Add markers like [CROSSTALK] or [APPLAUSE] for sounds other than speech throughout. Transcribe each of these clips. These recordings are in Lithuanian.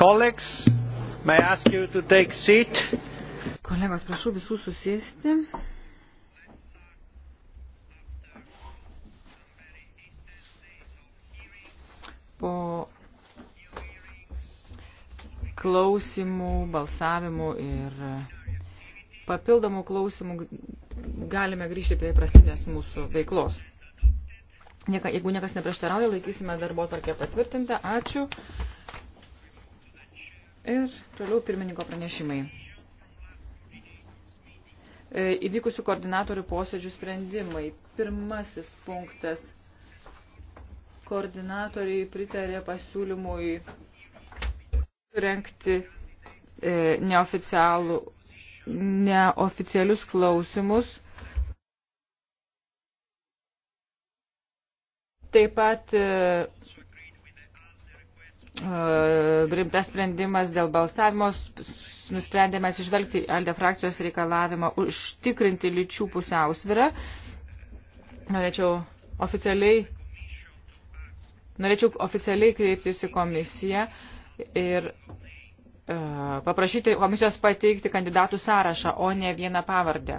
Colleagues, may I ask you to take seat? Kolegos, prašau visų susėsti. Po klausimų, balsavimų ir papildomų klausimų galime grįžti prie prastinės mūsų veiklos. Jeigu niekas neprieštarauja, laikysime darbo tarkę patvirtintą. Ačiū. Ir toliau pirmininko pranešimai. E, įvykusių koordinatorių posėdžių sprendimai. Pirmasis punktas. Koordinatoriai pritarė pasiūlymui renkti e, neoficialų, neoficialius klausimus. Taip pat e, Uh, rimtas sprendimas dėl balsavimo, nusprendėme atsižvelgti Alde frakcijos reikalavimą užtikrinti lyčių pusiausvirą. Norėčiau oficialiai, norėčiau oficialiai kreiptis į komisiją ir uh, paprašyti komisijos pateikti kandidatų sąrašą, o ne vieną pavardę.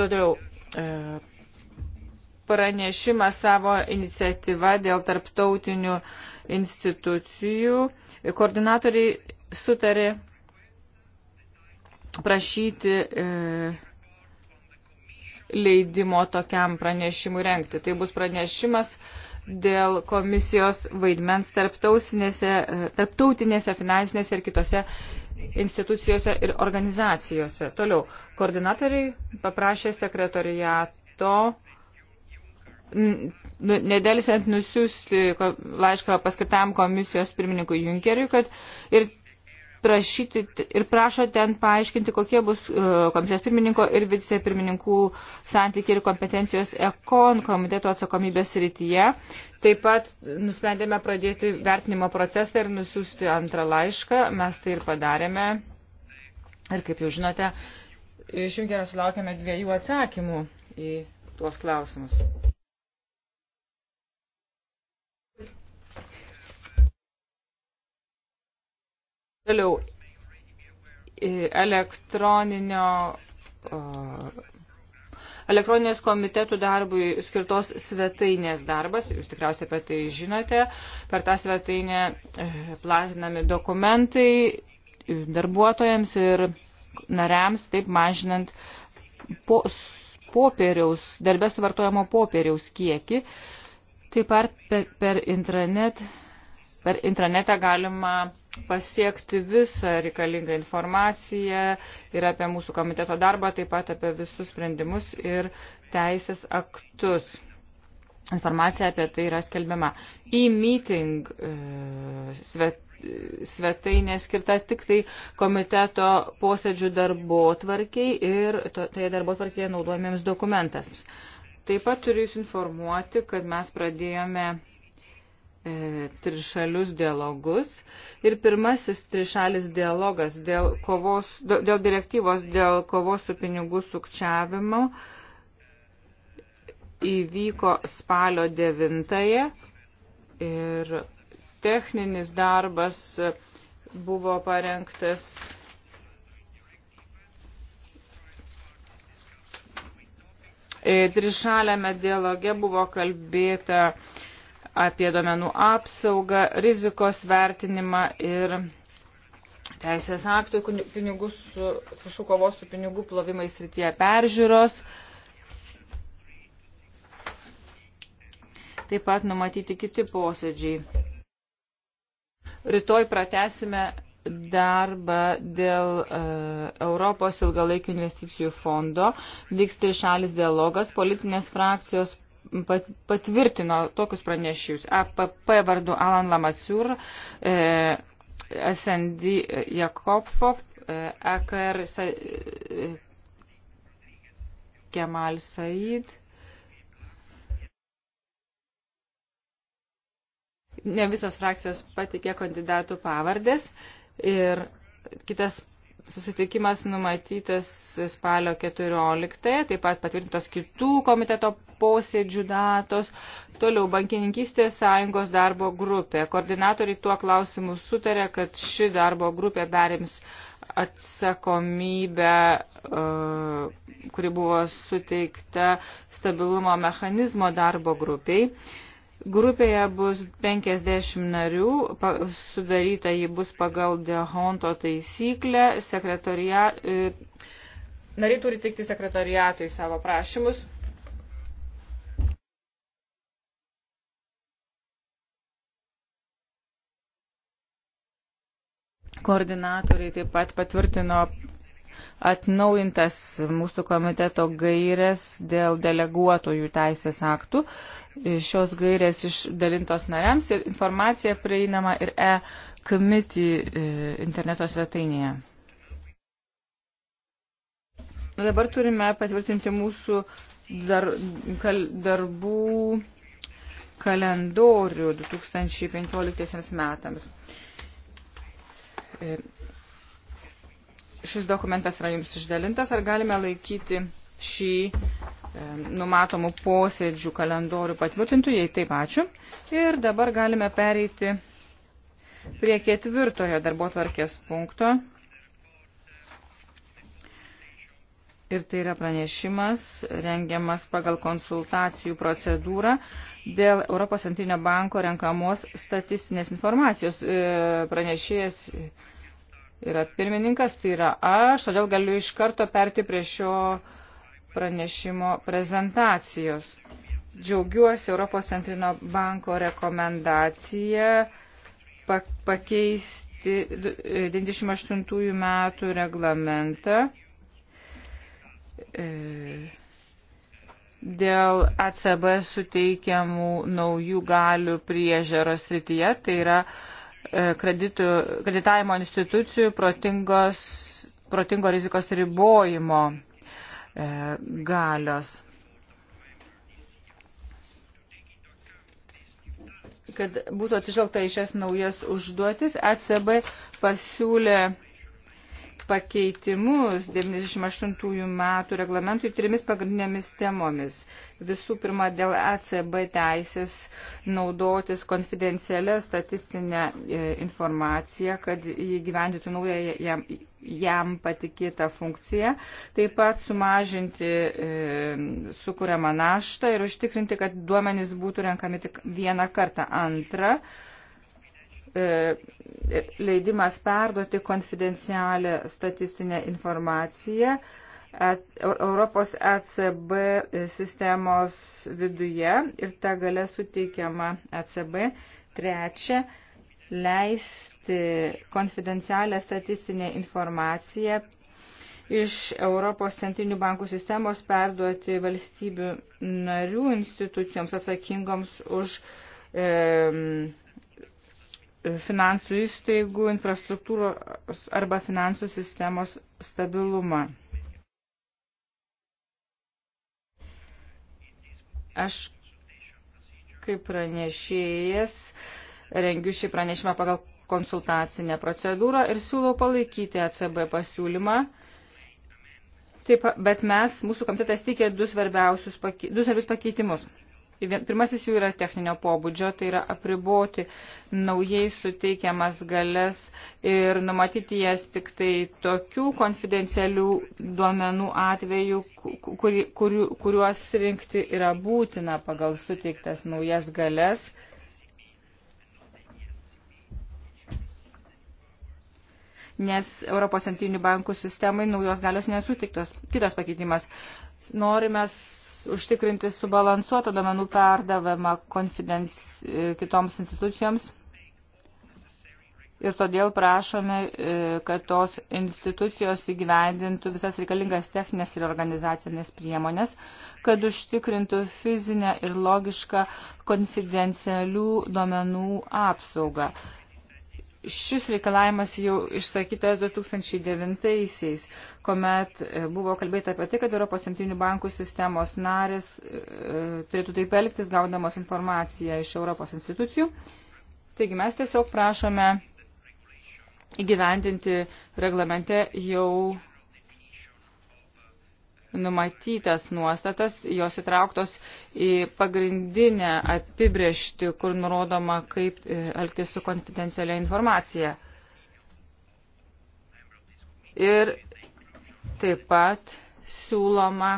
Todėl uh, pranešimą savo iniciatyvą dėl tarptautinių institucijų. Koordinatoriai sutarė prašyti e, leidimo tokiam pranešimui renkti. Tai bus pranešimas dėl komisijos vaidmens tarptautinėse, e, tarptautinėse finansinėse ir kitose institucijose ir organizacijose. Toliau, koordinatoriai paprašė sekretoriato Nu, nedėlisant nusiųsti laišką paskirtam komisijos pirmininkui Junkeriui, kad ir prašyti ir prašo ten paaiškinti, kokie bus e, komisijos pirmininko ir vicepirmininkų santykiai ir kompetencijos ekon komiteto atsakomybės rytyje. Taip pat nusprendėme pradėti vertinimo procesą ir nusiųsti antrą laišką. Mes tai ir padarėme. Ir kaip jau žinote, iš jungtinio sulaukėme dviejų atsakymų į tuos klausimus. Toliau e, elektroninio e, elektroninės komitetų darbui skirtos svetainės darbas, jūs tikriausiai apie tai žinote, per tą svetainę e, platinami dokumentai darbuotojams ir nariams, taip mažinant po, popieriaus, darbės suvartojamo popieriaus kiekį, taip pat per, per intranet per intranetą galima pasiekti visą reikalingą informaciją ir apie mūsų komiteto darbą, taip pat apie visus sprendimus ir teisės aktus. Informacija apie tai yra skelbiama. E-meeting e, svetainė skirta tik tai komiteto posėdžių darbo tvarkiai ir toje darbo tvarkėje naudojamiems dokumentams. Taip pat turiu Jūs informuoti, kad mes pradėjome E, trišalius dialogus. Ir pirmasis trišalis dialogas dėl, kovos, dėl direktyvos dėl kovos su pinigų sukčiavimu įvyko spalio 9-ąją ir techninis darbas buvo parengtas e, trišalėme dialoge buvo kalbėta apie duomenų apsaugą, rizikos vertinimą ir teisės aktų, pinigų su, atsiprašau, kovos su pinigų plovimais rytyje peržiūros. Taip pat numatyti kiti posėdžiai. Rytoj pratesime darbą dėl e, Europos ilgalaikių investicijų fondo. Vyks trišalis dialogas, politinės frakcijos pat, patvirtino tokius pranešius. APP vardu Alan Lamasiur, e, SND Jakobov, e, AKR Sa, e, Kemal Said. Ne visos frakcijos patikė kandidatų pavardės ir kitas Susitikimas numatytas spalio 14, taip pat patvirtintos kitų komiteto posėdžių datos. Toliau bankininkystės sąjungos darbo grupė. Koordinatoriai tuo klausimu sutarė, kad ši darbo grupė perims atsakomybę, e, kuri buvo suteikta stabilumo mechanizmo darbo grupiai. Grupėje bus 50 narių, sudaryta ji bus pagal Dehonto taisyklę. Sekretoria... E, nariai turi teikti sekretariatui savo prašymus. Koordinatoriai taip pat patvirtino atnaujintas mūsų komiteto gairės dėl deleguotojų teisės aktų. Šios gairės išdalintos nariams ir informacija prieinama ir e-committee e, interneto svetainėje. Dabar turime patvirtinti mūsų dar, kal, darbų kalendorių 2015 metams e, Šis dokumentas yra jums išdalintas. Ar galime laikyti šį e, numatomų posėdžių kalendorių patvirtintų, jei taip ačiū. Ir dabar galime pereiti prie ketvirtojo darbo tvarkės punkto. Ir tai yra pranešimas rengiamas pagal konsultacijų procedūrą dėl Europos centrinio banko renkamos statistinės informacijos. E, pranešėjas yra pirmininkas, tai yra aš, todėl galiu iš karto perti prie šio pranešimo prezentacijos. Džiaugiuosi Europos centrinio banko rekomendacija pakeisti 98 metų reglamentą e, dėl ACB suteikiamų naujų galių priežeros rytyje, tai yra uh, E, kreditų, kreditavimo institucijų protingos, protingo rizikos ribojimo e, galios. Kad būtų atsižvelgta į šias naujas užduotis, ECB pasiūlė pakeitimus 98 metų reglamentui trimis pagrindinėmis temomis. Visų pirma, dėl ECB teisės naudotis konfidencialią statistinę e, informaciją, kad jį gyvendytų naują jam, jam patikėtą funkciją, taip pat sumažinti e, sukūriamą naštą ir užtikrinti, kad duomenys būtų renkami tik vieną kartą. Antra, e, E, leidimas perduoti konfidencialią statistinę informaciją Europos ECB sistemos viduje ir ta gale suteikiama ECB. Trečia, leisti konfidencialią statistinę informaciją iš Europos centrinių bankų sistemos perduoti valstybių narių institucijoms atsakingoms už e, finansų įstaigų, infrastruktūros arba finansų sistemos stabilumą. Aš kaip pranešėjas rengiu šį pranešimą pagal konsultacinę procedūrą ir siūlau palaikyti ECB pasiūlymą. Taip, bet mes, mūsų komitetas tikė du, du svarbius pakeitimus. Pirmasis jų yra techninio pobūdžio, tai yra apriboti naujai suteikiamas galės ir numatyti jas tik tai tokių konfidencialių duomenų atveju, kur, kur, kuriuos rinkti yra būtina pagal suteiktas naujas galės. nes Europos centrinių bankų sistemai naujos galios nesutiktos. Kitas pakeitimas. Norime užtikrinti subalansuotą domenų perdavimą e, kitoms institucijoms ir todėl prašome, e, kad tos institucijos įgyvendintų visas reikalingas techninės ir organizacinės priemonės, kad užtikrintų fizinę ir logišką konfidencialių duomenų apsaugą. Šis reikalavimas jau išsakytas 2009-aisiais, kuomet e, buvo kalbėta apie tai, kad Europos centrinių bankų sistemos narės e, turėtų taip elgtis, gaudamos informaciją iš Europos institucijų. Taigi mes tiesiog prašome įgyvendinti reglamente jau numatytas nuostatas, jos įtrauktos į pagrindinę apibriešti, kur nurodoma, kaip e, elgtis su konfidencialia informacija. Ir taip pat siūloma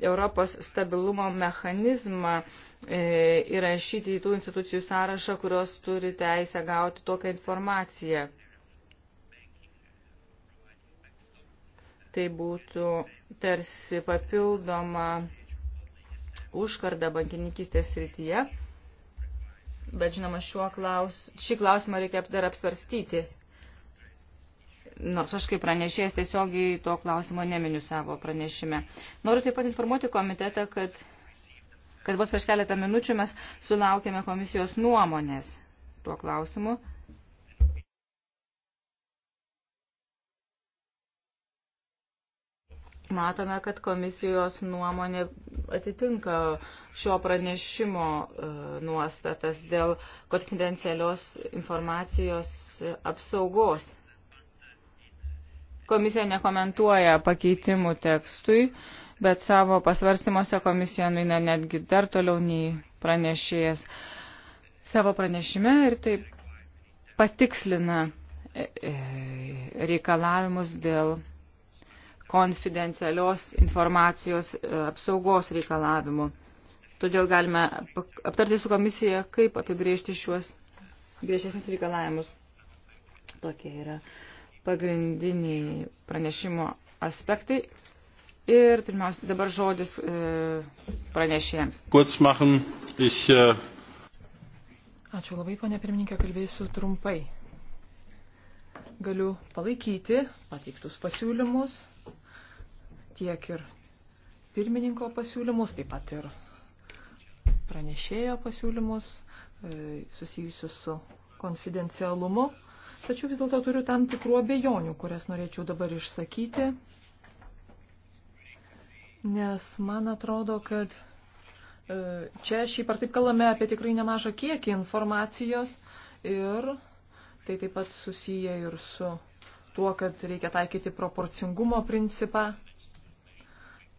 Europos stabilumo mechanizmą e, įrašyti į tų institucijų sąrašą, kurios turi teisę gauti tokią informaciją. Tai būtų tarsi papildomą užkardą bankininkystės srityje, bet žinoma, klaus, šį klausimą reikia dar apsvarstyti. Nors aš kaip pranešėjas tiesiogiai to klausimo neminiu savo pranešime. Noriu taip pat informuoti komitetą, kad, kad vos prieš keletą minučių mes sulaukėme komisijos nuomonės tuo klausimu. matome, kad komisijos nuomonė atitinka šio pranešimo e, nuostatas dėl konfidencialios informacijos apsaugos. Komisija nekomentuoja pakeitimų tekstui, bet savo pasvarstymuose komisija nuina netgi dar toliau nei pranešėjas savo pranešime ir taip patikslina e, e, reikalavimus dėl konfidencialios informacijos e, apsaugos reikalavimų. Todėl galime aptarti su komisija, kaip apibriežti šiuos griežtesnius reikalavimus. Tokie yra pagrindiniai pranešimo aspektai. Ir pirmiausia, dabar žodis e, pranešėjams. Äh, Ačiū labai, ponė pirmininkė, kalbėsiu trumpai. Galiu palaikyti pateiktus pasiūlymus, tiek ir pirmininko pasiūlymus, taip pat ir pranešėjo pasiūlymus e, susijusius su konfidencialumu. Tačiau vis dėlto turiu tam tikrų abejonių, kurias norėčiau dabar išsakyti, nes man atrodo, kad e, čia šiaip ar taip kalbame apie tikrai nemažą kiekį informacijos ir tai taip pat susiję ir su tuo, kad reikia taikyti proporcingumo principą.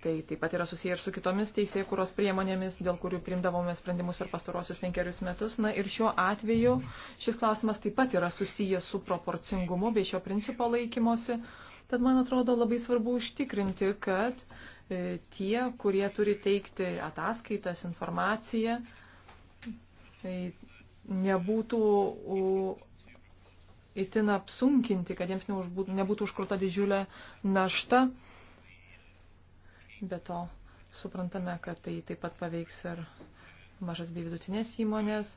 Tai taip pat yra susiję ir su kitomis teisėjų kūros priemonėmis, dėl kurių primdavome sprendimus per pastarosius penkerius metus. Na ir šiuo atveju šis klausimas taip pat yra susijęs su proporcingumu bei šio principo laikymosi. Tad man atrodo labai svarbu užtikrinti, kad e, tie, kurie turi teikti ataskaitas, informaciją, tai nebūtų itin apsunkinti, kad jiems nebūtų užkrūta didžiulė našta Be to, suprantame, kad tai taip pat paveiks ir mažas bei vidutinės įmonės.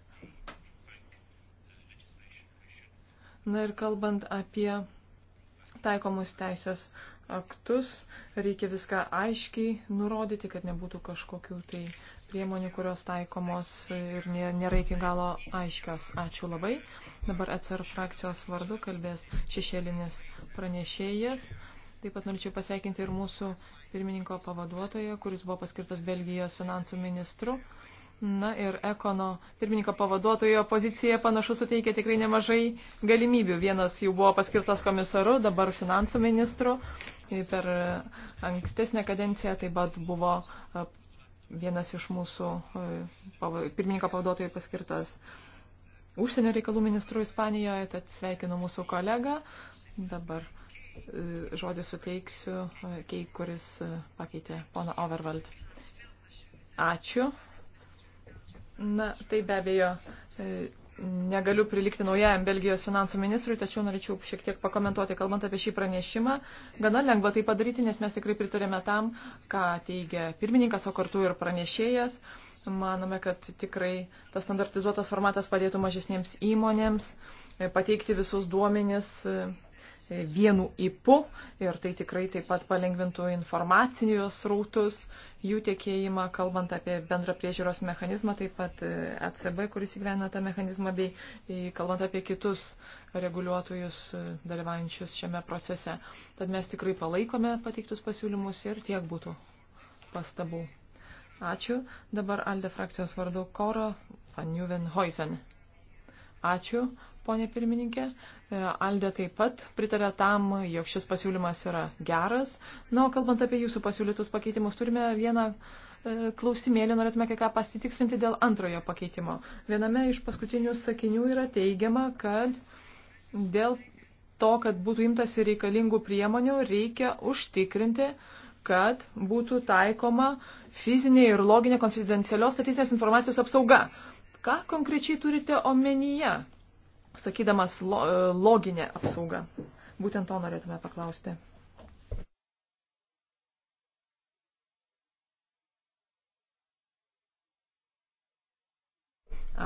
Na ir kalbant apie taikomus teisės aktus, reikia viską aiškiai nurodyti, kad nebūtų kažkokių tai priemonių, kurios taikomos ir nėra iki galo aiškios. Ačiū labai. Dabar atsar frakcijos vardu kalbės šešėlinis pranešėjas, Taip pat norėčiau pasveikinti ir mūsų pirmininko pavaduotoją, kuris buvo paskirtas Belgijos finansų ministru. Na ir ekono pirmininko pavaduotojo pozicija panašu suteikia tikrai nemažai galimybių. Vienas jau buvo paskirtas komisaru, dabar finansų ministru. Per ankstesnę kadenciją taip pat buvo vienas iš mūsų pirmininko pavaduotojų paskirtas užsienio reikalų ministru Ispanijoje, tad sveikinu mūsų kolegą. Dabar E, žodį suteiksiu e, Kei, kuris e, pakeitė pono Overvald. Ačiū. Na, tai be abejo, negaliu prilikti naujajam Belgijos finansų ministrui, tačiau norėčiau šiek tiek pakomentuoti, kalbant apie šį pranešimą. Gana lengva tai padaryti, nes mes tikrai pritarėme tam, ką teigia pirmininkas, o kartu ir pranešėjas. Manome, kad tikrai tas standartizuotas formatas padėtų mažesniems įmonėms pateikti visus duomenis vienu ipu ir tai tikrai taip pat palengvintų informacijos rautus, jų tiekėjimą, kalbant apie bendrą priežiūros mechanizmą, taip pat ECB, e kuris įgyvena tą mechanizmą, bei e, kalbant apie kitus reguliuotojus e, dalyvaujančius šiame procese. Tad mes tikrai palaikome pateiktus pasiūlymus ir tiek būtų pastabų. Ačiū. Dabar Alde frakcijos vardu Koro van Juvenhuizen. Ačiū, ponė pirmininkė. E, Aldė taip pat pritarė tam, jog šis pasiūlymas yra geras. Na, o kalbant apie jūsų pasiūlytus pakeitimus, turime vieną e, klausimėlį, norėtume kai ką pasitikslinti dėl antrojo pakeitimo. Viename iš paskutinių sakinių yra teigiama, kad dėl to, kad būtų imtasi reikalingų priemonių, reikia užtikrinti, kad būtų taikoma fizinė ir loginė konfidencialios statistinės informacijos apsauga. Ką konkrečiai turite omenyje, sakydamas lo, e, loginę apsaugą? Būtent to norėtume paklausti.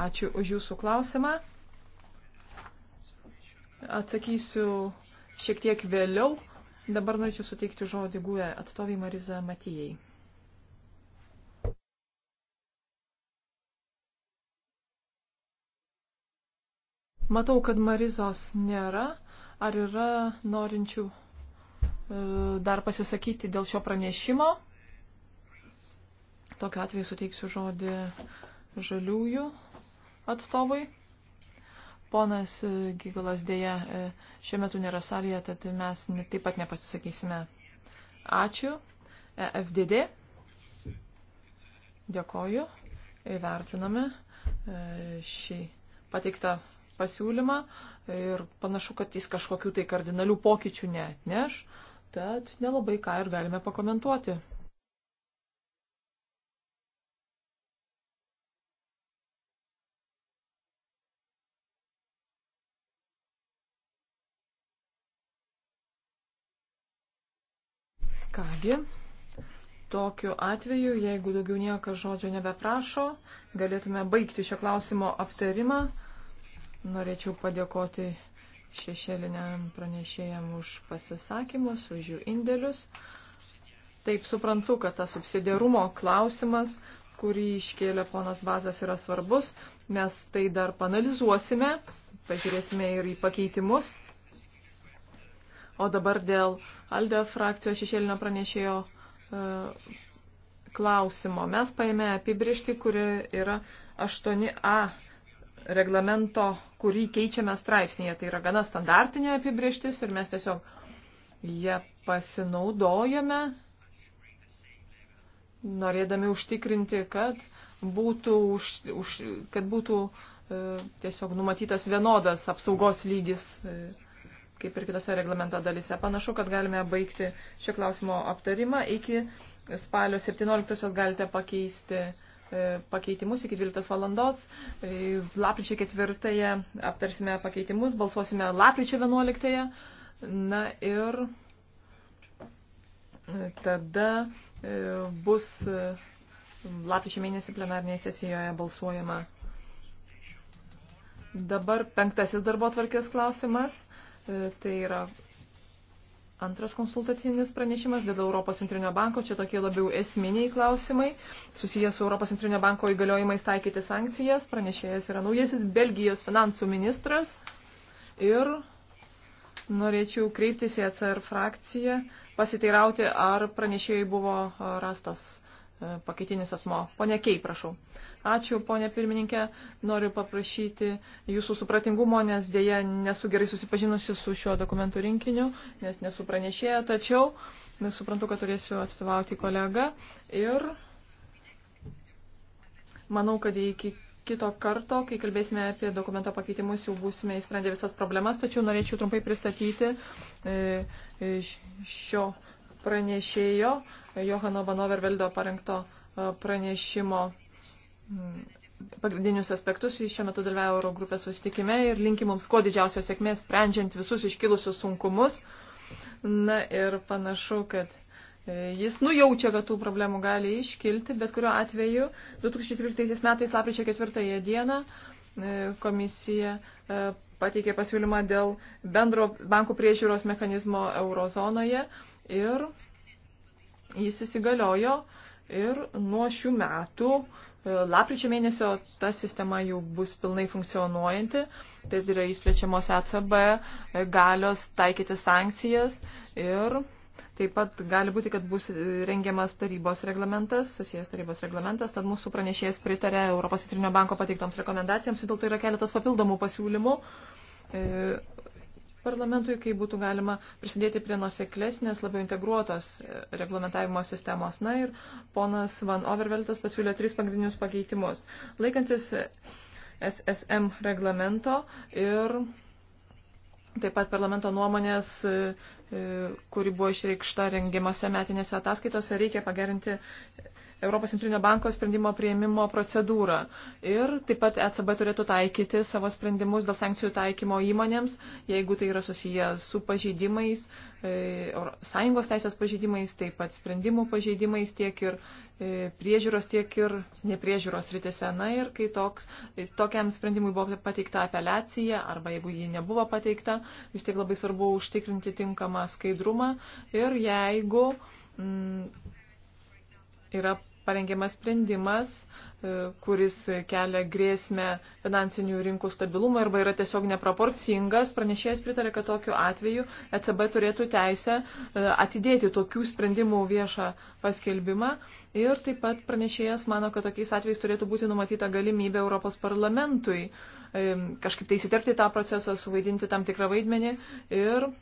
Ačiū už jūsų klausimą. Atsakysiu šiek tiek vėliau. Dabar norėčiau suteikti žodį guvę e atstovai Mariza Matijai. Matau, kad Marizos nėra. Ar yra norinčių e, dar pasisakyti dėl šio pranešimo? Tokiu atveju suteiksiu žodį žaliųjų atstovui. Ponas e, Gigalas dėja e, šiuo metu nėra salėje, tad mes taip pat nepasisakysime. Ačiū. FDD. Dėkoju. Įvertiname šį pateiktą pasiūlymą ir panašu, kad jis kažkokių tai kardinalių pokyčių neatneš, tad nelabai ką ir galime pakomentuoti. Kągi, tokiu atveju, jeigu daugiau niekas žodžio nebeprašo, galėtume baigti šio klausimo aptarimą. Norėčiau padėkoti šešėliniam pranešėjam už pasisakymus, už jų indėlius. Taip suprantu, kad tas subsidiarumo klausimas, kurį iškėlė ponas Bazas, yra svarbus. Mes tai dar panalizuosime, pažiūrėsime ir į pakeitimus. O dabar dėl Alde frakcijos šešėlinio pranešėjo e, klausimo. Mes paėmė apibrišti, kuri yra 8a reglamento, kurį keičiame straipsnėje. Tai yra gana standartinė apibrieštis ir mes tiesiog ją pasinaudojame, norėdami užtikrinti, kad būtų, už, už, kad būtų e, tiesiog numatytas vienodas apsaugos lygis, e, kaip ir kitose reglamento dalise. Panašu, kad galime baigti šio klausimo aptarimą. Iki spalio 17 galite pakeisti E, pakeitimus iki 12 valandos. E, lapkričio 4 aptarsime pakeitimus, balsuosime lapkričio 11. Na ir e, tada bus lapkričio mėnesį plenarnėje sesijoje balsuojama. Dabar penktasis darbo tvarkės klausimas. Tai yra Antras konsultacinis pranešimas dėl Europos centrinio banko. Čia tokie labiau esminiai klausimai susijęs su Europos centrinio banko įgaliojimais taikyti sankcijas. Pranešėjas yra naujasis Belgijos finansų ministras. Ir norėčiau kreiptis į ECR frakciją, pasiteirauti, ar pranešėjai buvo rastas pakeitinis asmo. Pone Kei, prašau. Ačiū, ponė pirmininkė. Noriu paprašyti jūsų supratingumo, nes dėja nesu gerai susipažinusi su šio dokumentų rinkiniu, nes nesu pranešėja, tačiau nesuprantu, kad turėsiu atstovauti kolegą. Ir manau, kad iki kito karto, kai kalbėsime apie dokumento pakeitimus, jau būsime įsprendę visas problemas, tačiau norėčiau trumpai pristatyti e, e, šio pranešėjo Johano Vanoverveldo parengto e, pranešimo mm, pagrindinius aspektus. Jis šiuo metu dalyvauja Eurogrupės susitikime ir linki mums kuo didžiausios sėkmės, sprendžiant visus iškilusius sunkumus. Na ir panašu, kad e, jis nujaučia, kad tų problemų gali iškilti, bet kuriuo atveju 2013 metais lapkričio 4 dieną e, komisija pateikė pasiūlymą dėl bendro bankų priežiūros mechanizmo eurozonoje ir jis įsigaliojo ir nuo šių metų e, Lapkričio mėnesio ta sistema jau bus pilnai funkcionuojanti, tai yra įsplečiamos ECB e, galios taikyti sankcijas ir taip pat gali būti, kad bus e, rengiamas tarybos reglamentas, susijęs tarybos reglamentas, tad mūsų pranešėjas pritarė Europos Centrinio banko pateiktoms rekomendacijoms, dėl to yra keletas papildomų pasiūlymų parlamentui, kai būtų galima prisidėti prie nuseklesnės, labiau integruotos reglamentavimo sistemos. Na ir ponas Van Overveltas pasiūlė tris pagrindinius pakeitimus. Laikantis SSM reglamento ir taip pat parlamento nuomonės, e, e, kuri buvo išreikšta rengiamose metinėse ataskaitose, reikia pagerinti Europos centrinio banko sprendimo prieimimo procedūrą. Ir taip pat ECB turėtų taikyti savo sprendimus dėl sankcijų taikymo įmonėms, jeigu tai yra susiję su pažeidimais, e, sąjungos teisės pažeidimais, taip pat sprendimų pažeidimais tiek ir e, priežiūros, tiek ir nepriežiūros rytise. Na ir kai toks, e, tokiam sprendimui buvo pateikta apeliacija arba jeigu ji nebuvo pateikta, vis tiek labai svarbu užtikrinti tinkamą skaidrumą ir jeigu mm, yra parengiamas sprendimas, e, kuris kelia grėsmę finansinių rinkų stabilumą arba yra tiesiog neproporcingas, pranešėjas pritarė, kad tokiu atveju ECB turėtų teisę e, atidėti tokių sprendimų viešą paskelbimą ir taip pat pranešėjas mano, kad tokiais atvejais turėtų būti numatyta galimybė Europos parlamentui e, kažkaip tai įsiterpti tą procesą, suvaidinti tam tikrą vaidmenį ir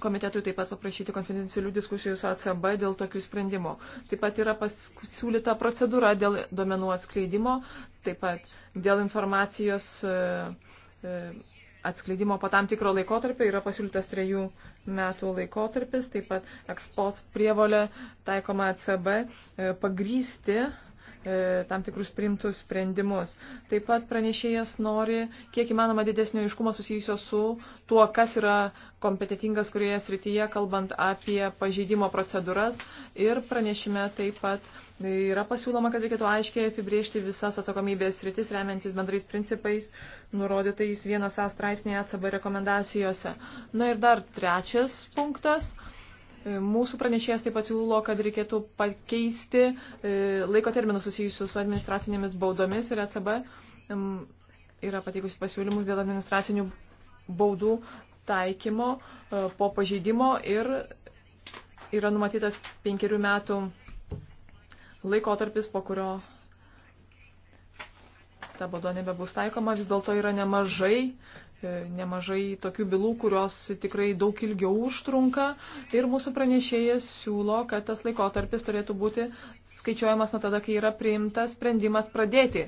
komitetui taip pat paprašyti konfidencialių diskusijų su ACB dėl tokių sprendimų. Taip pat yra pasiūlyta procedūra dėl domenų atskleidimo, taip pat dėl informacijos e, e, atskleidimo po tam tikro laikotarpio yra pasiūlytas trejų metų laikotarpis, taip pat ekspos prievolė taikoma ACB e, pagrysti E, tam tikrus primtus sprendimus. Taip pat pranešėjas nori kiek įmanoma didesnio iškumo susijusio su tuo, kas yra kompetitingas kurioje srityje, kalbant apie pažeidimo procedūras. Ir pranešime taip pat yra pasiūloma, kad reikėtų aiškiai apibriežti visas atsakomybės sritis, remiantis bendrais principais, nurodytais vienas A straipsnėje ACB rekomendacijose. Na ir dar trečias punktas. Mūsų pranešėjas taip pat siūlo, kad reikėtų pakeisti e, laiko terminus susijusius su administracinėmis baudomis ir ECB yra pateikusi pasiūlymus dėl administracinių baudų taikymo e, po pažeidimo ir yra numatytas penkerių metų laikotarpis, po kurio ta bauda nebebus taikoma. Vis dėlto yra nemažai E, nemažai tokių bylų, kurios tikrai daug ilgiau užtrunka ir mūsų pranešėjas siūlo, kad tas laikotarpis turėtų būti skaičiuojamas nuo tada, kai yra priimtas sprendimas pradėti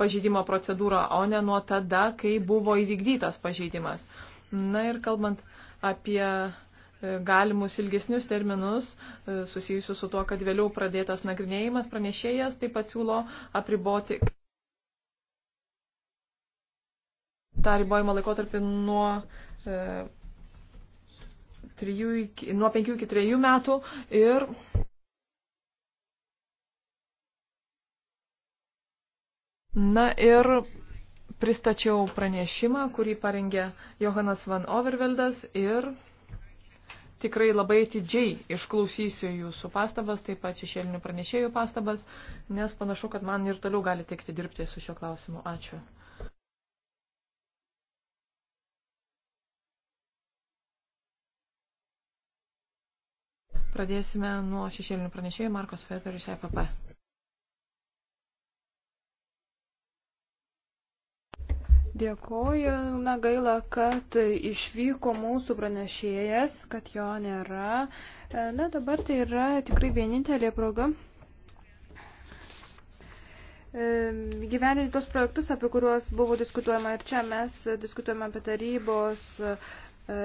pažeidimo procedūrą, o ne nuo tada, kai buvo įvykdytas pažeidimas. Na ir kalbant apie e, galimus ilgesnius terminus e, susijusius su tuo, kad vėliau pradėtas nagrinėjimas, pranešėjas taip pat siūlo apriboti. tą ribojimo laikotarpį nuo, e, iki, nuo 5 iki 3 metų ir Na ir pristačiau pranešimą, kurį parengė Johanas Van Overveldas ir tikrai labai atidžiai išklausysiu jūsų pastabas, taip pat šešėlinių pranešėjų pastabas, nes panašu, kad man ir toliau gali tekti dirbti su šiuo klausimu. Ačiū. Pradėsime nuo šešėlinių pranešėjų Markos Feber iš EPP. Dėkoju, na gaila, kad išvyko mūsų pranešėjas, kad jo nėra. E, na dabar tai yra tikrai vienintelė proga e, gyveninti tos projektus, apie kuriuos buvo diskutuojama ir čia mes diskutuojame apie tarybos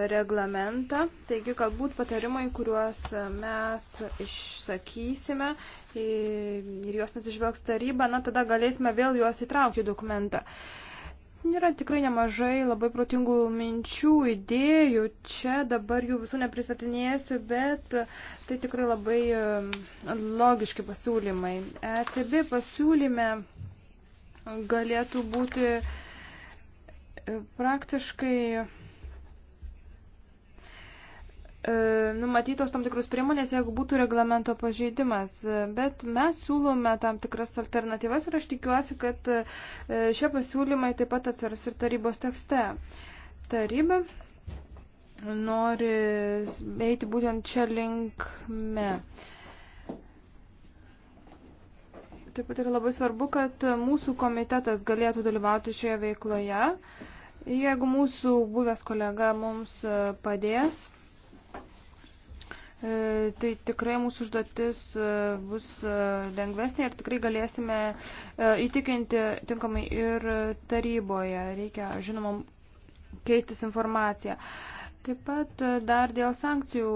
reglamentą. Taigi, galbūt patarimai, kuriuos mes išsakysime ir juos nesižvelgs taryba, na, tada galėsime vėl juos įtraukti į dokumentą. Yra tikrai nemažai labai protingų minčių, idėjų. Čia dabar jų visų nepristatinėsiu, bet tai tikrai labai um, logiški pasiūlymai. ECB pasiūlyme galėtų būti e, praktiškai E, numatytos tam tikros priemonės, jeigu būtų reglamento pažeidimas. Bet mes siūlome tam tikras alternatyvas ir aš tikiuosi, kad e, šie pasiūlymai taip pat atsiras ir tarybos tekste. Taryba nori eiti būtent čia linkme. Taip pat yra labai svarbu, kad mūsų komitetas galėtų dalyvauti šioje veikloje, jeigu mūsų buvęs kolega mums padės. E, tai tikrai mūsų užduotis e, bus e, lengvesnė ir tikrai galėsime įtikinti tinkamai ir taryboje. Reikia, žinoma, keistis informaciją. Taip pat dar dėl sankcijų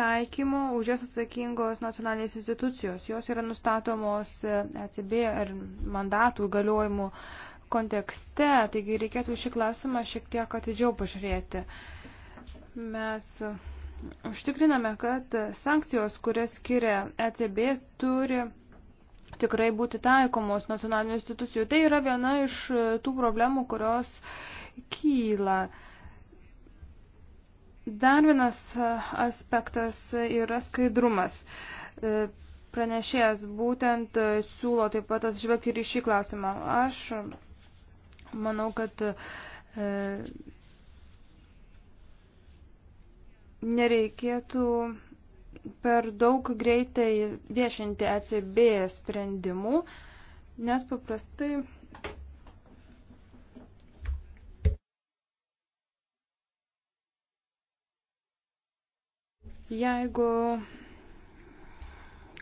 taikymo už jas atsakingos nacionalinės institucijos. Jos yra nustatomos ECB ir mandatų galiojimų kontekste, taigi reikėtų šį klausimą šiek tiek atidžiau pažiūrėti. Mes užtikriname, kad sankcijos, kurias skiria ECB, turi tikrai būti taikomos nacionalinių institucijų. Tai yra viena iš e, tų problemų, kurios kyla. Dar vienas e, aspektas yra skaidrumas. E, pranešėjas būtent siūlo taip pat atžvelgti ir į šį klausimą. Aš manau, kad nereikėtų per daug greitai viešinti ECB sprendimų, nes paprastai jeigu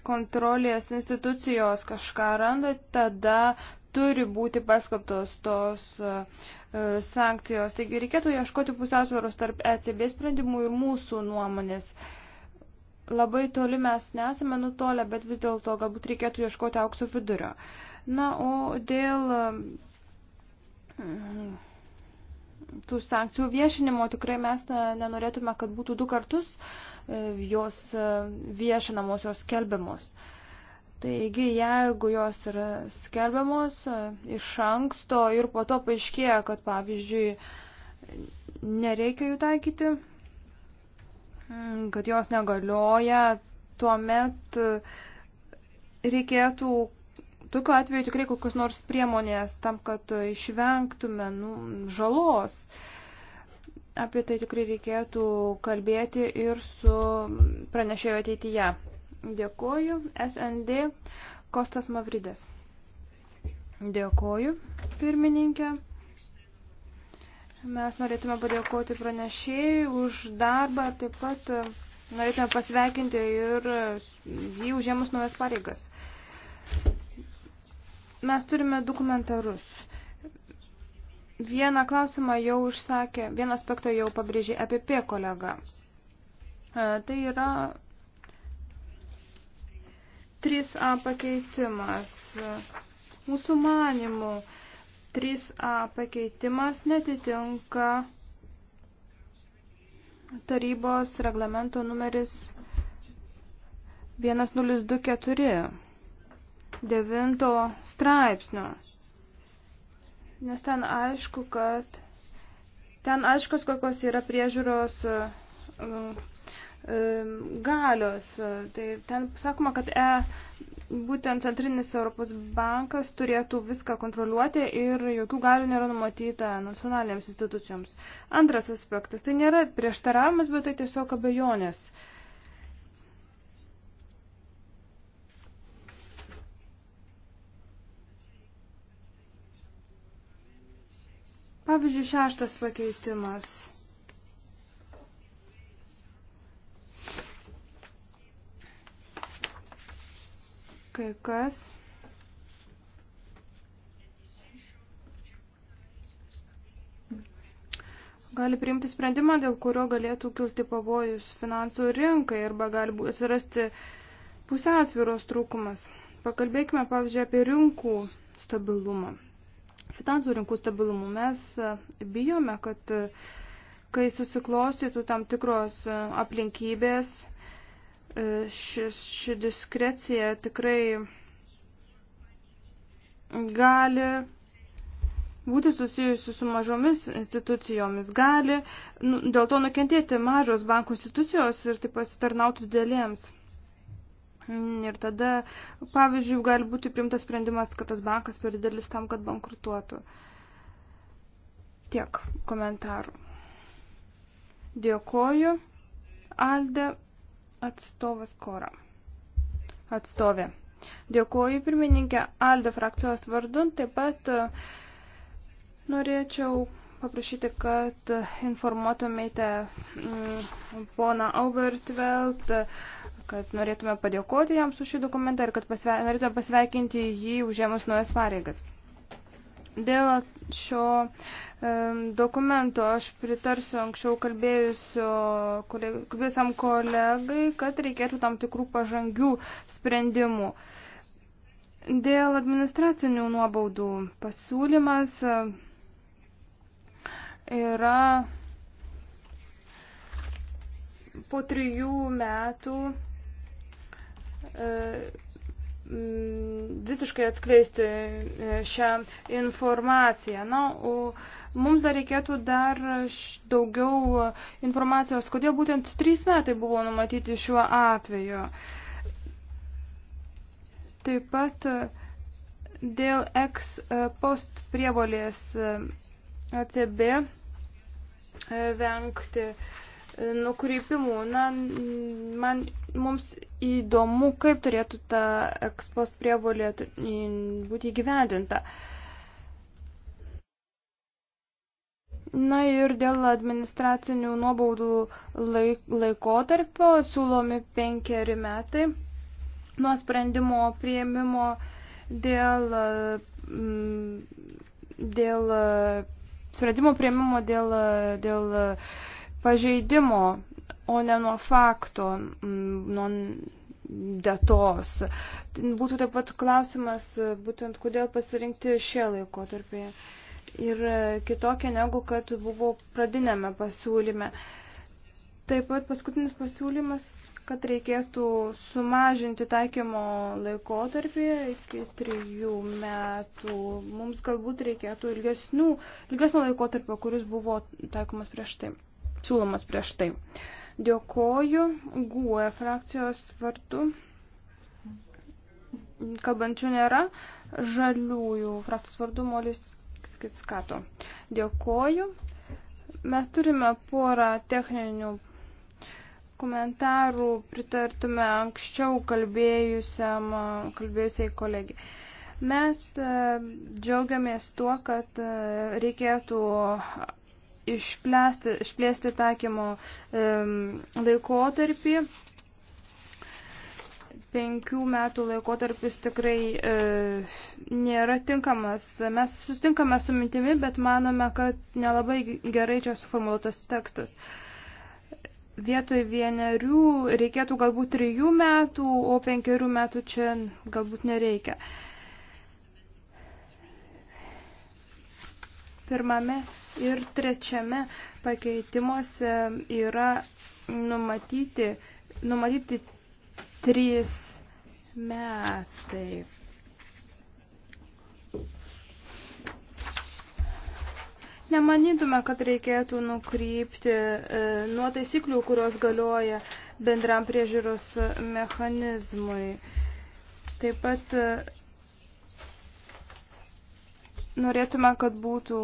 kontrolės institucijos kažką randa, tada turi būti paskaptos tos e, e, sankcijos. Taigi reikėtų ieškoti pusiausvėros tarp ECB sprendimų ir mūsų nuomonės. Labai toli mes nesame nutolę, bet vis dėlto galbūt reikėtų ieškoti aukso vidurio. Na, o dėl e, tų sankcijų viešinimo tikrai mes nenorėtume, kad būtų du kartus jos viešinamos, jos skelbiamos. Uh, Taigi, jeigu jos yra skelbiamos e, iš anksto ir po to paaiškėja, kad pavyzdžiui, nereikia jų taikyti, kad jos negalioja, tuomet e, reikėtų tokiu atveju tikrai kokios nors priemonės tam, kad e, išvengtume nu, žalos. Apie tai tikrai reikėtų kalbėti ir su pranešėjo ateityje. Dėkoju. SND Kostas Mavridės. Dėkoju, pirmininkė. Mes norėtume padėkoti pranešėjai už darbą ir taip pat e, norėtume pasveikinti ir e, jį užėmus naujas pareigas. Mes turime du komentarus. Vieną klausimą jau užsakė, vieną aspektą jau pabrėžė APP e kolega. Tai yra 3A pakeitimas. Mūsų manimų 3A pakeitimas netitinka tarybos reglamento numeris 1024 9 straipsnio. Nes ten aišku, kad ten aiškus, kokios yra priežiūros galios. Tai ten sakoma, kad e, būtent Centrinis Europos bankas turėtų viską kontroliuoti ir jokių galių nėra numatyta nacionalinėms institucijoms. Antras aspektas, tai nėra prieštaravimas, bet tai tiesiog abejonės. Pavyzdžiui, šeštas pakeitimas. kai kas gali priimti sprendimą, dėl kurio galėtų kilti pavojus finansų rinkai arba gali atsirasti pusiausvyros trūkumas. Pakalbėkime, pavyzdžiui, apie rinkų stabilumą. Finansų rinkų stabilumų mes e, bijome, kad e, kai susiklostytų tam tikros e, aplinkybės, E, ši, ši diskrecija tikrai gali būti susijusi su mažomis institucijomis, gali nu, dėl to nukentėti mažos bankų institucijos ir taip pasitarnauti dėlėms. Ir tada, pavyzdžiui, gali būti primtas sprendimas, kad tas bankas per didelis tam, kad bankrutuotų. Tiek komentarų. Dėkoju. Alde atstovas Kora. Atstovė. Dėkuoju pirmininkė Alde frakcijos vardu. Taip pat e, norėčiau paprašyti, kad informuotumėte mm, poną Aubertveld, kad norėtume padėkoti jam su šį dokumentą ir kad pasve... norėtume pasveikinti jį užėmus naujas pareigas. Dėl šio uh, dokumento. Aš pritarsiu anksčiau kalbėjusiam kolegai, kad reikėtų tam tikrų pažangių sprendimų. Dėl administracinių nuobaudų pasiūlymas e, yra po trijų metų e, visiškai atskleisti e, šią informaciją. Na, o mums dar reikėtų dar daugiau informacijos, kodėl būtent trys metai buvo numatyti šiuo atveju. Taip pat e, dėl ex e, post prievolės ACB vengti uh, nukreipimų. Na, man, mums įdomu, kaip turėtų ta ekspos prievolė būti įgyvendinta. Na ir dėl administracinių nuobaudų laik, laikotarpio siūlomi penkeri metai nuo sprendimo prieimimo dėl, mm, dėl sprendimo prieimimo dėl, dėl pažeidimo, o ne nuo fakto, nuo datos. Būtų taip pat klausimas, būtent kodėl pasirinkti šią laikotarpį ir kitokią negu kad buvo pradinėme pasiūlyme. Taip pat paskutinis pasiūlymas, kad reikėtų sumažinti taikymo laikotarpį iki trijų metų. Mums galbūt reikėtų ilgesnių, ilgesnio laikotarpio, kuris buvo taikomas prieš tai siūlomas prieš tai. Dėkoju GUE frakcijos vardu. Kalbančių nėra. Žaliųjų frakcijos vardu Molis Skitskato. Dėkoju. Mes turime porą techninių komentarų, pritartume anksčiau kalbėjusiam, kalbėjusiai kolegijai. Mes e, džiaugiamės tuo, kad e, reikėtų išplėsti, išplėsti taikymo laikotarpį. Penkių metų laikotarpis tikrai e, nėra tinkamas. Mes sustinkame su mintimi, bet manome, kad nelabai gerai čia suformuoluotas tekstas. Vietoj vienerių reikėtų galbūt trijų metų, o penkerių metų čia galbūt nereikia. Pirmame Ir trečiame pakeitimuose yra numatyti, numatyti trys metai. Nemanytume, kad reikėtų nukrypti e, nuo taisyklių, kurios galioja bendram priežiūros mechanizmui. Taip pat e, norėtume, kad būtų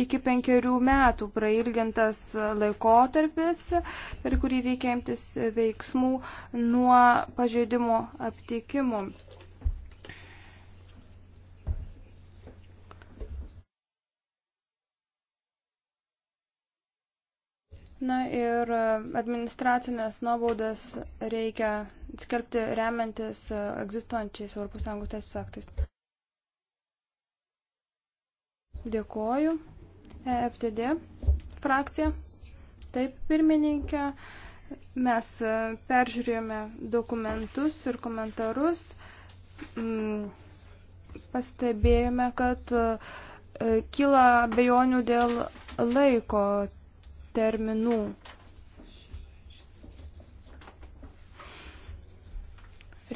iki penkerių metų prailgintas laikotarpis, per kurį reikia imtis veiksmų nuo pažeidimo aptikimo. Na ir administracinės nuobaudas reikia skelbti remiantis egzistuojančiais ES teisės aktais. Dėkoju. E FTD frakcija. Taip, pirmininkė, mes e, peržiūrėjome dokumentus ir komentarus. Mm, pastebėjome, kad e, kyla bejonių dėl laiko terminų.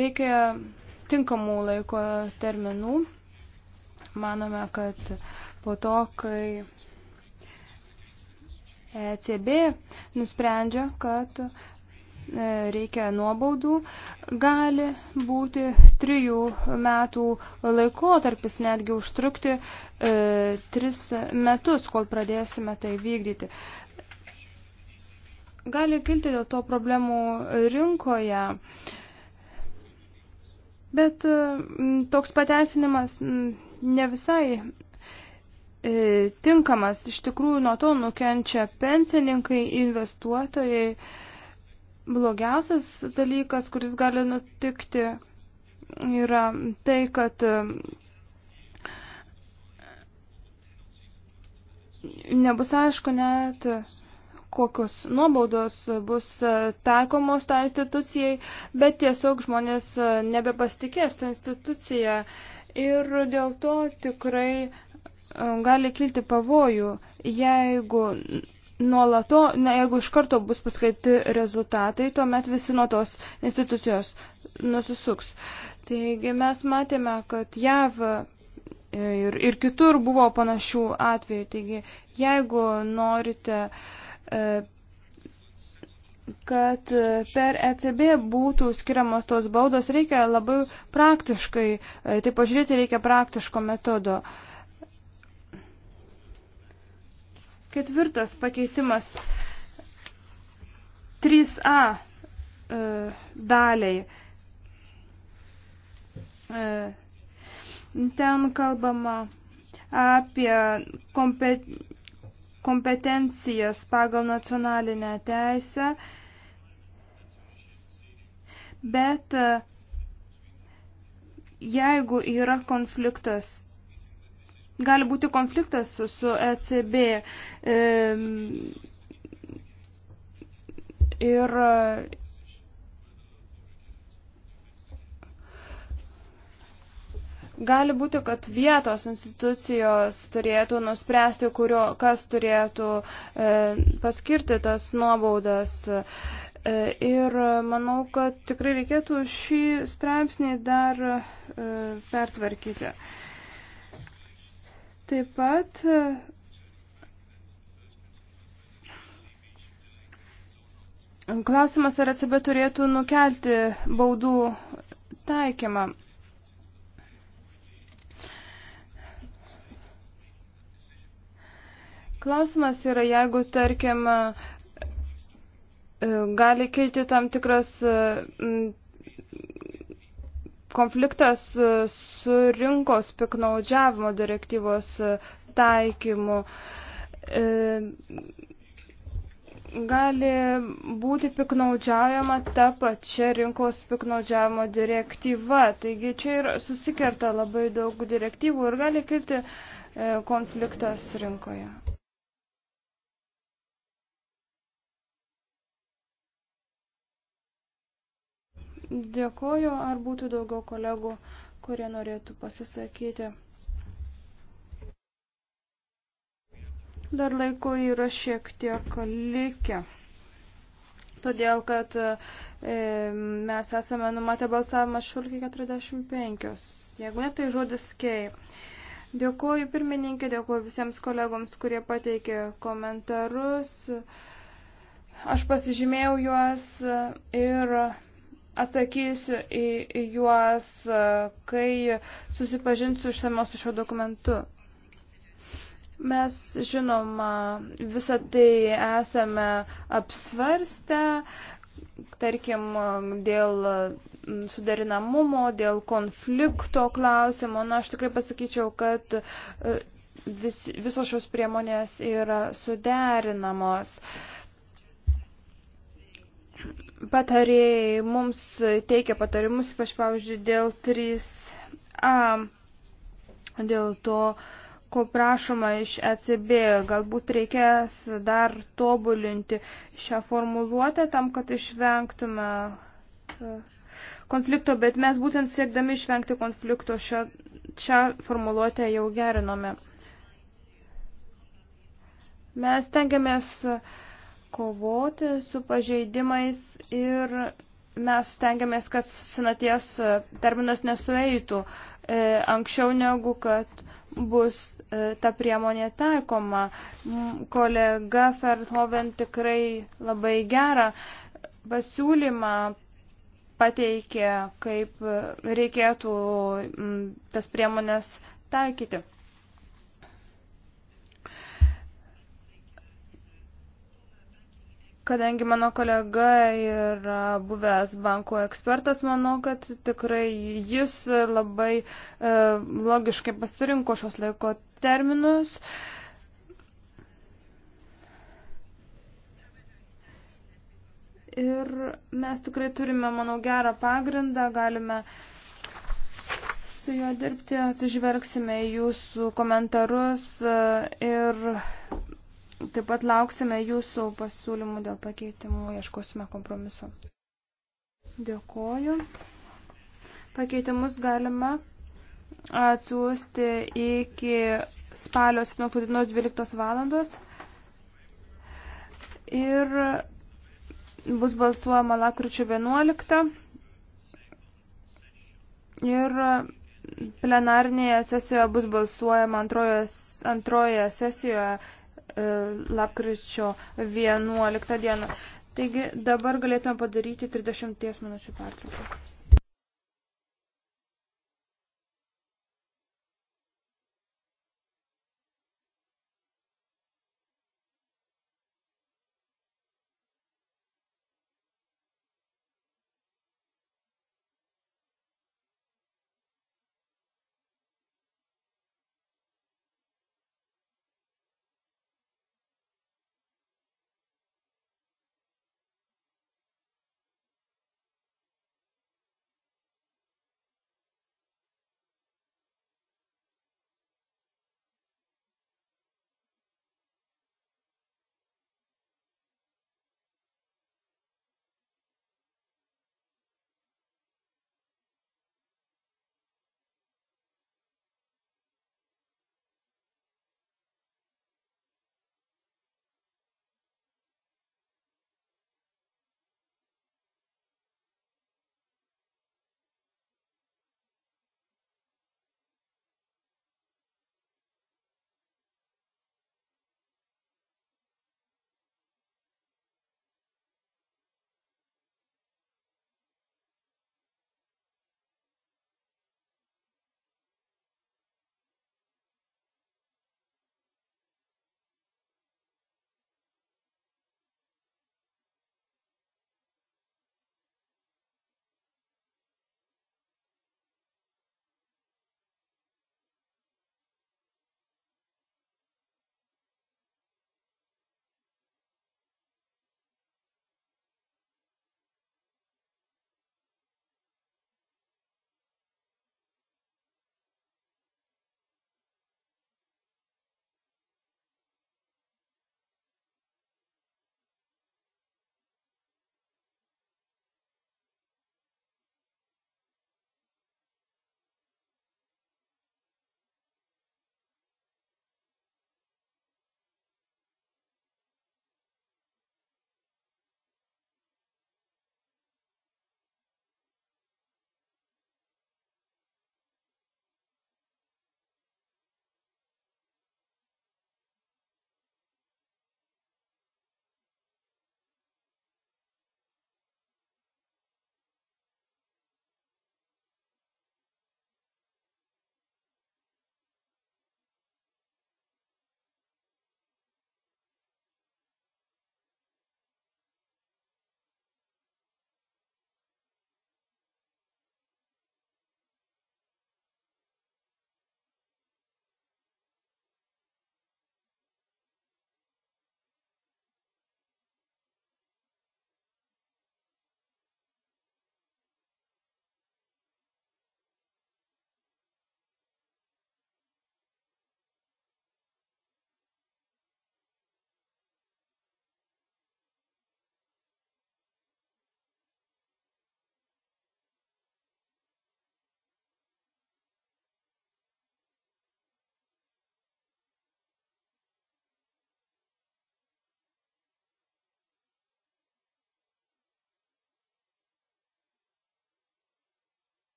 Reikia tinkamų laiko terminų. Manome, kad po to, kai ECB nusprendžia, kad e, reikia nuobaudų, gali būti trijų metų laikotarpis, netgi užtrukti e, tris metus, kol pradėsime tai vykdyti. Gali kilti dėl to problemų rinkoje, bet e, toks pateisinimas ne visai E, tinkamas. Iš tikrųjų, nuo to nukenčia pensininkai, investuotojai. Blogiausias dalykas, kuris gali nutikti, yra tai, kad e, nebus aišku net kokios nuobaudos bus e, taikomos tą tai institucijai, bet tiesiog žmonės nebepastikės tą instituciją. Ir dėl to tikrai gali kilti pavojų, jeigu nuolato, na, jeigu iš karto bus paskelbti rezultatai, tuomet visi nuo tos institucijos nusisuks. Taigi mes matėme, kad JAV ir, ir kitur buvo panašių atvejų. Taigi jeigu norite, e, kad per ECB būtų skiriamos tos baudos, reikia labai praktiškai, e, tai pažiūrėti reikia praktiško metodo. Uh, Ketvirtas pakeitimas 3A e, daliai. E, ten kalbama apie kompetencijas pagal nacionalinę teisę, bet e, jeigu yra konfliktas gali būti konfliktas su ECB. Ir gali būti, kad vietos institucijos turėtų nuspręsti, kurio, kas turėtų e, paskirti tas nuobaudas. E, ir manau, kad tikrai reikėtų šį straipsnį dar e, pertvarkyti. E, Taip pat e, klausimas, ar ECB turėtų nukelti baudų taikymą. Klausimas yra, jeigu, tarkim, e, gali kilti tam tikras e, konfliktas e, su rinkos piknaudžiavimo direktyvos e, taikymu e, gali būti piknaudžiaujama ta pačia rinkos piknaudžiavimo direktyva. Taigi čia ir susikerta labai daug direktyvų ir gali kilti konfliktas rinkoje. Dėkoju, ar būtų daugiau kolegų, kurie norėtų pasisakyti. Dar laiko yra šiek tiek likę. Todėl, kad e, mes esame numatę balsavimą šulkį 45. Jeigu ne, tai žodis kei. Dėkuoju pirmininkė, dėkuoju visiems kolegoms, kurie pateikė komentarus. Aš pasižymėjau juos ir atsakysiu į juos, e, kai susipažinsiu išsamiau su šiuo dokumentu. Mes, žinoma, visą tai esame apsvarstę, tarkim, dėl suderinamumo, dėl konflikto klausimo. Na, aš tikrai pasakyčiau, kad e, vis, visos šios priemonės yra suderinamos. Uh, patarėjai mums teikia patarimus, ypač pavyzdžiui, dėl 3A, dėl to, ko prašoma iš ECB, galbūt reikės dar tobulinti šią formuluotę tam, kad išvengtume e, konflikto, bet mes būtent siekdami išvengti konflikto šią, šią formuluotę jau gerinome. Mes tengiamės uh, kovoti su pažeidimais ir mes stengiamės, kad senaties terminas nesueitų e, anksčiau negu kad bus e, ta priemonė taikoma. Kolega Ferhoven tikrai labai gerą pasiūlymą pateikė, kaip reikėtų tas priemonės taikyti. Kadangi mano kolega yra buvęs banko ekspertas, manau, kad tikrai jis labai e, logiškai pasirinko šios laiko terminus. Ir mes tikrai turime, manau, gerą pagrindą, galime su juo dirbti, atsižvelgsime jūsų komentarus e, ir Taip pat lauksime jūsų pasiūlymų dėl pakeitimų, ieškosime kompromiso. Dėkoju. Pakeitimus galime atsiųsti iki spalio 17 dienos 12 valandos ir bus balsuojama lakryčio 11 ir plenarinėje sesijoje bus balsuojama antroje, antroje sesijoje E, lapkričio 11 dieną. Taigi dabar galėtume padaryti 30 minučių pertrauką.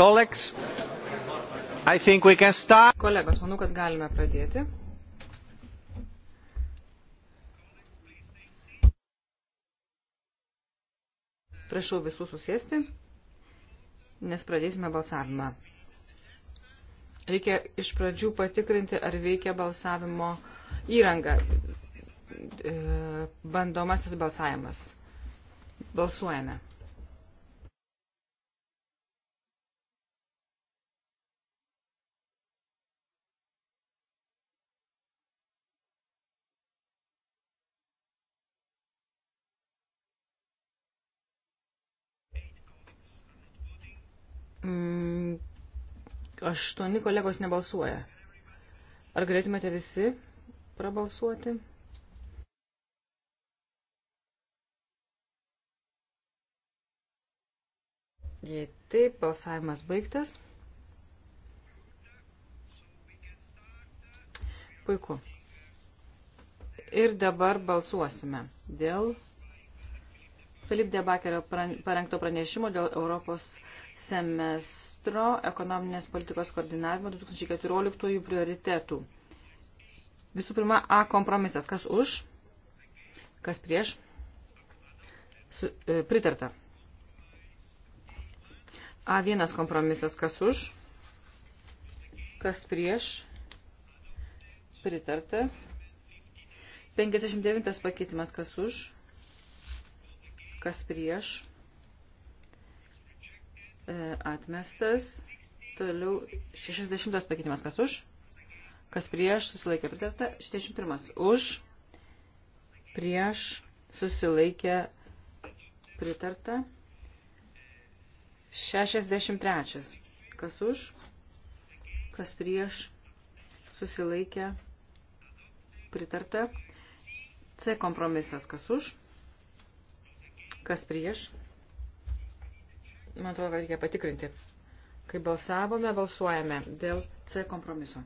Colleagues, I think we can start. Kolegos, manau, kad galime pradėti. Prašau visų susėsti, nes pradėsime balsavimą. Reikia iš pradžių patikrinti, ar veikia balsavimo įranga, e, bandomasis balsavimas. Balsuojame. Mm, aštuoni kolegos nebalsuoja. Ar galėtumėte visi prabalsuoti? Jei taip, balsavimas baigtas. Puiku. Ir dabar balsuosime dėl Filip Debakerio parengto pranešimo dėl Europos semestro ekonominės politikos koordinavimo 2014 prioritetų. Visų pirma, A kompromisas. Kas už? Kas prieš? Su, e, pritarta. A1 kompromisas. Kas už? Kas prieš? Pritarta. 59 pakeitimas. Kas už? kas prieš, e, atmestas. Toliau 60 pakeitimas, kas už, kas prieš, susilaikė pritarta. 61 už, prieš, susilaikė pritarta. 63 kas už, kas prieš, susilaikė pritarta. C kompromisas, kas už Kas prieš? Man atrodo, reikia patikrinti. Kai balsavome, balsuojame dėl C kompromiso.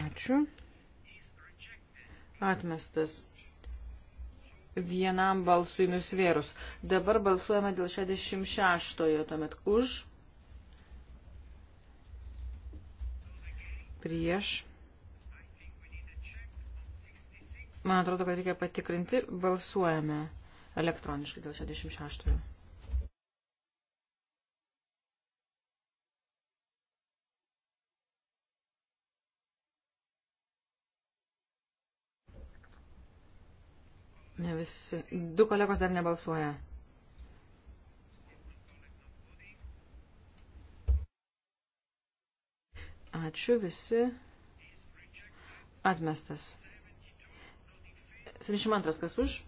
Ačiū. Atmestas. Vienam balsui nusvėrus. Dabar balsuojame dėl 66-ojo, tuomet už. prieš. Man atrodo, kad reikia patikrinti. Balsuojame elektroniškai dėl 66. Ne visi. Du kolegos dar nebalsuoja. Ačiū visi. Atmestas. 72. Kas už?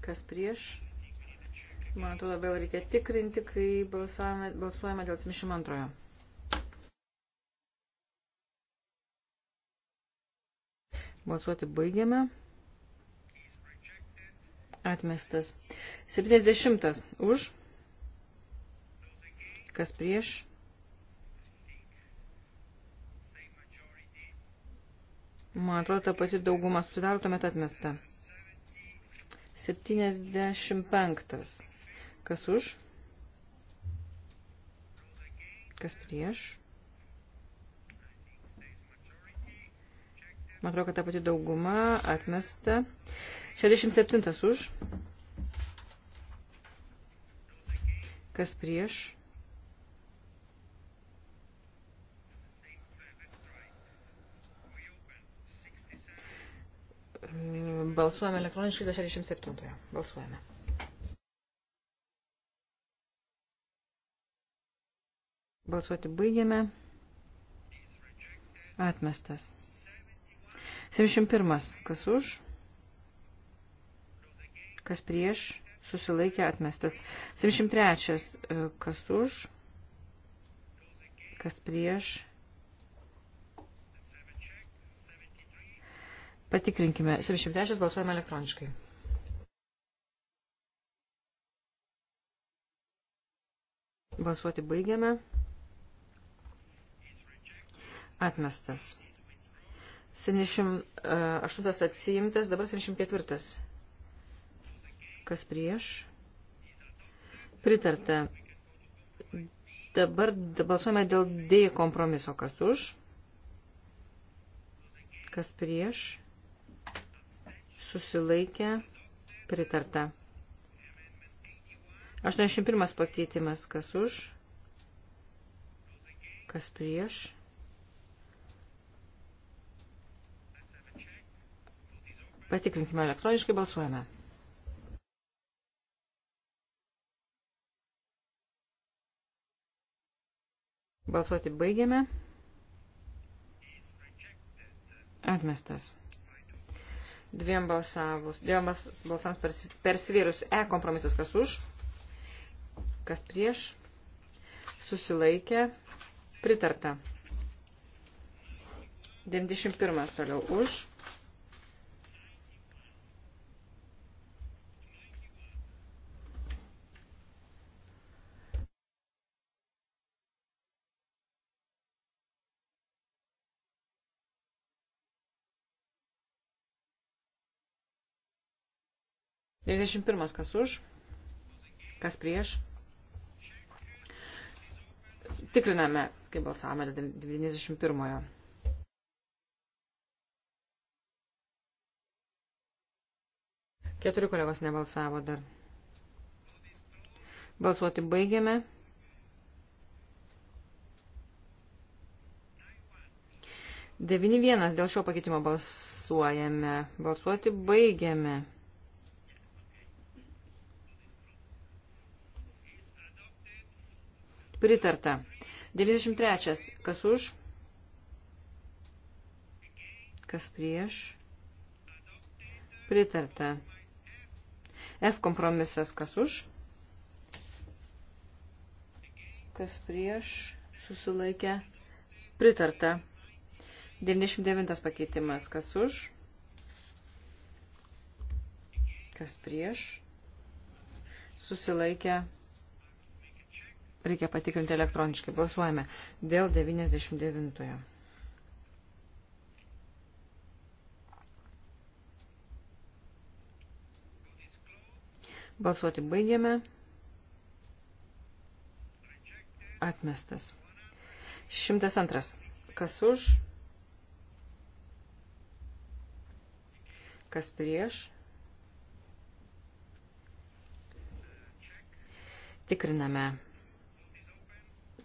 Kas prieš? Man atrodo, vėl reikia tikrinti, kai balsuojame, balsuojame dėl 72. Balsuoti baigiame. Atmestas. 70. Už. Kas prieš? Man atrodo, ta pati dauguma susidaro tuomet atmesta. 75. Kas už? Kas prieš? Man atrodo, kad ta pati dauguma atmesta. 67 už. Kas prieš? Balsuojame elektroniškai dėl 67. Balsuojame. Balsuoti baigėme. Atmestas. 71. Kas už? Kas prieš? Susilaikė atmestas. 73. Kas už? Kas prieš? Patikrinkime. 73 balsuojame elektroniškai. Balsuoti baigiame. Atmestas. 78 atsiimtas, dabar 74. Kas prieš? Pritarta. Dabar balsuojame dėl D kompromiso. Kas už? Kas prieš? susilaikė, pritarta. 81 pakeitimas, kas už, kas prieš. Patikrinkime elektroniškai, balsuojame. Balsuoti baigiame. Atmestas dviem balsavus, dviem balsams pers, persivėrus E kompromisas, kas už, kas prieš, susilaikė, pritarta. 91 toliau už, 51 kas už, kas prieš. Tikriname, kaip balsavome 91-ojo. Keturi kolegos nebalsavo dar. Balsuoti baigėme. Devini vienas dėl šio pakeitimo balsuojame. Balsuoti baigėme. Pritarta. 93. Kas už? Kas prieš? Pritarta. F kompromisas. Kas už? Kas prieš? Susilaikę. Pritarta. 99 pakeitimas. Kas už? Kas prieš? Susilaikę. Reikia patikrinti elektroniškai. Balsuojame dėl 99-ojo. Balsuoti baigėme. Atmestas. 102. Kas už? Kas prieš? Tikriname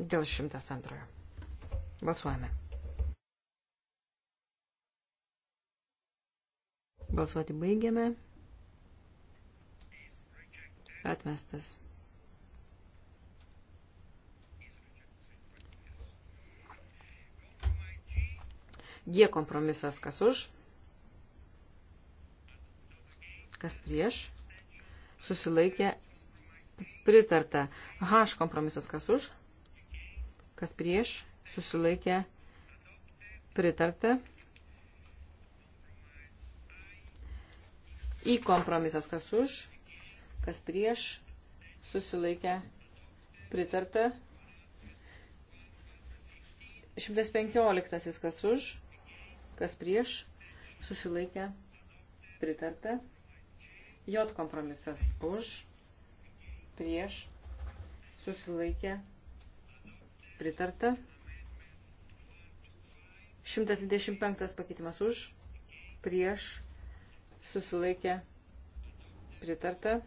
dėl 102. Balsuojame. Balsuoti baigiame. Atmestas. G kompromisas kas už, kas prieš, susilaikė pritarta. H kompromisas kas už, kas prieš, susilaikė, pritarta. Į kompromisas, kas už, kas prieš, susilaikė, pritarta. 115, kas už, kas prieš, susilaikė, pritarta. J kompromisas už, prieš, susilaikė, pritarta pritarta. 125 pakeitimas už, prieš, susilaikė, pritarta.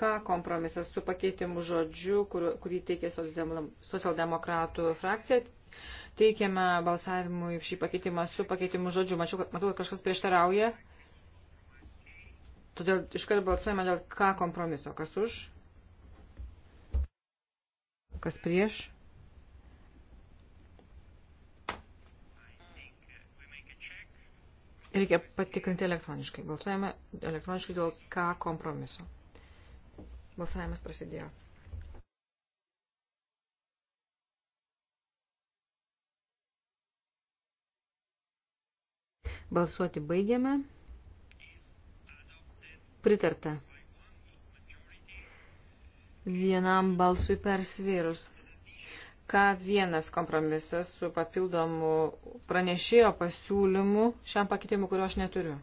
Ką kompromisas su pakeitimu žodžiu, kur, kurį teikė socialdemokratų frakcija, teikiame balsavimui šį pakeitimą su pakeitimu žodžiu. Mačiau, kad, matau, kad kažkas prieštarauja. Todėl iškart balsuojame dėl ką kompromiso. Kas už? Kas prieš? Reikia patikrinti elektroniškai. Balsuojame elektroniškai dėl K kompromiso. Balsavimas prasidėjo. Balsuoti baigiame. Pritarta vienam balsui persvyrus. K1 kompromisas su papildomu pranešėjo pasiūlymu šiam pakeitimu, kurio aš neturiu.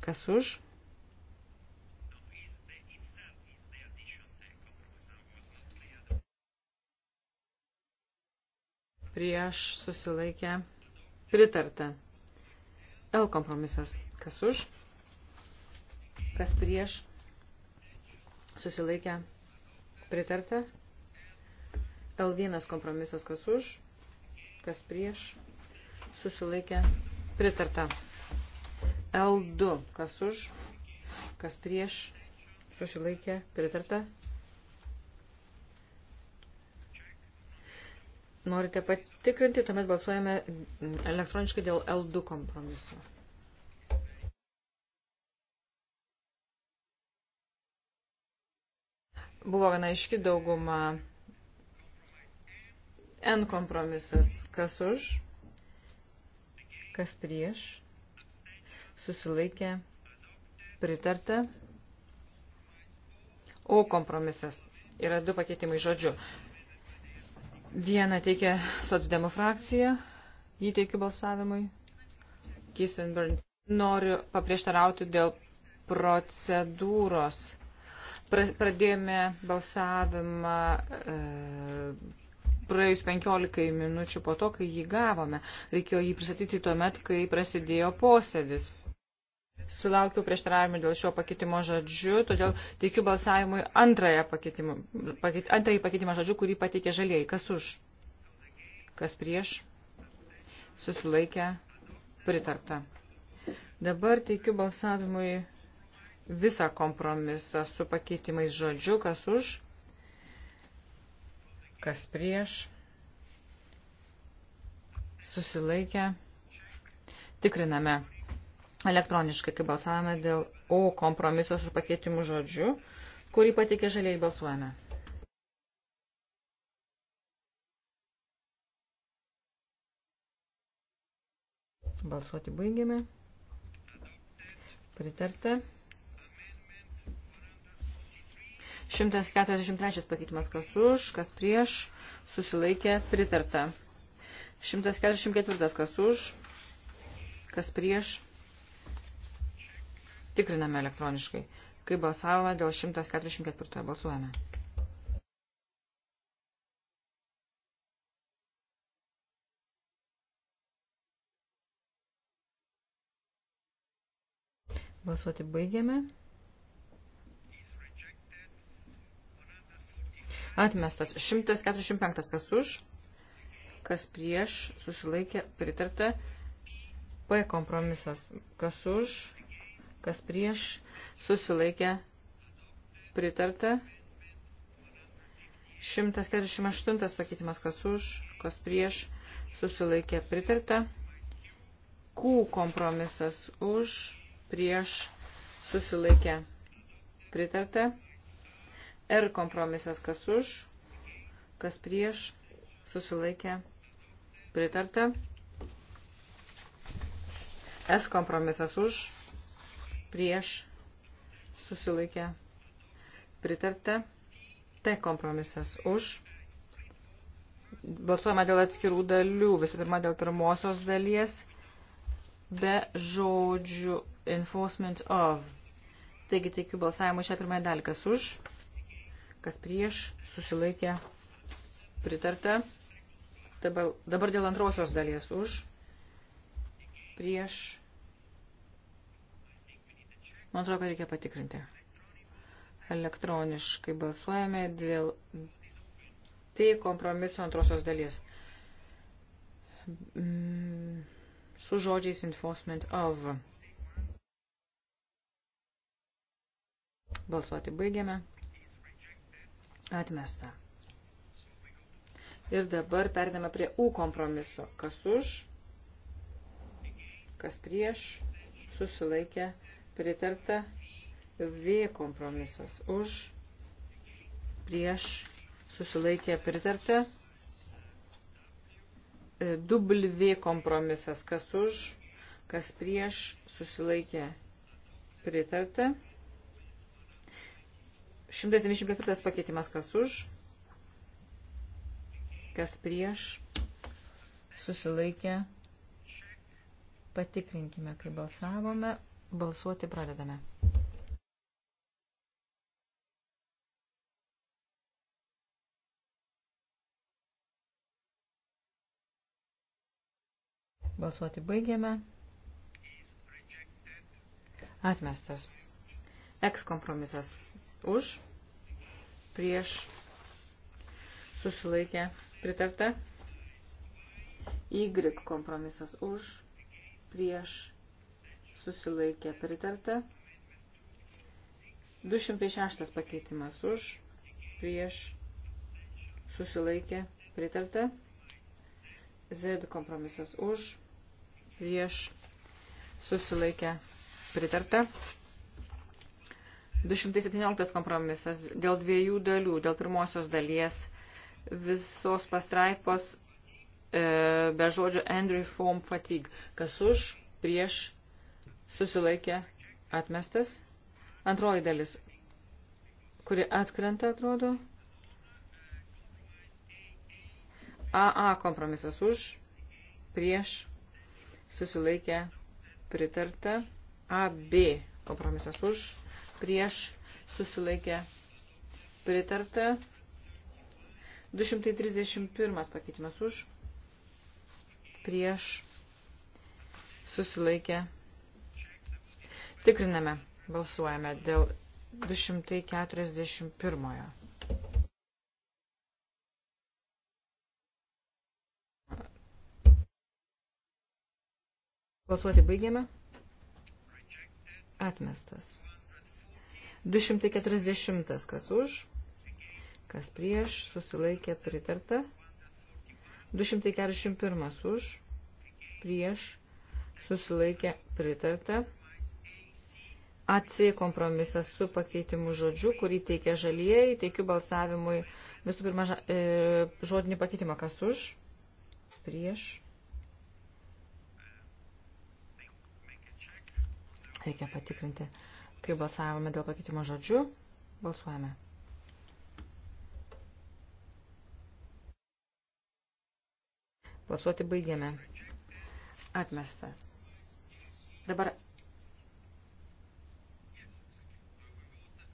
Kas už? Prieš susilaikę pritarta. L kompromisas. Kas už? kas prieš susilaikę pritarta. L1 kompromisas kas už, kas prieš susilaikę pritarta. L2 kas už, kas prieš susilaikę pritarta. Norite patikrinti, tuomet balsuojame elektroniškai dėl L2 kompromiso. buvo viena iški dauguma. N kompromisas. Kas už? Kas prieš? Susilaikė. Pritarta. O kompromisas. Yra du pakeitimai žodžiu. Vieną teikia socdemų frakcija. Jį teikiu balsavimui. Kissenburn. Noriu paprieštarauti dėl procedūros Pradėjome balsavimą e, praėjus 15 minučių po to, kai jį gavome. Reikėjo jį pristatyti tuo met, kai prasidėjo posėdis. Sulaukiau prieštaravimų dėl šio pakeitimo žodžiu, todėl teikiu balsavimui pakeitimą, pakeit, antrąjį pakeitimą žodžiu, kurį pateikė žalieji. Kas už? Kas prieš? Susilaikę? Pritarta. Dabar teikiu balsavimui visą kompromisą su pakeitimais žodžiu, kas už, kas prieš, susilaikę. Tikriname elektroniškai, kai balsavome dėl O kompromiso su pakeitimu žodžiu, kurį patikė žaliai balsuojame. Balsuoti baigėme. Pritarta. 143 pakeitimas kas už, kas prieš, susilaikė, pritarta. 144 kas už, kas prieš, tikriname elektroniškai. Kai balsavome dėl 144 balsuojame. Balsuoti baigiame. Atmestas 145 kas už, kas prieš, susilaikė, pritarta. P kompromisas kas už, kas prieš, susilaikė, pritarta. 148 pakeitimas kas už, kas prieš, susilaikė, pritarta. Q kompromisas už, prieš, susilaikė, pritarta. R kompromisas kas už, kas prieš, susilaikė, pritarta. S kompromisas už, prieš, susilaikė, pritarta. T kompromisas už. Balsuojama dėl atskirų dalių. Visų pirma, dėl pirmosios dalies be žodžių enforcement of. Taigi teikiu balsavimu šią pirmąją dalį, kas už, kas prieš, susilaikė, pritarta. Dabar, dabar dėl antrosios dalies už, prieš. Man atrodo, kad reikia patikrinti. Elektroniškai balsuojame dėl tai kompromiso antrosios dalies. Mm, su žodžiais enforcement of. Balsuoti baigiame. Atmesta. Ir dabar perdame prie U kompromiso. Kas už, kas prieš, susilaikė, pritarta. V kompromisas. Už, prieš, susilaikė, pritarta. W kompromisas. Kas už, kas prieš, susilaikė, pritarta. 194 pakeitimas kas už, kas prieš, susilaikė. Patikrinkime, kai balsavome. Balsuoti pradedame. Balsuoti baigėme. Atmestas. Eks kompromisas už, prieš, susilaikė, pritarta. Y kompromisas už, prieš, susilaikė, pritarta. 206 pakeitimas už, prieš, susilaikė, pritarta. Z kompromisas už, prieš, susilaikė, pritarta. 217 kompromisas dėl dviejų dalių. Dėl pirmosios dalies visos pastraipos e, be žodžio and reform fatigue. Kas už, prieš, susilaikė, atmestas. Antroji dalis, kuri atkrenta, atrodo. AA kompromisas už, prieš, susilaikė, pritarta. AB kompromisas už, prieš susilaikė pritarta. 231 pakeitimas už prieš susilaikė. Tikriname, balsuojame dėl 241. Balsuoti baigėme. Atmestas. 240. Kas už? Kas prieš? Susilaikė pritarta. 241. Už? Prieš? Susilaikė pritarta. AC kompromisas su pakeitimu žodžiu, kurį teikia žalieji, teikiu balsavimui visų pirma e, žodinį pakeitimą. Kas už? Prieš. Reikia patikrinti kai balsavome dėl pakeitimo žodžių. Balsuojame. Balsuoti baigėme. Atmesta. Dabar,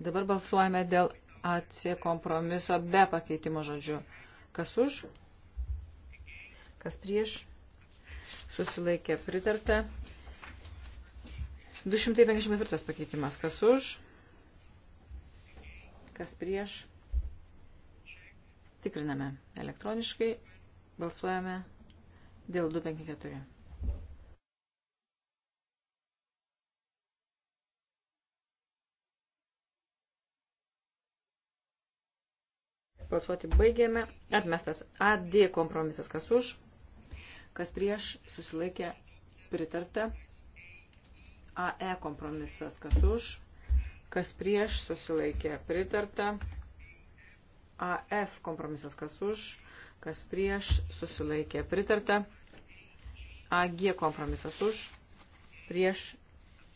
dabar balsuojame dėl AC kompromiso be pakeitimo žodžių. Kas už? Kas prieš? Susilaikė pritarta. 254 pakeitimas. Kas už? Kas prieš? Tikriname elektroniškai. Balsuojame dėl 254. Balsuoti baigėme. Atmestas AD kompromisas. Kas už? Kas prieš? Susilaikė pritarta. AE kompromisas, kas už, kas prieš, susilaikė pritarta. AF kompromisas, kas už, kas prieš, susilaikė pritarta. AG kompromisas už, prieš,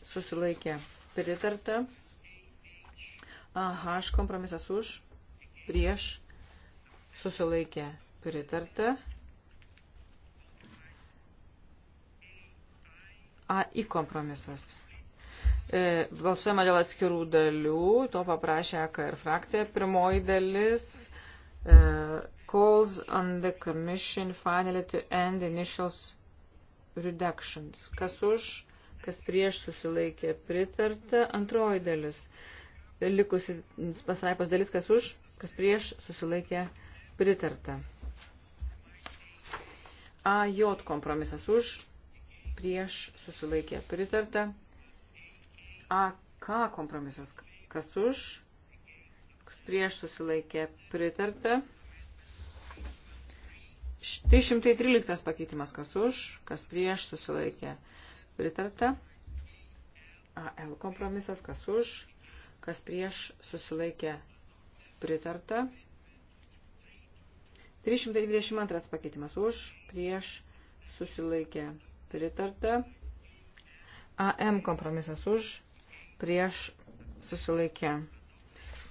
susilaikė pritarta. AH kompromisas už, prieš, susilaikė pritarta. AI kompromisas. E, balsuojama dėl atskirų dalių, to paprašė AKR frakcija. Pirmoji dalis e, calls on the commission finally to end initials reductions. Kas už, kas prieš susilaikė pritarta. Antroji dalis. Likusi pasraipos dalis, kas už, kas prieš susilaikė pritarta. AJ kompromisas už, prieš susilaikė pritarta. AK kompromisas, kas už, kas prieš susilaikė pritarta. 313 pakeitimas, kas už, kas prieš susilaikė pritarta. AL kompromisas, kas už, kas prieš susilaikė pritarta. 322 pakeitimas už, prieš susilaikė pritarta pritarta. AM kompromisas už, prieš susilaikė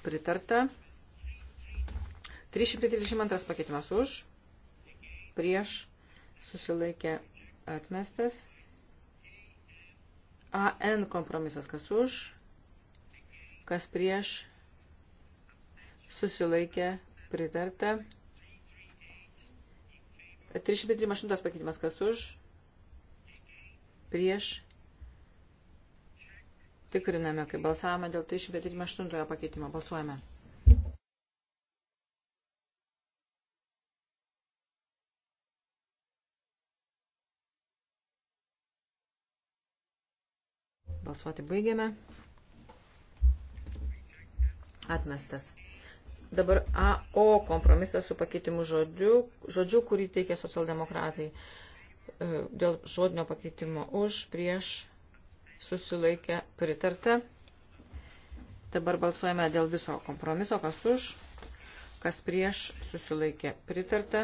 pritarta. 332 pakeitimas už, prieš susilaikė atmestas. AN kompromisas kas už, kas prieš susilaikė pritarta. 338 pakeitimas kas už, prieš. Tikriname, kai balsavome dėl 338 pakeitimo. Balsuojame. Balsuoti baigiame. Atmestas. Dabar AO kompromisas su pakeitimu žodžiu, žodžiu kurį teikia socialdemokratai. Uh, E, dėl žodinio pakeitimo už, prieš, susilaikę, pritarta. Dabar balsuojame dėl viso kompromiso, kas už, kas prieš, susilaikė, pritarta.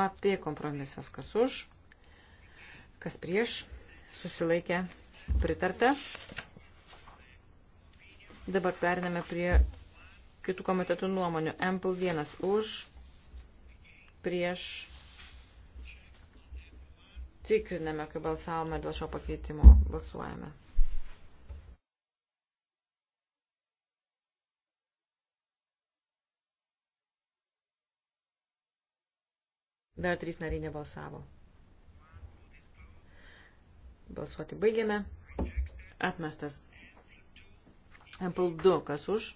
AP kompromisas, kas už, kas prieš, susilaikė, pritarta. Dabar periname prie kitų komitetų nuomonių. MPL 1 už, prieš, tikriname, kai balsavome dėl šio pakeitimo. Balsuojame. Dar trys nariai nebalsavo. Balsuoti baigėme. Atmestas. Apple 2, kas už?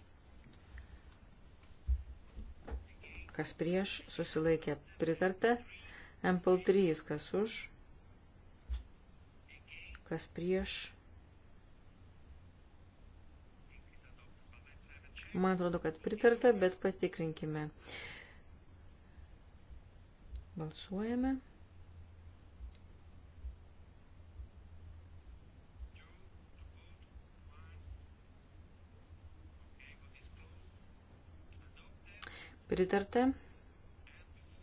Kas prieš? Susilaikė pritarta. Apple 3, kas už? kas prieš. Man atrodo, kad pritarta, bet patikrinkime. Balsuojame. Pritarta.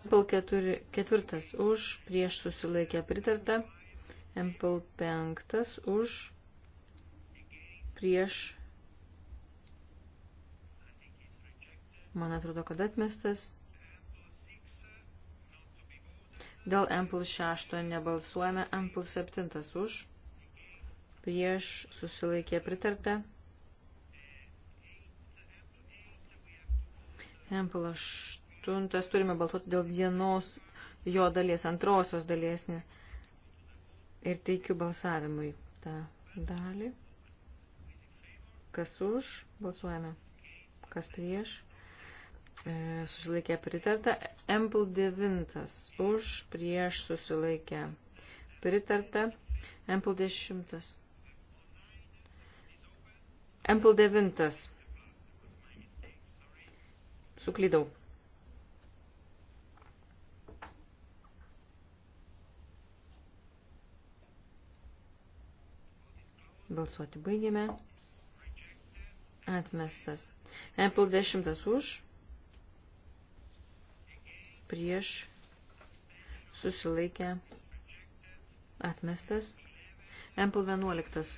Pal keturi, ketvirtas už, prieš susilaikę pritarta. MPL 5 už prieš. Man atrodo, kad atmestas. Dėl MPL 6 nebalsuojame, MPL 7 už prieš susilaikė pritarta. MPL 8 turime balsuoti dėl vienos jo dalies, antrosios dalies. Ne ir teikiu balsavimui tą dalį. Kas už, balsuojame. Kas prieš, e, susilaikė pritarta. Ample 9, už, prieš, susilaikė pritarta. Ample 10. Ample 9. Suklydau. Balsuoti baigėme. Atmestas. Apple 10 už. Prieš. Susilaikę. Atmestas. Apple 11.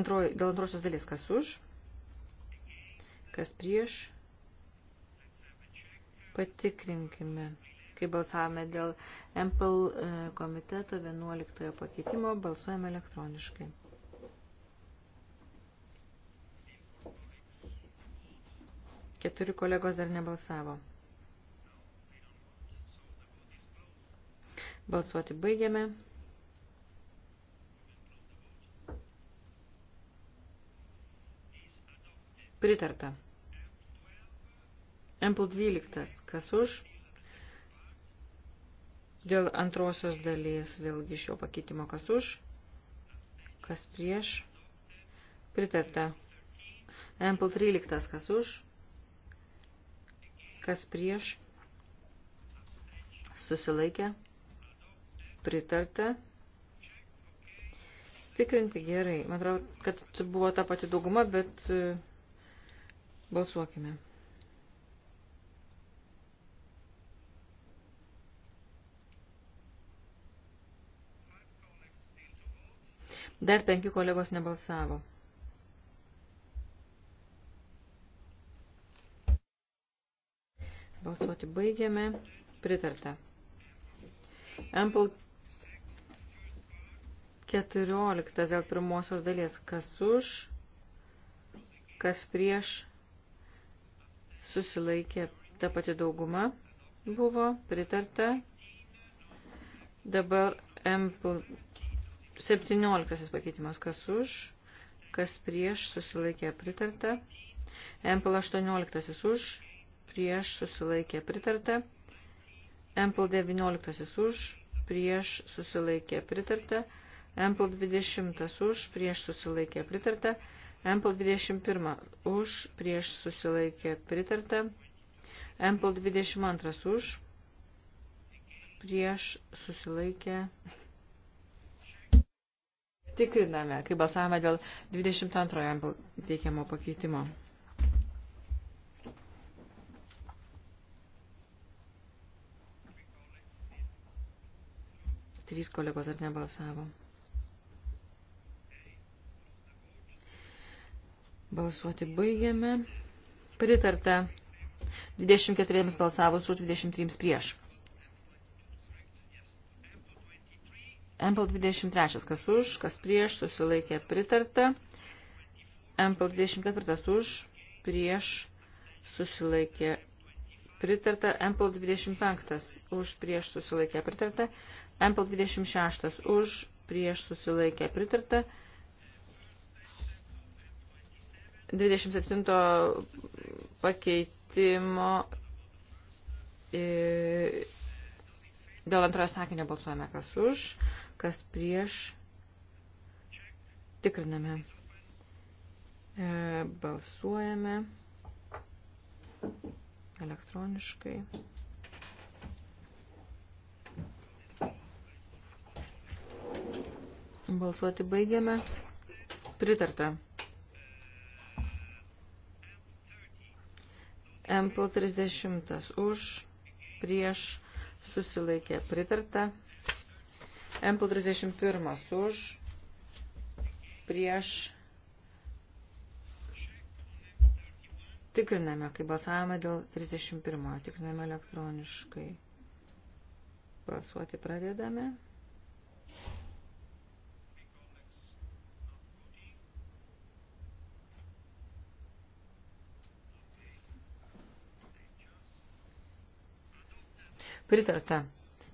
Antroji, dėl antrosios dalies kas už. Kas prieš. Patikrinkime kai balsavome dėl MPL e, komiteto 11 pakeitimo, balsuojame elektroniškai. Keturi kolegos dar nebalsavo. Balsuoti baigiame. Pritarta. Ample 12. Kas už? Dėl antrosios dalies vėlgi šio pakeitimo kas už, kas prieš, pritarta. Ample 13 kas už, kas prieš, susilaikė, pritarta. Tikrinti gerai. Man atrodo, kad buvo ta pati dauguma, bet e, balsuokime. Dar penki kolegos nebalsavo. Balsuoti baigiame. Pritarta. Ample 14 dėl pirmosios dalies. Kas už, kas prieš susilaikė ta pati dauguma buvo pritarta. Dabar Ample 17 pakeitimas kas už, kas prieš susilaikė pritarta. MPL 18 už, prieš susilaikė pritarta. MPL 19 už, prieš susilaikė pritarta. MPL 20 už, prieš susilaikė pritarta. MPL 21 už, prieš susilaikė pritarta. MPL 22 už, prieš susilaikė pritarta [LAUGHS] tikriname, kai balsavome dėl 22 teikiamo pakeitimo. Trys kolegos ar nebalsavo. Balsuoti baigiame. Pritarta 24 balsavus už 23 prieš. MPL 23, kas už, kas prieš, susilaikė pritarta. MPL 24 už, prieš, susilaikė pritarta. MPL 25 už, prieš, susilaikė pritarta. MPL 26 už, prieš, susilaikė pritarta. 27 pakeitimo. E, Dėl antrojo sakinio balsuojame, kas už, kas prieš. Tikriname. E, balsuojame elektroniškai. Balsuoti baigiame. Pritarta. MPL 30 už, prieš, susilaikė pritarta. MPL 31 už, prieš. Tikriname, kai balsavome dėl 31, tikriname elektroniškai. Balsuoti pradedame. Pritarta.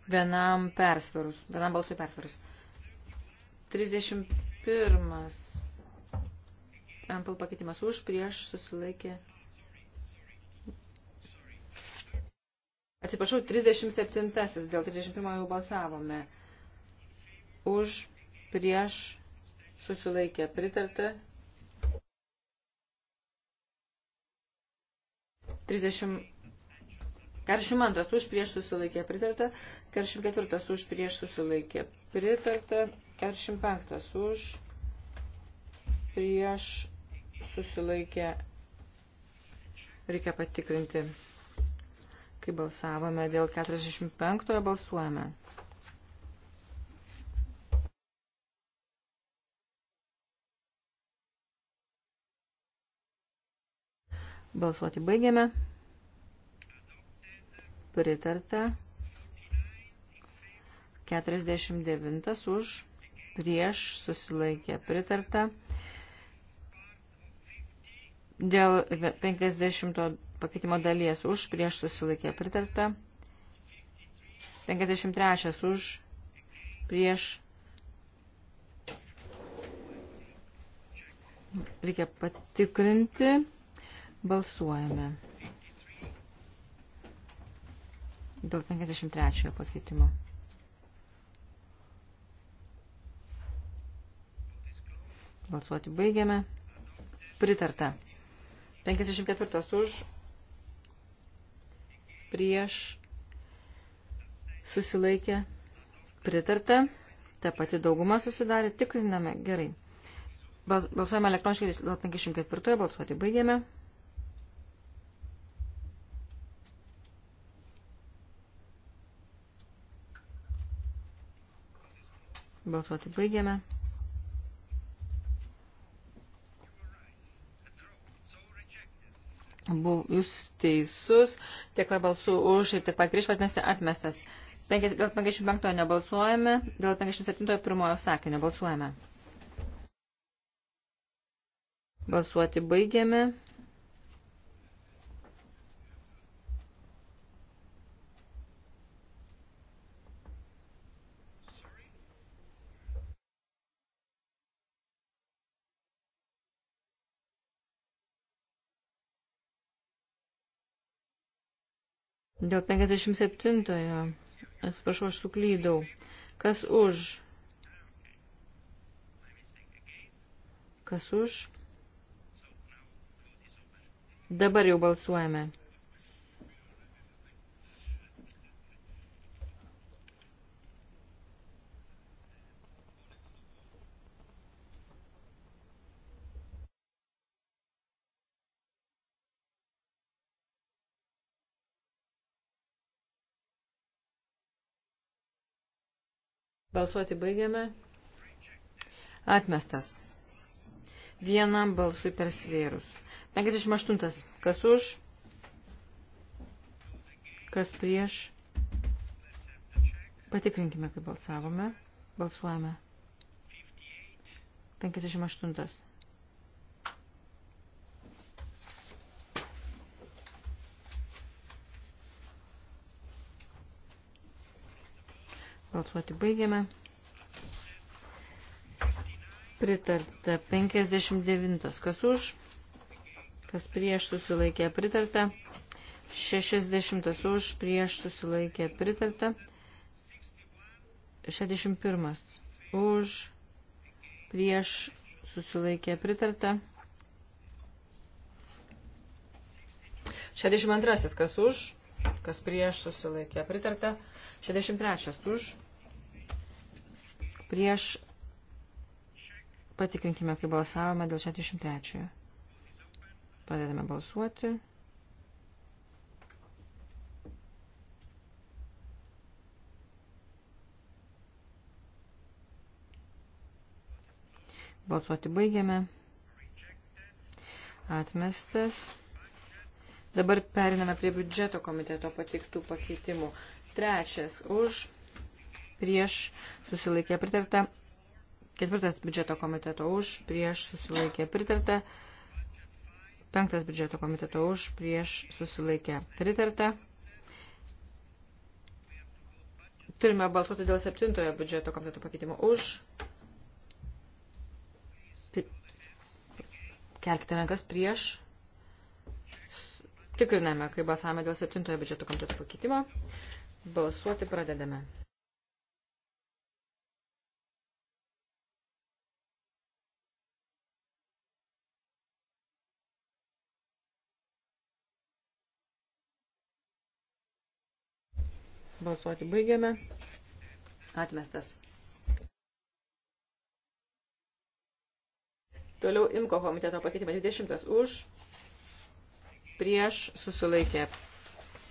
Vienam persvarus. Vienam balsui persvarus. 31. Ampel pakeitimas už, prieš, susilaikė. Atsiprašau, 37. Dėl 31 jau balsavome. Už, prieš, susilaikė. Pritarta. 30. 42 už prieš susilaikė pritarta, 44 už prieš susilaikė pritarta, 45 už prieš susilaikė reikia patikrinti. Kai balsavome dėl 45 balsuojame. Balsuoti baigiame pritarta. 49 už, prieš susilaikė pritarta. Dėl 50 pakeitimo dalies už, prieš susilaikė pritarta. 53 už, prieš. Reikia patikrinti. Balsuojame. dėl 53 pakeitimo. Balsuoti baigiame. Pritarta. 54 už. Prieš. Susilaikė. Pritarta. Ta pati dauguma susidarė. Tikriname. Gerai. Balsuojame elektroniškai dėl 54. Balsuoti baigiame. Balsuoti baigiame. Buvo jūs teisus, tiek balsų už ir tiek pat prieš, vadinasi, atmestas. Dėl 55 nebalsuojame, dėl 57 pirmojo sakinio balsuojame. Balsuoti baigiame. Dėl 57-ojo, atsiprašau, aš suklydau. Kas už? Kas už? Dabar jau balsuojame. Balsuoti baigiame. Atmestas. Vienam balsui persvėrus. 58. Kas už? Kas prieš? Patikrinkime, kaip balsavome. Balsuojame. 58. Balsuoti baigiame. Pritarta 59. Kas už? Kas prieš susilaikė pritarta? 60 už prieš susilaikė pritarta. 61 už prieš susilaikė pritarta. 62 kas už, kas prieš susilaikė pritarta. 63 už Prieš patikrinkime, kaip balsavome dėl 63. Pradedame balsuoti. Balsuoti baigiame. Atmestas. Dabar periname prie biudžeto komiteto patiktų pakeitimų. Trečias už prieš susilaikė pritarta. Ketvirtas biudžeto komiteto už, prieš susilaikė pritarta. Penktas biudžeto komiteto už, prieš susilaikė pritarta. Turime balsuoti dėl septintojo biudžeto komiteto pakeitimo už. Kelkite rankas prieš. Tikriname, kai balsavome dėl septintojo biudžeto komiteto pakeitimo. Balsuoti pradedame. Balsuoti baigiame. Atmestas. Toliau imko komiteto pakeitimą 20 už, prieš susilaikė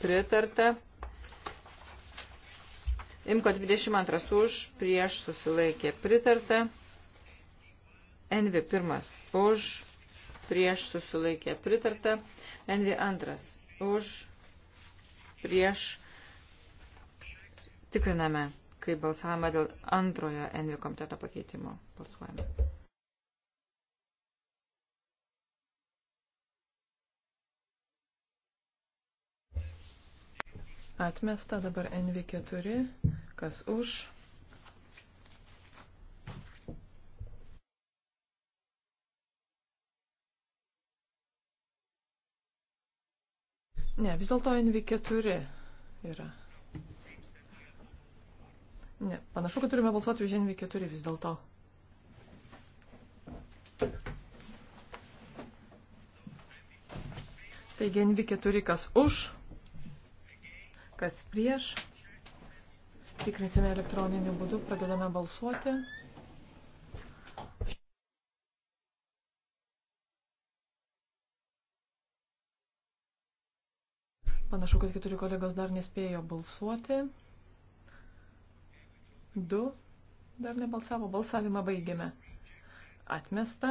pritarta. Imko 22 už, prieš susilaikė pritarta. Envi 1 už, prieš susilaikė pritarta. Envi 2 už, prieš Tikriname, kaip balsavimą dėl antrojo Envi komiteto pakeitimo. Balsuojame. Atmesta dabar NV4, kas už. Ne, vis dėlto NV4 yra. Ne, panašu, kad turime balsuoti už Envy 4 vis dėlto. Taigi Envy 4 kas už, kas prieš. Tikrinsime elektroniniu būdu, pradedame balsuoti. Panašu, kad keturi kolegos dar nespėjo balsuoti. Du dar nebalsavo. Balsavimą baigėme. Atmesta.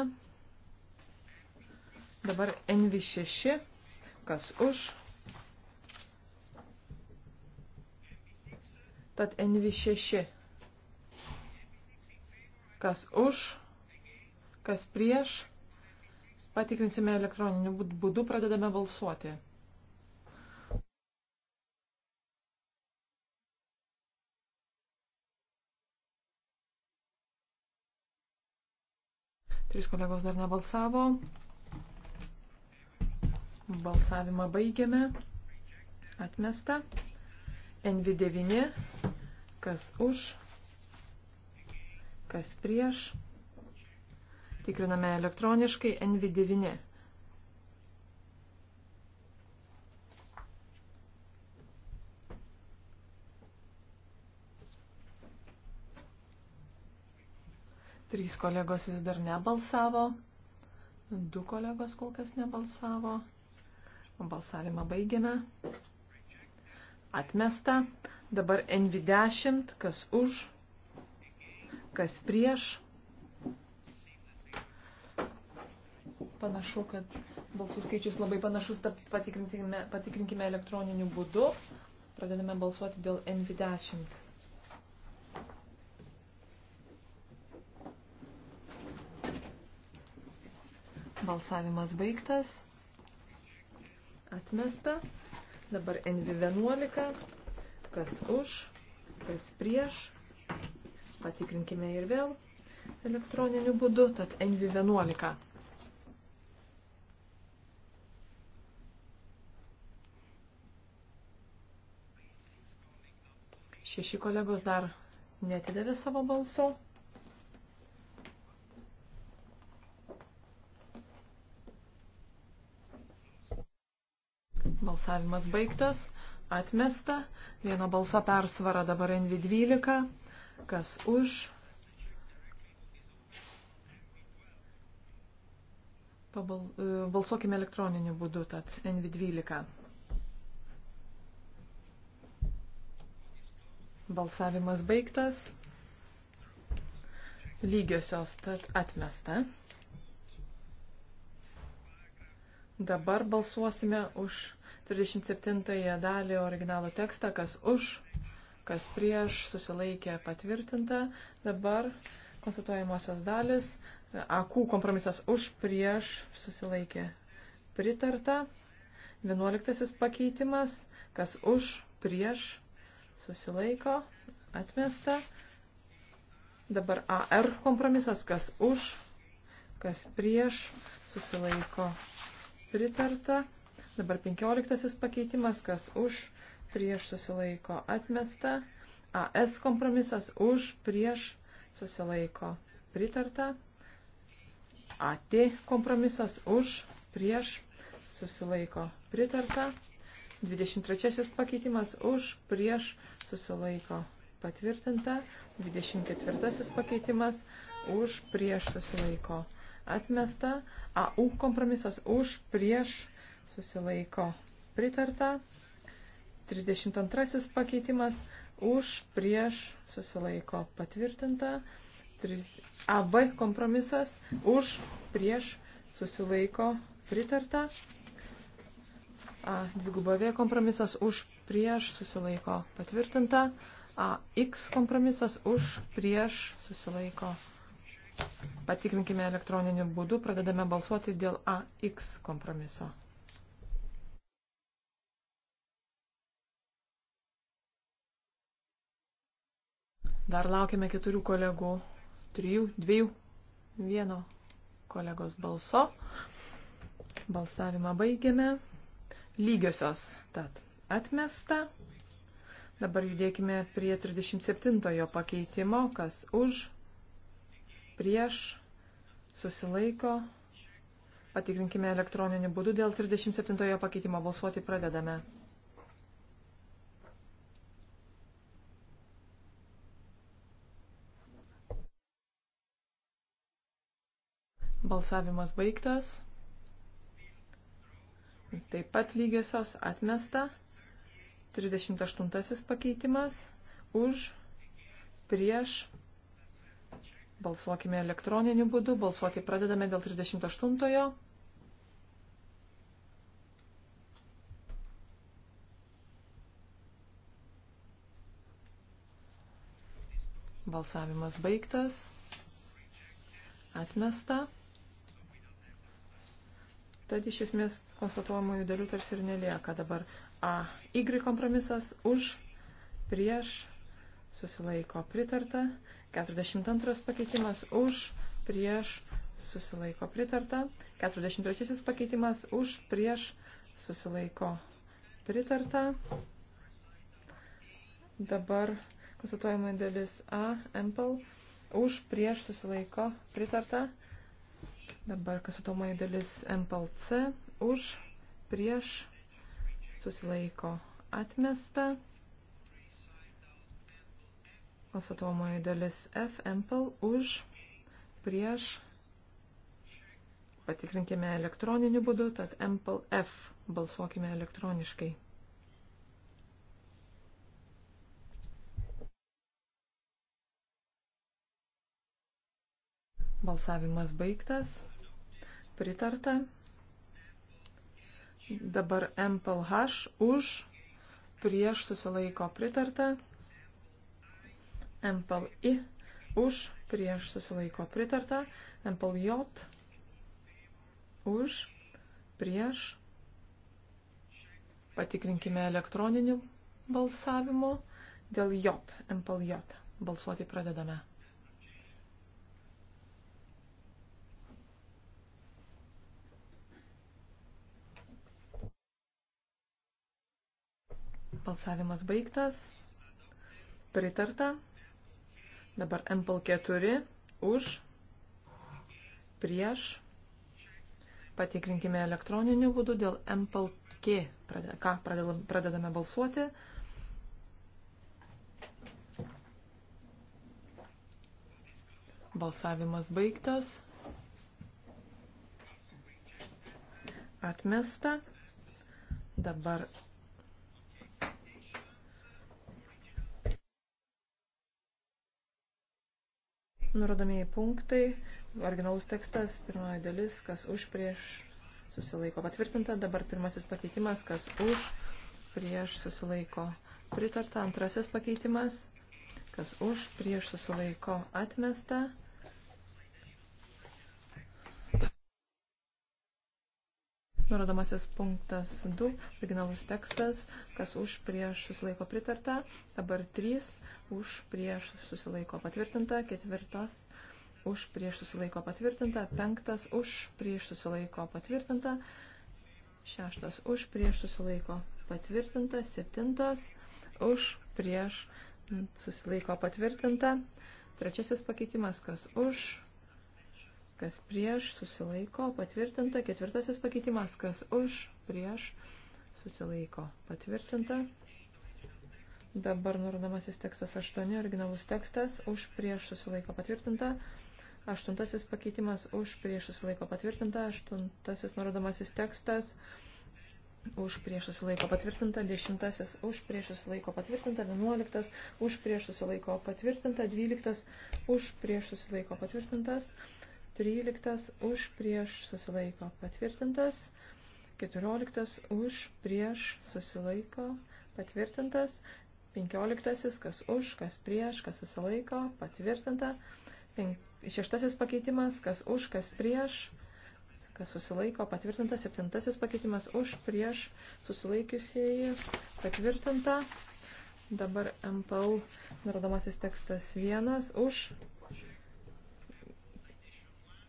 Dabar NV6. Kas už? Tad NV6. Kas už? Kas prieš? Patikrinsime elektroniniu būdu, pradedame balsuoti. Trys kolegos dar nebalsavo. Balsavimą baigiame. Atmesta. NV9. Kas už? Kas prieš? Tikriname elektroniškai NV9. Trys kolegos vis dar nebalsavo. Du kolegos kol kas nebalsavo. Balsavimą baigiame. Atmesta. Dabar NV10, kas už, kas prieš. Panašu, kad balsų skaičius labai panašus, tad patikrinkime, patikrinkime elektroniniu būdu. Pradedame balsuoti dėl NV10. Balsavimas baigtas. Atmesta. Dabar NV11. Kas už, kas prieš. Patikrinkime ir vėl elektroniniu būdu. Tad NV11. Šeši kolegos dar netidavė savo balso. Balsavimas baigtas. Atmesta. Vieno balso persvara dabar NV12. Kas už? Pabal, e, balsuokime elektroniniu būdu, tad NV12. Balsavimas baigtas. Lygiosios tad atmesta. Dabar balsuosime už 37 dalį originalo tekstą, kas už, kas prieš, susilaikė patvirtinta. Dabar konstatuojamosios dalis, AQ kompromisas už, prieš, susilaikė pritarta. 11 pakeitimas, kas už, prieš, susilaiko, atmesta. Dabar AR kompromisas, kas už, kas prieš, susilaiko pritarta. Dabar 15 pakeitimas, kas už, prieš susilaiko atmesta. AS kompromisas už, prieš susilaiko pritarta. AT kompromisas už, prieš susilaiko pritarta. 23 pakeitimas už, prieš susilaiko patvirtinta. 24 pakeitimas už, prieš susilaiko atmesta. AU kompromisas už, prieš susilaiko pritarta. 32 pakeitimas už, prieš, susilaiko patvirtinta. 3, AB kompromisas už, prieš, susilaiko pritarta. A, dviguba V kompromisas už, prieš, susilaiko patvirtinta. AX kompromisas už, prieš, susilaiko. Patikrinkime elektroniniu būdu, pradedame balsuoti dėl AX kompromiso. Dar laukiame keturių kolegų, trijų, dviejų, vieno kolegos balso. Balsavimą baigėme. Lygiosios, tad atmesta. Dabar judėkime prie 37 pakeitimo, kas už, prieš, susilaiko. Patikrinkime elektroniniu būdu dėl 37 pakeitimo balsuoti pradedame. Balsavimas baigtas. Taip pat lygiosios atmesta. 38 pakeitimas. Už, prieš. Balsuokime elektroniniu būdu. Balsuoti pradedame dėl 38-ojo. Balsavimas baigtas. Atmesta. Tad iš esmės konstatuojamųjų dalių tarsi ir nelieka dabar. A, Y kompromisas už, prieš, susilaiko pritarta. 42 pakeitimas už, prieš, susilaiko pritarta. 43 pakeitimas už, prieš, susilaiko pritarta. Dabar konstatuojama dalis A, MPL, už, prieš, susilaiko pritarta. Dabar kasatomoji dalis MPLC už, prieš, susilaiko atmesta. Kasatomoji dalis F, MPL už, prieš. Patikrinkime elektroniniu būdu, tad MPL F balsuokime elektroniškai. Balsavimas baigtas pritarta. Dabar MPLH už, prieš susilaiko pritarta. MPLI už, prieš susilaiko pritarta. MPLJ už, prieš. Patikrinkime elektroniniu balsavimu dėl J, MPLJ. Balsuoti pradedame. Balsavimas baigtas. Pritarta. Dabar MPL 4 už, prieš. Patikrinkime elektroniniu būdu dėl MPL K. Ką pradedame balsuoti. Balsavimas baigtas. Atmesta. Dabar Nurodomieji punktai, originalus tekstas, pirmoji dalis, kas už prieš susilaiko patvirtinta, dabar pirmasis pakeitimas, kas už prieš susilaiko pritarta, antrasis pakeitimas, kas už prieš susilaiko atmesta. Nurodomasis punktas 2, originalus tekstas, kas už prieš susilaiko pritarta, dabar 3, už prieš susilaiko patvirtinta, ketvirtas, už prieš susilaiko patvirtinta, penktas, už prieš susilaiko patvirtinta, šeštas, už prieš susilaiko patvirtinta, septintas, už prieš susilaiko patvirtinta, trečiasis pakeitimas, kas už kas prieš, susilaiko, patvirtinta. Ketvirtasis pakeitimas, kas už, prieš, susilaiko, patvirtinta. Dabar nurodomasis tekstas 8, originalus tekstas, už, prieš, susilaiko, patvirtinta. Aštuntasis pakeitimas, už, prieš, susilaiko, patvirtinta. Aštuntasis nurodomasis tekstas. Už priešus laiko patvirtinta, dešimtasis už priešus laiko patvirtinta, vienuoliktas už priešus laiko patvirtinta, dvyliktas už priešus laiko patvirtintas, 13 už prieš susilaiko patvirtintas, 14 už prieš susilaiko patvirtintas, 15 kas už, kas prieš, kas susilaiko patvirtinta, 6 pakeitimas kas už, kas prieš, kas susilaiko patvirtinta, 7 pakeitimas už prieš susilaikiusieji patvirtinta. Dabar MPL nurodomasis tekstas 1 už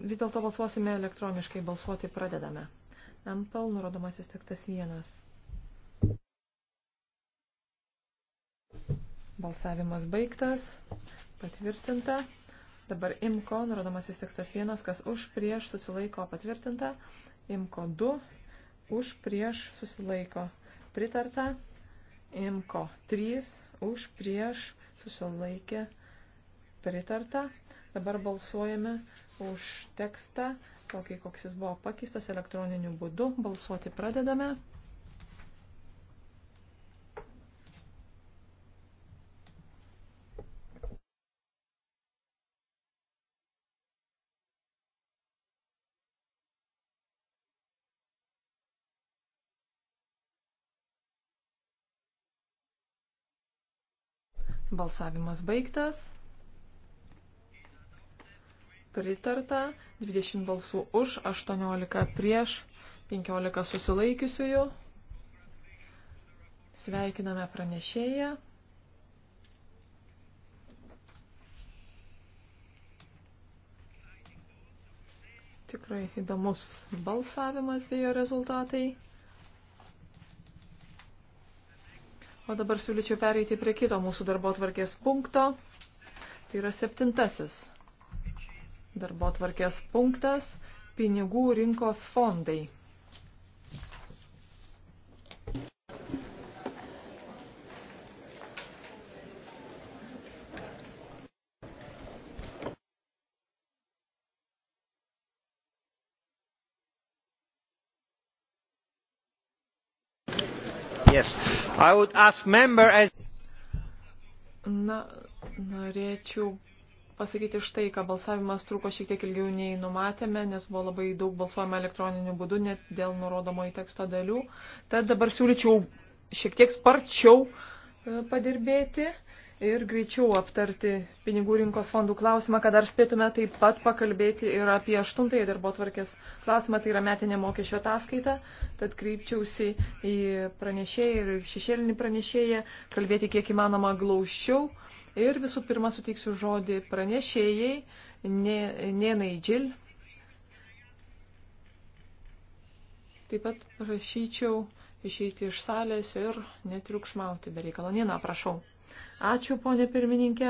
Vis dėlto balsuosime elektroniškai, balsuoti pradedame. MPL nurodomasis tekstas vienas. Balsavimas baigtas, patvirtinta. Dabar IMCO, nurodomasis tekstas vienas, kas už prieš susilaiko patvirtinta. IMCO 2, už prieš susilaiko pritarta. IMCO 3, už prieš susilaikė pritarta. Dabar balsuojame už tekstą, tokį koks jis buvo pakeistas elektroniniu būdu. Balsuoti pradedame. Balsavimas baigtas pritarta, 20 balsų už, 18 prieš, 15 susilaikiusiųjų. Sveikiname pranešėją. Tikrai įdomus balsavimas bei jo rezultatai. O dabar siūlyčiau pereiti prie kito mūsų darbo tvarkės punkto. Tai yra septintasis. Darbo tvarkės punktas - pinigų rinkos fondai. Yes. I would ask member as... Na, norėčiau pasakyti štai, ką balsavimas truko šiek tiek ilgiau nei numatėme, nes buvo labai daug balsuojama elektroniniu būdu, net dėl nurodomo į tekstą dalių. Tad dabar siūlyčiau šiek tiek sparčiau e, padirbėti ir greičiau aptarti pinigų rinkos fondų klausimą, kad dar spėtume taip pat pakalbėti ir apie aštuntąją darbo tvarkės klausimą, tai yra metinė mokesčio ataskaita, tad kreipčiausi į pranešėją ir šešėlinį pranešėją, kalbėti kiek įmanoma glaušiau ir visų pirma suteiksiu žodį pranešėjai, Nenai Džil. Taip pat prašyčiau išeiti iš salės ir netriukšmauti be reikalo. Nina, prašau. Ačiū, ponė pirmininkė.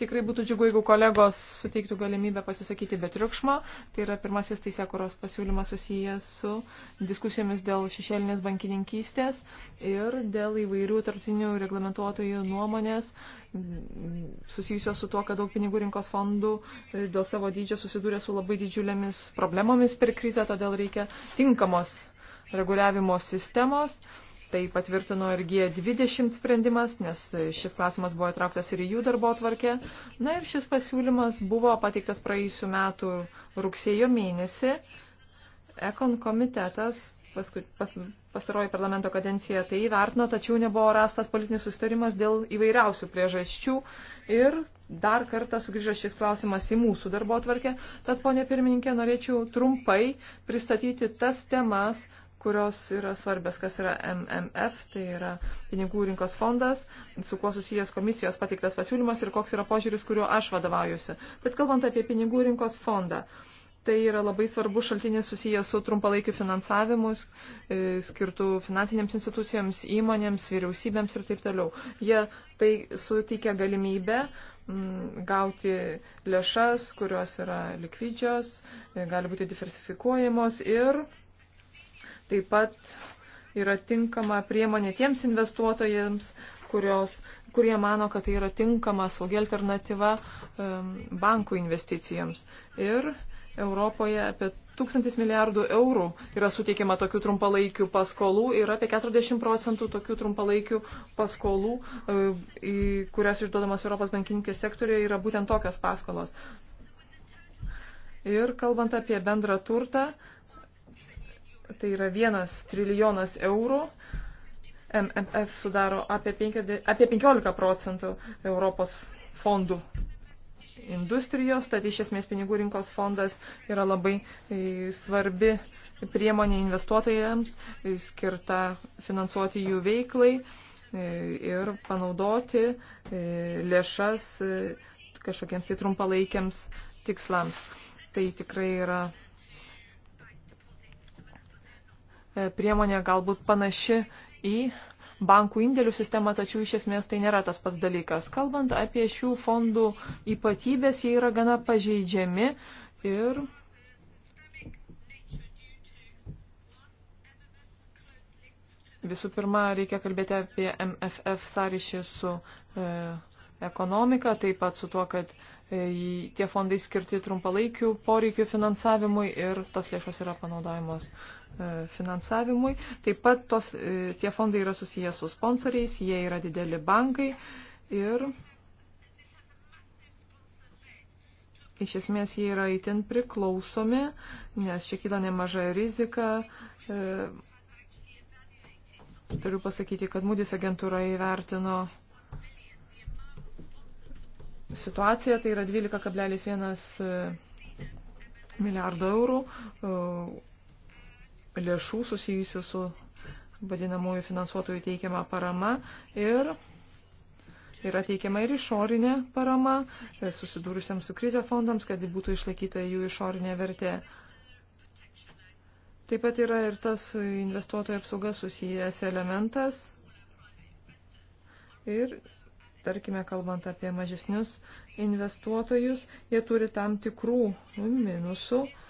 Tikrai būtų džiugu, jeigu kolegos suteiktų galimybę pasisakyti be triukšmo. Tai yra pirmasis teisėkuros pasiūlymas susijęs su diskusijomis dėl šešėlinės bankininkystės ir dėl įvairių tarptinių reglamentuotojų nuomonės susijusios su tuo, kad daug pinigų rinkos fondų e, dėl savo dydžio susidūrė su labai didžiulėmis problemomis per krizę, todėl reikia tinkamos reguliavimo sistemos. Uh, Tai patvirtino ir G20 sprendimas, nes šis klausimas buvo įtrauktas ir į jų darbo tvarkę. Na ir šis pasiūlymas buvo pateiktas praėjusiu metu rugsėjo mėnesį. Ekon komitetas paskui, pas, pastaroji parlamento kadencija tai įvertino, tačiau nebuvo rastas politinis sustarimas dėl įvairiausių priežasčių ir dar kartą sugrįžo šis klausimas į mūsų darbo tvarkę. Tad, ponė pirmininkė, norėčiau trumpai pristatyti tas temas, kurios yra svarbios, kas yra MMF, tai yra pinigų rinkos fondas, su kuo susijęs komisijos pateiktas pasiūlymas ir koks yra požiūris, kuriuo aš vadovaujuosi. Tad kalbant apie pinigų rinkos fondą, tai yra labai svarbus šaltinis susijęs su trumpalaikiu finansavimu, e, skirtų finansinėms institucijoms, įmonėms, vyriausybėms ir taip toliau. Jie tai suteikia galimybę gauti lėšas, kurios yra likvidžios, e, gali būti diversifikuojamos ir taip pat yra tinkama priemonė tiems investuotojams, kurios, kurie mano, kad tai yra tinkama saugi alternatyva um, bankų investicijoms. Ir Europoje apie 1000 milijardų eurų yra suteikiama tokių trumpalaikių paskolų ir apie 40 procentų tokių trumpalaikių paskolų, e, kurias išduodamas Europos bankininkės sektorėje, yra būtent tokios paskolos. Ir kalbant apie bendrą turtą, tai yra vienas trilijonas eurų. MMF sudaro apie, 50, apie 15 procentų Europos fondų industrijos, tad iš esmės pinigų rinkos fondas yra labai e, svarbi priemonė investuotojams, e, skirta finansuoti jų veiklai e, ir panaudoti lėšas kažkokiems tai trumpalaikiams tikslams. Tai tikrai yra priemonė galbūt panaši į bankų indėlių sistemą, tačiau iš esmės tai nėra tas pats dalykas. Kalbant apie šių fondų ypatybės, jie yra gana pažeidžiami ir. Visų pirma, reikia kalbėti apie MFF sąryšį su e, ekonomika, taip pat su tuo, kad e, tie fondai skirti trumpalaikių poreikių finansavimui ir tas lėšas yra panaudojamos E, finansavimui. Taip pat tos, e, tie fondai yra susijęs su sponsoriais, jie yra dideli bankai ir iš esmės jie yra itin priklausomi, nes čia kyla nemaža rizika. E, turiu pasakyti, kad Mūdis agentūra įvertino situaciją, tai yra 12,1 milijardo eurų, lėšų susijusių su vadinamųjų finansuotojų teikiama parama ir yra teikiama ir išorinė parama e, susidūrusiam su krize fondams, kad būtų išlaikyta jų išorinė vertė. Taip pat yra ir tas investuotojų apsauga susijęs elementas. Ir, tarkime, kalbant apie mažesnius investuotojus, jie turi tam tikrų minusų. Nu,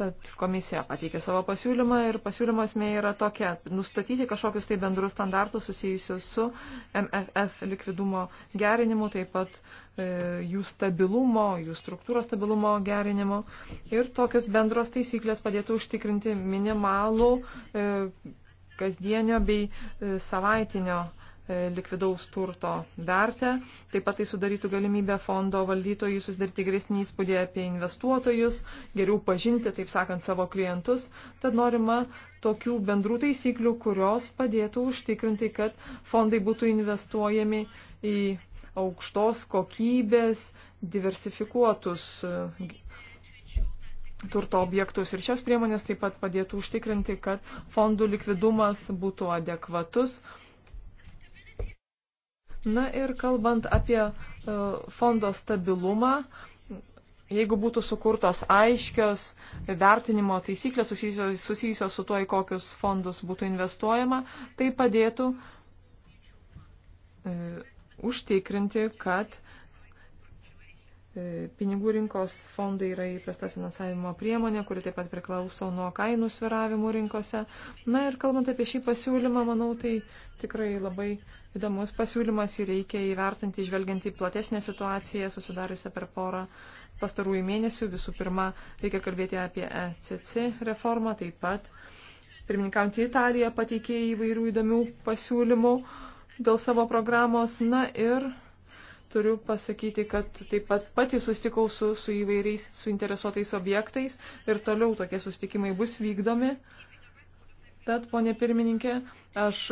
Tad komisija pateikė savo pasiūlymą ir pasiūlymo esmė yra tokia - nustatyti kažkokius tai bendrus standartus susijusius su MFF likvidumo gerinimu, taip pat e, jų stabilumo, jų struktūros stabilumo gerinimu. Ir tokios bendros taisyklės padėtų užtikrinti minimalų e, kasdienio bei e, savaitinio e, E, likvidaus turto vertę. Taip pat tai sudarytų galimybę fondo valdytojui susidaryti geresnį įspūdį apie investuotojus, geriau pažinti, taip sakant, savo klientus. Tad norima tokių bendrų taisyklių, kurios padėtų užtikrinti, kad fondai būtų investuojami į aukštos kokybės, diversifikuotus e, turto objektus. Ir šios priemonės taip pat padėtų užtikrinti, kad fondų likvidumas būtų adekvatus Na ir kalbant apie e, fondo stabilumą, jeigu būtų sukurtos aiškios vertinimo taisyklės susijusios, susijusios su tuo, į kokius fondus būtų investuojama, tai padėtų e, užtikrinti, kad E, pinigų rinkos fondai yra įprasta finansavimo priemonė, kuri taip pat priklauso nuo kainų sviravimų rinkose. Na ir kalbant apie šį pasiūlymą, manau, tai tikrai labai įdomus pasiūlymas ir reikia įvertinti, žvelgiant į platesnę situaciją susidariusią per porą pastarųjų mėnesių. Visų pirma, reikia kalbėti apie ECC reformą, taip pat pirmininkaujantį Italiją pateikė įvairių įdomių pasiūlymų dėl savo programos. Na ir turiu pasakyti, kad taip pat pati sustikau su, su įvairiais suinteresuotais objektais ir toliau tokie sustikimai bus vykdomi. Bet, ponė pirmininkė, aš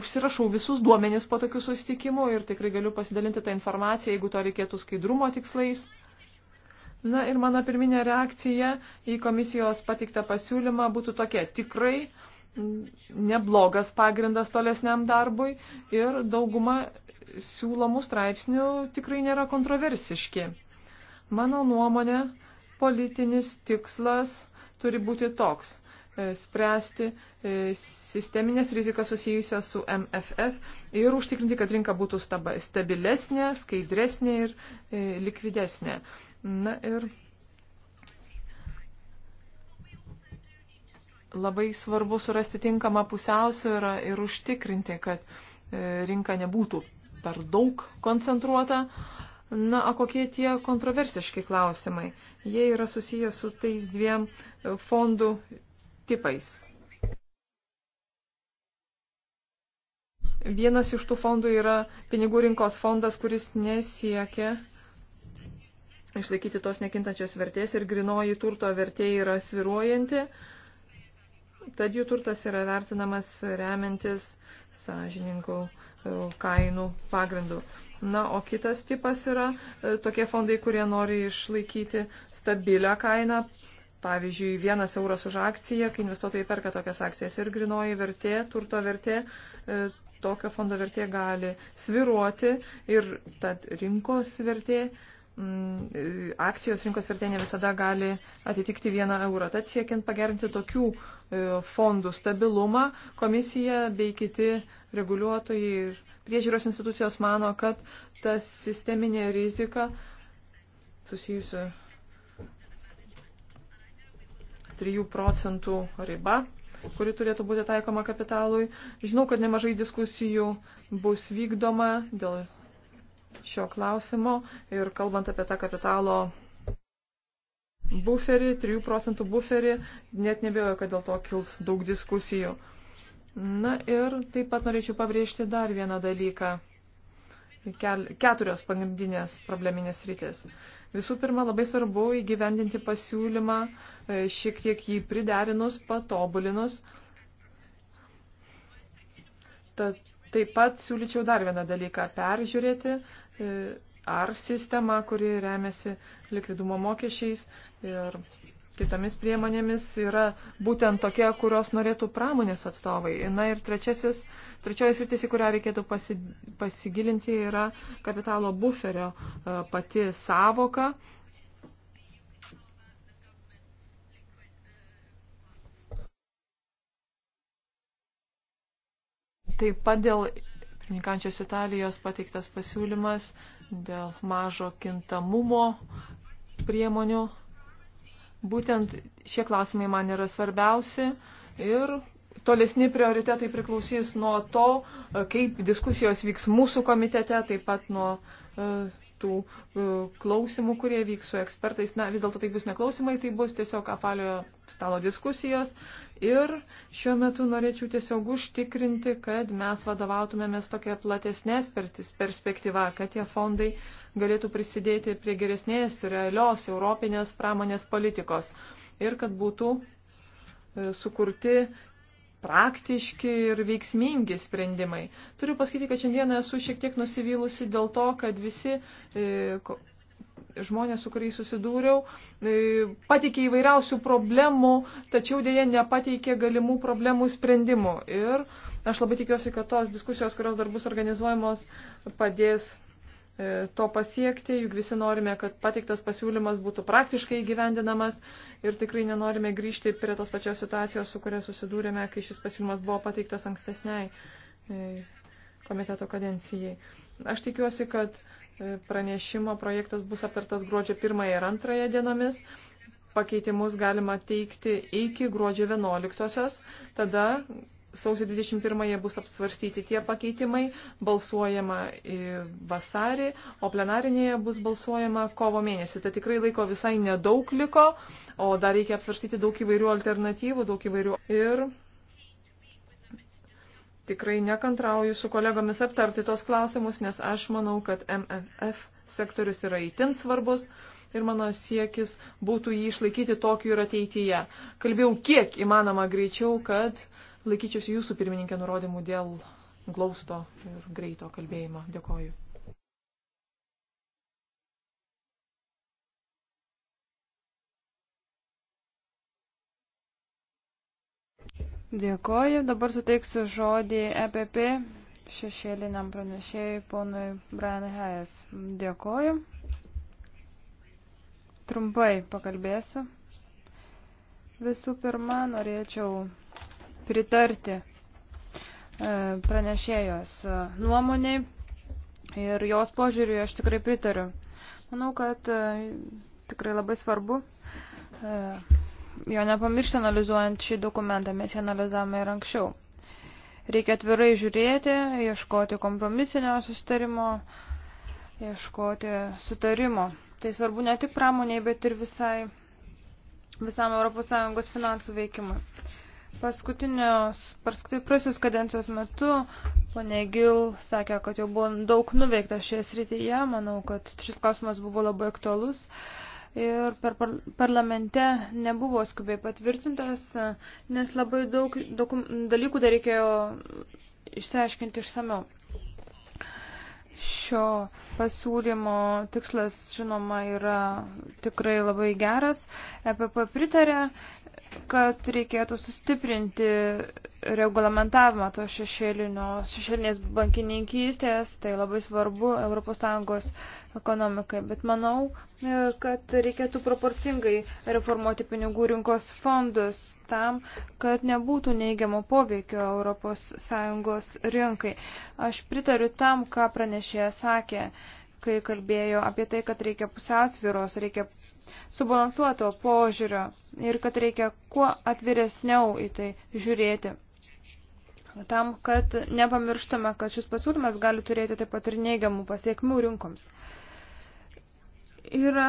užsirašau visus duomenis po tokių sustikimų ir tikrai galiu pasidalinti tą informaciją, jeigu to reikėtų skaidrumo tikslais. Na ir mano pirminė reakcija į komisijos patiktą pasiūlymą būtų tokia. Tikrai neblogas pagrindas tolesniam darbui ir dauguma siūlomų straipsnių tikrai nėra kontroversiški. Mano nuomonė, politinis tikslas turi būti toks e, - spręsti e, sisteminės rizikas susijusias su MFF ir užtikrinti, kad rinka būtų stabilesnė, skaidresnė ir e, likvidesnė. Na ir labai svarbu surasti tinkamą pusiausvyrą ir užtikrinti, kad rinka nebūtų per daug koncentruota. Na, o kokie tie kontroversiški klausimai? Jie yra susiję su tais dviem fondų tipais. Vienas iš tų fondų yra pinigų rinkos fondas, kuris nesiekia išlaikyti tos nekintančios vertės ir grinoji turto vertė yra sviruojanti tad jų turtas yra vertinamas remiantis sąžininkų E, kainų pagrindų. Na, o kitas tipas yra e, tokie fondai, kurie nori išlaikyti stabilią kainą. Pavyzdžiui, vienas euras už akciją, kai investuotojai perka tokias akcijas ir grinoji vertė, turto vertė, e, tokio fondo vertė gali sviruoti ir tad rinkos vertė Mm, akcijos rinkos vertė ne visada gali atitikti vieną eurą. Tad siekiant pagerinti tokių e, fondų stabilumą, komisija bei kiti reguliuotojai ir priežiūros institucijos mano, kad ta sisteminė rizika susijusi 3 procentų riba kuri turėtų būti taikoma kapitalui. Žinau, kad nemažai diskusijų bus vykdoma dėl šio klausimo ir kalbant apie tą kapitalo buferį, 3 procentų buferį, net nebejoju, kad dėl to kils daug diskusijų. Na ir taip pat norėčiau pabrėžti dar vieną dalyką. Keturios pagrindinės probleminės rytis. Visų pirma, labai svarbu įgyvendinti pasiūlymą, e, šiek tiek jį priderinus, patobulinus. Tad taip pat siūlyčiau dar vieną dalyką peržiūrėti E, ar sistemą, kuri remiasi likvidumo mokesčiais ir kitomis priemonėmis yra būtent tokia, kurios norėtų pramonės atstovai. Na ir trečiasis, trečioji sritis, į kurią reikėtų pasi, pasigilinti, yra kapitalo buferio e, pati savoka. Taip pat dėl Pirmininkančios Italijos pateiktas pasiūlymas dėl mažo kintamumo priemonių. Būtent šie klausimai man yra svarbiausi ir tolesni prioritetai priklausys nuo to, kaip diskusijos vyks mūsų komitete, taip pat nuo e, tų e, klausimų, kurie vyks su ekspertais. Na, vis dėlto tai bus neklausimai, tai bus tiesiog apalio stalo diskusijos ir šiuo metu norėčiau tiesiog užtikrinti, kad mes vadovautumėmės tokia platesnės perspektyva, kad tie fondai galėtų prisidėti prie geresnės realios europinės pramonės politikos ir kad būtų e, sukurti praktiški ir veiksmingi sprendimai. Turiu pasakyti, kad šiandieną esu šiek tiek nusivylusi dėl to, kad visi e, žmonės, su kuriais susidūriau, e, pateikė įvairiausių problemų, tačiau dėje nepateikė galimų problemų sprendimų. Ir aš labai tikiuosi, kad tos diskusijos, kurios dar bus organizuojamos, padės e, to pasiekti, juk visi norime, kad pateiktas pasiūlymas būtų praktiškai įgyvendinamas ir tikrai nenorime grįžti prie tos pačios situacijos, su kuria susidūrėme, kai šis pasiūlymas buvo pateiktas ankstesniai e, komiteto kadencijai. Aš tikiuosi, kad E, pranešimo projektas bus aptartas gruodžio 1 ir 2 dienomis. Pakeitimus galima teikti iki gruodžio 11. Tada sausio 21 bus apsvarstyti tie pakeitimai, balsuojama vasarį, o plenarinėje bus balsuojama kovo mėnesį. Tai tikrai laiko visai nedaug liko, o dar reikia apsvarstyti daug įvairių alternatyvų, daug įvairių. Ir tikrai nekantrauju su kolegomis aptarti tos klausimus, nes aš manau, kad MFF sektorius yra įtin svarbus ir mano siekis būtų jį išlaikyti tokiu ir ateityje. Kalbėjau kiek įmanoma greičiau, kad laikyčiausi jūsų pirmininkė nurodymų dėl glausto ir greito kalbėjimo. Dėkoju. Dėkoju. Dabar suteiksiu žodį EPP šešėliniam pranešėjui ponui Brian Hayes. Dėkoju. Trumpai pakalbėsiu. Visų pirma, norėčiau pritarti e, pranešėjos e, nuomoniai ir jos požiūriui aš tikrai pritariu. Manau, kad e, tikrai labai svarbu jo nepamiršti analizuojant šį dokumentą, mes jį analizavome ir anksčiau. Reikia atvirai žiūrėti, ieškoti kompromisinio sustarimo, ieškoti sutarimo. Tai svarbu ne tik pramoniai, bet ir visai, visam ES finansų veikimui. Paskutinios, paskutinios kadencijos metu ponė Gil sakė, kad jau buvo daug nuveikta šioje srityje. Manau, kad šis klausimas buvo labai aktualus. Uh, ir per par parlamente nebuvo skubiai patvirtintas, nes labai daug dalykų dar reikėjo išsiaiškinti išsameu. Šio pasiūlymo tikslas, žinoma, yra tikrai labai geras. EPP pritarė kad reikėtų sustiprinti reglamentavimą to šešėlinės bankininkystės, tai labai svarbu ES ekonomikai. Bet manau, e, kad reikėtų proporcingai reformuoti pinigų rinkos fondus tam, kad nebūtų neigiamo poveikio ES rinkai. Aš pritariu tam, ką pranešėja sakė kai kalbėjo apie tai, kad reikia pusiausviros, reikia subalansuoto požiūrio ir kad reikia kuo atviresniau į tai žiūrėti. Tam, kad nepamirštume, kad šis pasiūlymas gali turėti taip pat ir neigiamų pasiekmių rinkoms. Yra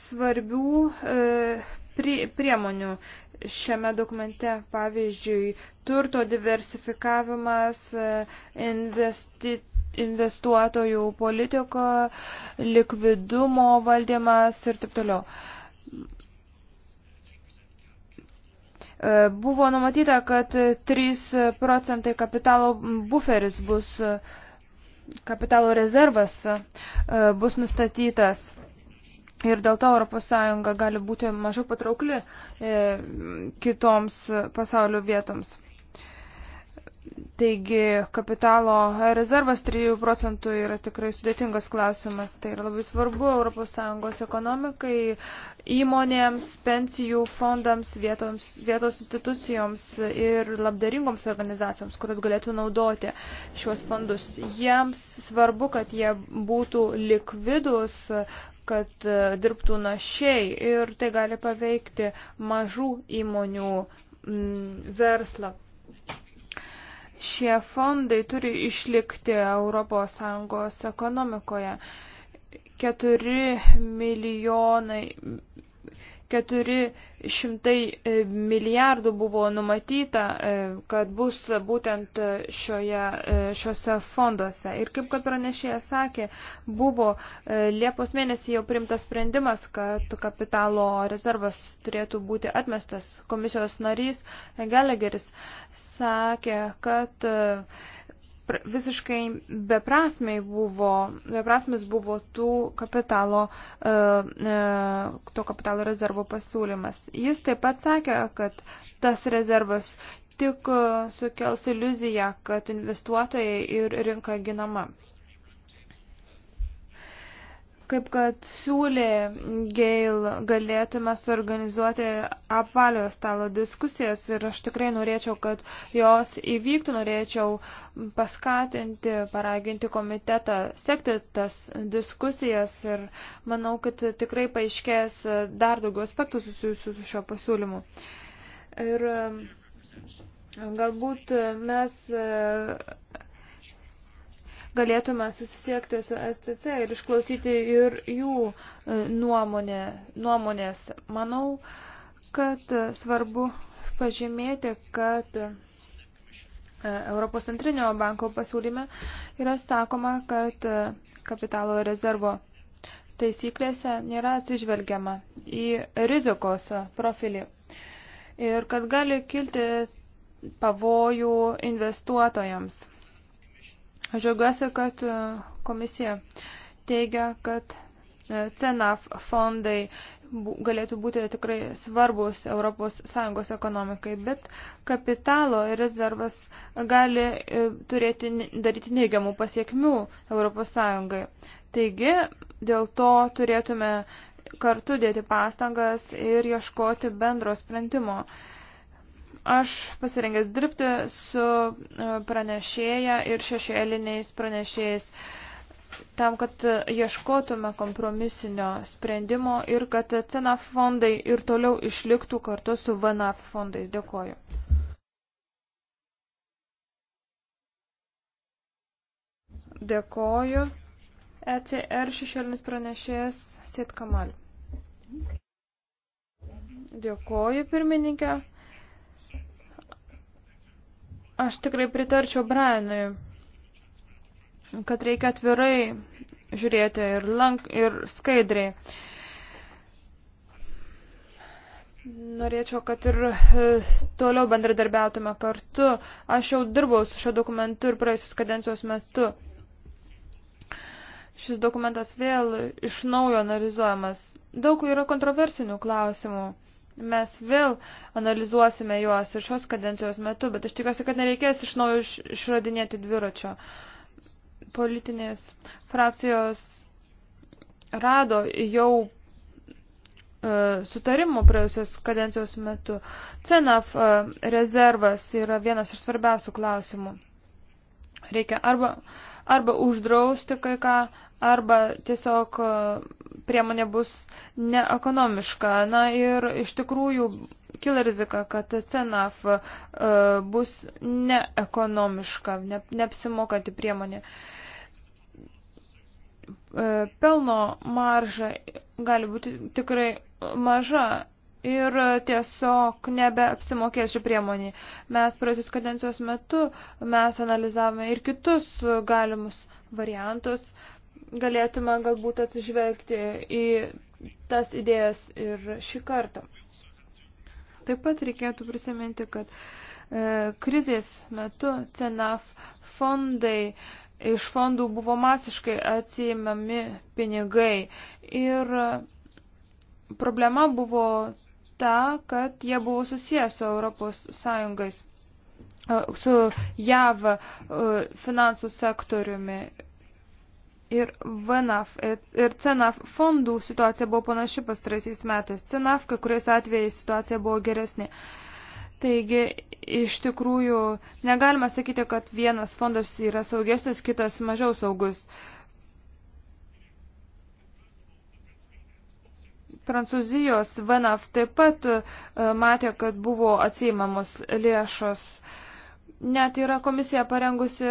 svarbių e, prie, priemonių šiame dokumente, pavyzdžiui, turto diversifikavimas, e, investicijos investuotojų politiką, likvidumo valdymas ir taip toliau. E, buvo numatyta, kad 3 procentai kapitalo buferis bus, kapitalo rezervas e, bus nustatytas. Ir dėl to ES gali būti mažiau patraukli e, kitoms pasaulio vietoms. Taigi kapitalo rezervas 3 procentų yra tikrai sudėtingas klausimas. Tai yra labai svarbu ES ekonomikai, įmonėms, pensijų fondams, vietoms, vietos institucijoms ir labdaringoms organizacijoms, kurios galėtų naudoti šiuos fondus. Jiems svarbu, kad jie būtų likvidus, kad e, dirbtų našiai ir tai gali paveikti mažų įmonių verslą. Šie fondai turi išlikti ES ekonomikoje. 4 milijonai, 4 šimtai e, milijardų buvo numatyta, e, kad bus būtent šioje, e, šiuose fonduose. Ir kaip kad pranešėja sakė, buvo Liepos mėnesį jau primtas sprendimas, kad kapitalo rezervas turėtų būti atmestas. Komisijos narys Gelegeris sakė, kad visiškai beprasmiai buvo, beprasmis buvo tų kapitalo, e, e, to kapitalo rezervo pasiūlymas. Jis taip pat sakė, kad tas rezervas tik e, sukels iliuziją, kad investuotojai ir rinka ginama kaip kad siūlė Gail, galėtume suorganizuoti apvaliojo stalo diskusijas ir aš tikrai norėčiau, kad jos įvyktų, norėčiau paskatinti, paraginti komitetą, sekti tas diskusijas ir manau, kad tikrai paaiškės dar daugiau aspektų susijusių su šio pasiūlymu. Ir um, galbūt mes galėtume susisiekti su SCC ir išklausyti ir jų e, nuomonė, nuomonės. Manau, kad svarbu pažymėti, kad e, Europos centrinio banko pasiūlyme yra sakoma, kad e, kapitalo rezervo taisyklėse nėra atsižvelgiama į rizikos profilį ir kad gali kilti pavojų investuotojams. Aš džiaugiuosi, kad e, komisija teigia, kad e, CENAF fondai galėtų būti tikrai svarbus ES ekonomikai, bet kapitalo rezervas gali e, turėti, daryti neigiamų pasiekmių ES. Taigi, dėl to turėtume kartu dėti pastangas ir ieškoti bendro sprendimo. Uh, Aš pasirengęs dirbti su e, pranešėja ir šešėliniais pranešėjais tam, kad e, ieškotume kompromisinio sprendimo ir kad CENAF fondai ir toliau išliktų kartu su VNAF fondais. Dėkoju. Dėkoju. ECR šešėlinis pranešėjas Sėt Kamal. Dėkoju, pirmininkė. Aš tikrai pritarčiau Brianui, kad reikia atvirai žiūrėti ir, lank, ir skaidriai. Norėčiau, kad ir e, toliau bendradarbiautume kartu. Aš jau dirbau su šio dokumentu ir praėjusios kadencijos metu. Šis dokumentas vėl iš naujo analizuojamas. Daug yra kontroversinių klausimų mes vėl analizuosime juos ir šios kadencijos metu, bet aš tikiuosi, kad nereikės iš naujo išradinėti dviračio. Politinės frakcijos rado jau e, sutarimo praėjusios kadencijos metu. CENAF e, rezervas yra vienas iš svarbiausių klausimų. Reikia arba arba uždrausti kai ką, arba tiesiog e, priemonė bus neekonomiška. Na ir iš tikrųjų kila rizika, kad CNAF e, bus neekonomiška, ne, neapsimokanti priemonė. E, pelno marža gali būti tikrai maža ir tiesiog nebeapsimokės ši priemonė. Mes praėjusios kadencijos metu mes analizavome ir kitus galimus variantus. Galėtume galbūt atsižvelgti į tas idėjas ir šį kartą. Taip pat reikėtų prisiminti, kad e, krizės metu CENAF fondai iš fondų buvo masiškai atsiimami pinigai ir e, problema buvo ta, kad jie buvo susijęs su Europos Sąjungais, e, su JAV e, finansų sektoriumi ir VNAF ir CNAF fondų situacija buvo panaši pastaraisiais metais. CNAF, kai kuriais atvejais situacija buvo geresnė. Taigi, iš tikrųjų, negalima sakyti, kad vienas fondas yra saugesnis, kitas mažiau saugus. Uh, Prancūzijos VNF taip pat e, matė, kad buvo atsiimamos lėšos. Net yra komisija parengusi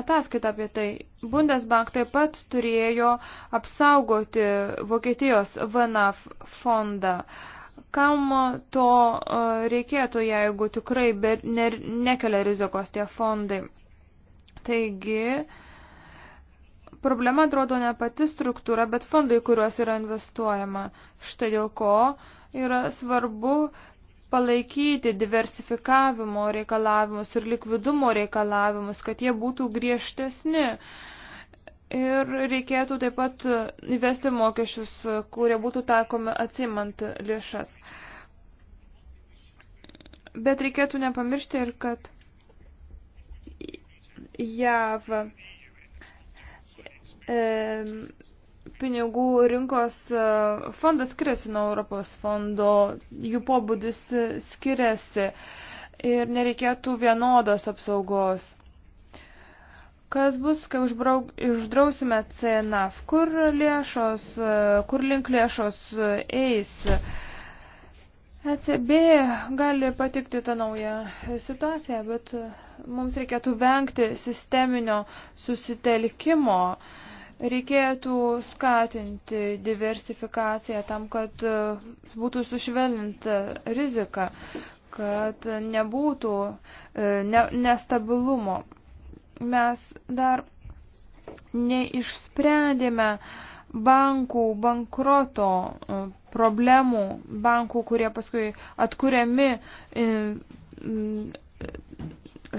ataskaitą apie tai. Bundesbank taip pat turėjo apsaugoti Vokietijos VNF fondą. Kam to e, reikėtų, jeigu tikrai nekelia rizikos tie fondai? Taigi, uh, Problema atrodo ne pati struktūra, bet fondai, kuriuos yra investuojama. Štai dėl ko yra svarbu palaikyti diversifikavimo reikalavimus ir likvidumo reikalavimus, kad jie būtų griežtesni. Ir reikėtų taip pat įvesti mokesčius, kurie būtų taikomi atsimant lėšas. Bet reikėtų nepamiršti ir, kad JAV E, pinigų rinkos e, fondas skiriasi nuo Europos fondo, jų pobūdis e, skiriasi ir nereikėtų vienodos apsaugos. Kas bus, kai užbrauk, išdrausime CNAF? Kur lėšos, kur link lėšos eis? ECB gali patikti tą naują situaciją, bet mums reikėtų vengti sisteminio susitelkimo. Uh, Reikėtų skatinti diversifikaciją tam, kad e, būtų sušvelninta rizika, kad nebūtų e, ne, nestabilumo. Mes dar neišsprendėme bankų bankroto e, problemų, bankų, kurie paskui atkuriami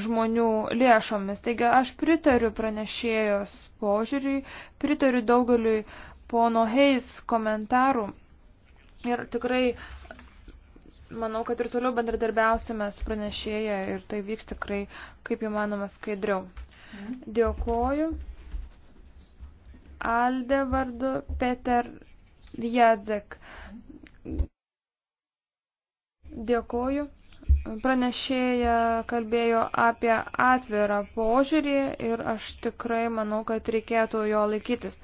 žmonių lėšomis. Taigi aš pritariu pranešėjos požiūriui, pritariu daugeliui pono Heis komentarų ir tikrai manau, kad ir toliau bendradarbiausime su pranešėja ir tai vyks tikrai kaip įmanoma skaidriau. Dėkoju. Alde vardu Peter Jadzek. Dėkoju pranešėja kalbėjo apie atvirą požiūrį ir aš tikrai manau, kad reikėtų jo laikytis.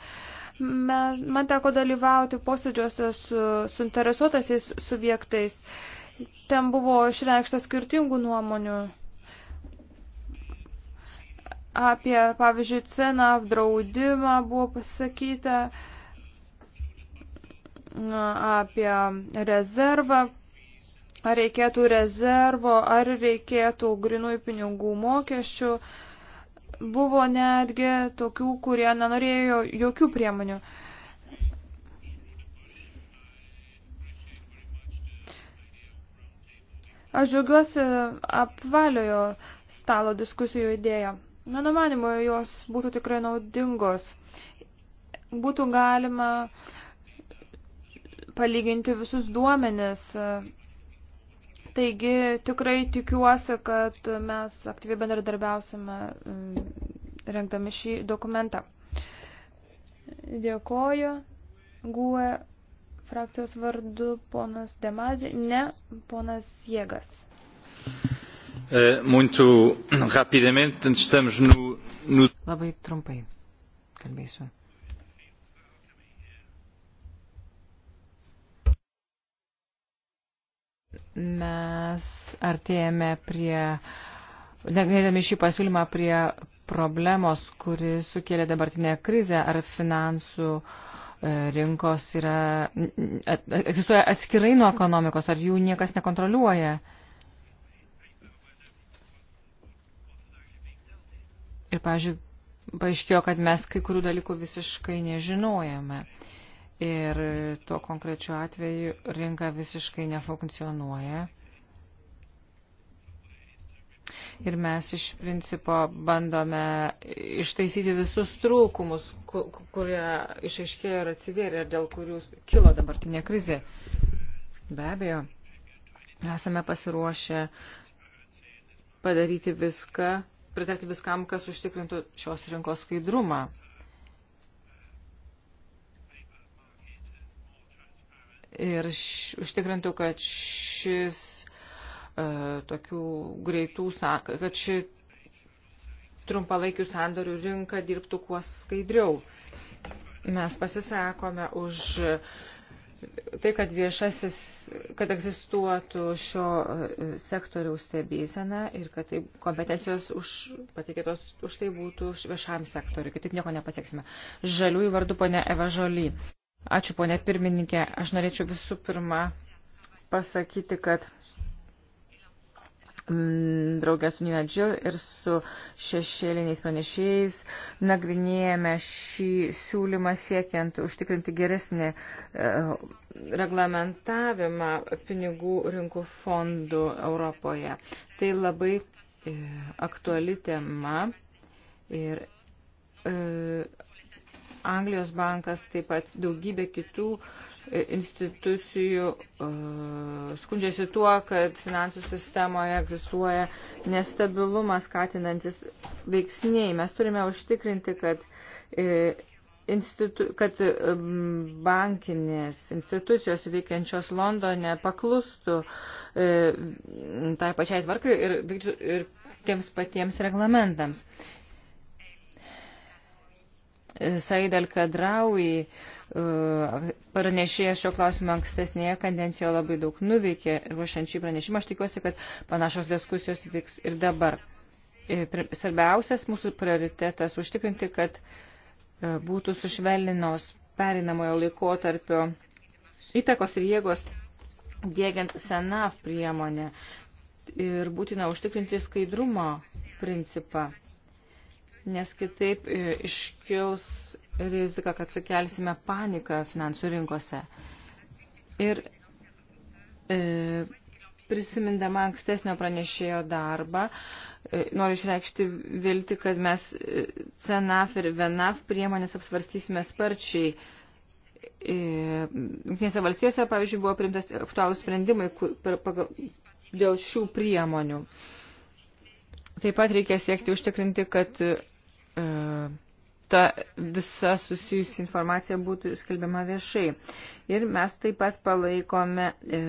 Man, man teko dalyvauti posėdžiuose su suinteresuotaisiais subjektais. Ten buvo išreikšta skirtingų nuomonių apie, pavyzdžiui, ceną apdraudimą buvo pasakyta apie rezervą ar reikėtų rezervo, ar reikėtų grinųjų pinigų mokesčių. Buvo netgi tokių, kurie nenorėjo jokių priemonių. Aš džiaugiuosi apvaliojo stalo diskusijų idėją. Mano manimo, jos būtų tikrai naudingos. Būtų galima palyginti visus duomenis, Taigi tikrai tikiuosi, kad mes aktyviai bendradarbiausime mm, rengdami šį dokumentą. Dėkoju. GUE frakcijos vardu ponas Demazi, ne ponas Jėgas. E, muito rapidamente, estamos no, no... Labai trumpai kalbėsiu. mes artėjame prie, nagrinėdami šį pasiūlymą prie problemos, kuri sukėlė dabartinę krizę ar finansų e, rinkos yra, egzistuoja atskirai nuo ekonomikos, ar jų niekas nekontroliuoja. Ir, pažiūrėjau, paaiškėjo, kad mes kai kurių dalykų visiškai nežinojame. Uh, ir tuo konkrečiu atveju rinka visiškai nefunkcionuoja. Ir mes iš principo bandome ištaisyti visus trūkumus, kurie išaiškėjo ir atsivėrė, dėl kurių kilo dabartinė krizė. Be abejo, esame pasiruošę padaryti viską, pritarti viskam, kas užtikrintų šios rinkos skaidrumą. ir š, užtikrintų, kad šis e, tokių greitų, kad ši trumpalaikių sandorių rinka dirbtų kuo skaidriau. Mes pasisakome už tai, kad viešasis, kad egzistuotų šio e, sektoriaus stebėsena ir kad tai kompetencijos už, patikėtos už tai būtų viešam sektoriui, kitaip nieko nepasieksime. Žaliųjų vardu ponė Eva Žoly. Ačiū, ponė pirmininkė. Aš norėčiau visų pirma pasakyti, kad mm, draugė su Nina Džil ir su šešėliniais pranešėjais nagrinėjame šį siūlymą siekiant užtikrinti geresnį e, reglamentavimą pinigų rinkų fondų Europoje. Tai labai e, aktuali tema ir e, Anglijos bankas, taip pat daugybė kitų e, institucijų e, skundžiasi tuo, kad finansų sistemoje egzistuoja nestabilumas skatinantis veiksniai. Mes turime užtikrinti, kad, e, institu, kad bankinės institucijos veikiančios Londone paklustų tai pačiai tvarkai ir, ir tiems patiems reglamentams. Said Al-Kadraui, uh, pranešėjas šio klausimo ankstesnėje kadencijoje labai daug nuveikė ruošiant šį pranešimą. Aš tikiuosi, kad panašios diskusijos vyks ir dabar. Svarbiausias mūsų prioritetas užtikrinti, kad uh, būtų sušvelninos perinamojo laikotarpio įtakos ir jėgos dėgiant SENAF priemonę ir būtina užtikrinti skaidrumo principą nes kitaip e, iškils rizika, kad sukelsime paniką finansų rinkose. Ir e, prisimindama ankstesnio pranešėjo darbą, e, noriu išreikšti vilti, kad mes e, CNAF ir VNAF priemonės apsvarstysime sparčiai. E, Junktinėse valstijose, pavyzdžiui, buvo priimtas aktualūs sprendimai kur, per, pagal, dėl šių priemonių. Taip pat reikia siekti užtikrinti, kad E, ta visa susijusi informacija būtų skelbiama viešai. Ir mes taip pat palaikome e,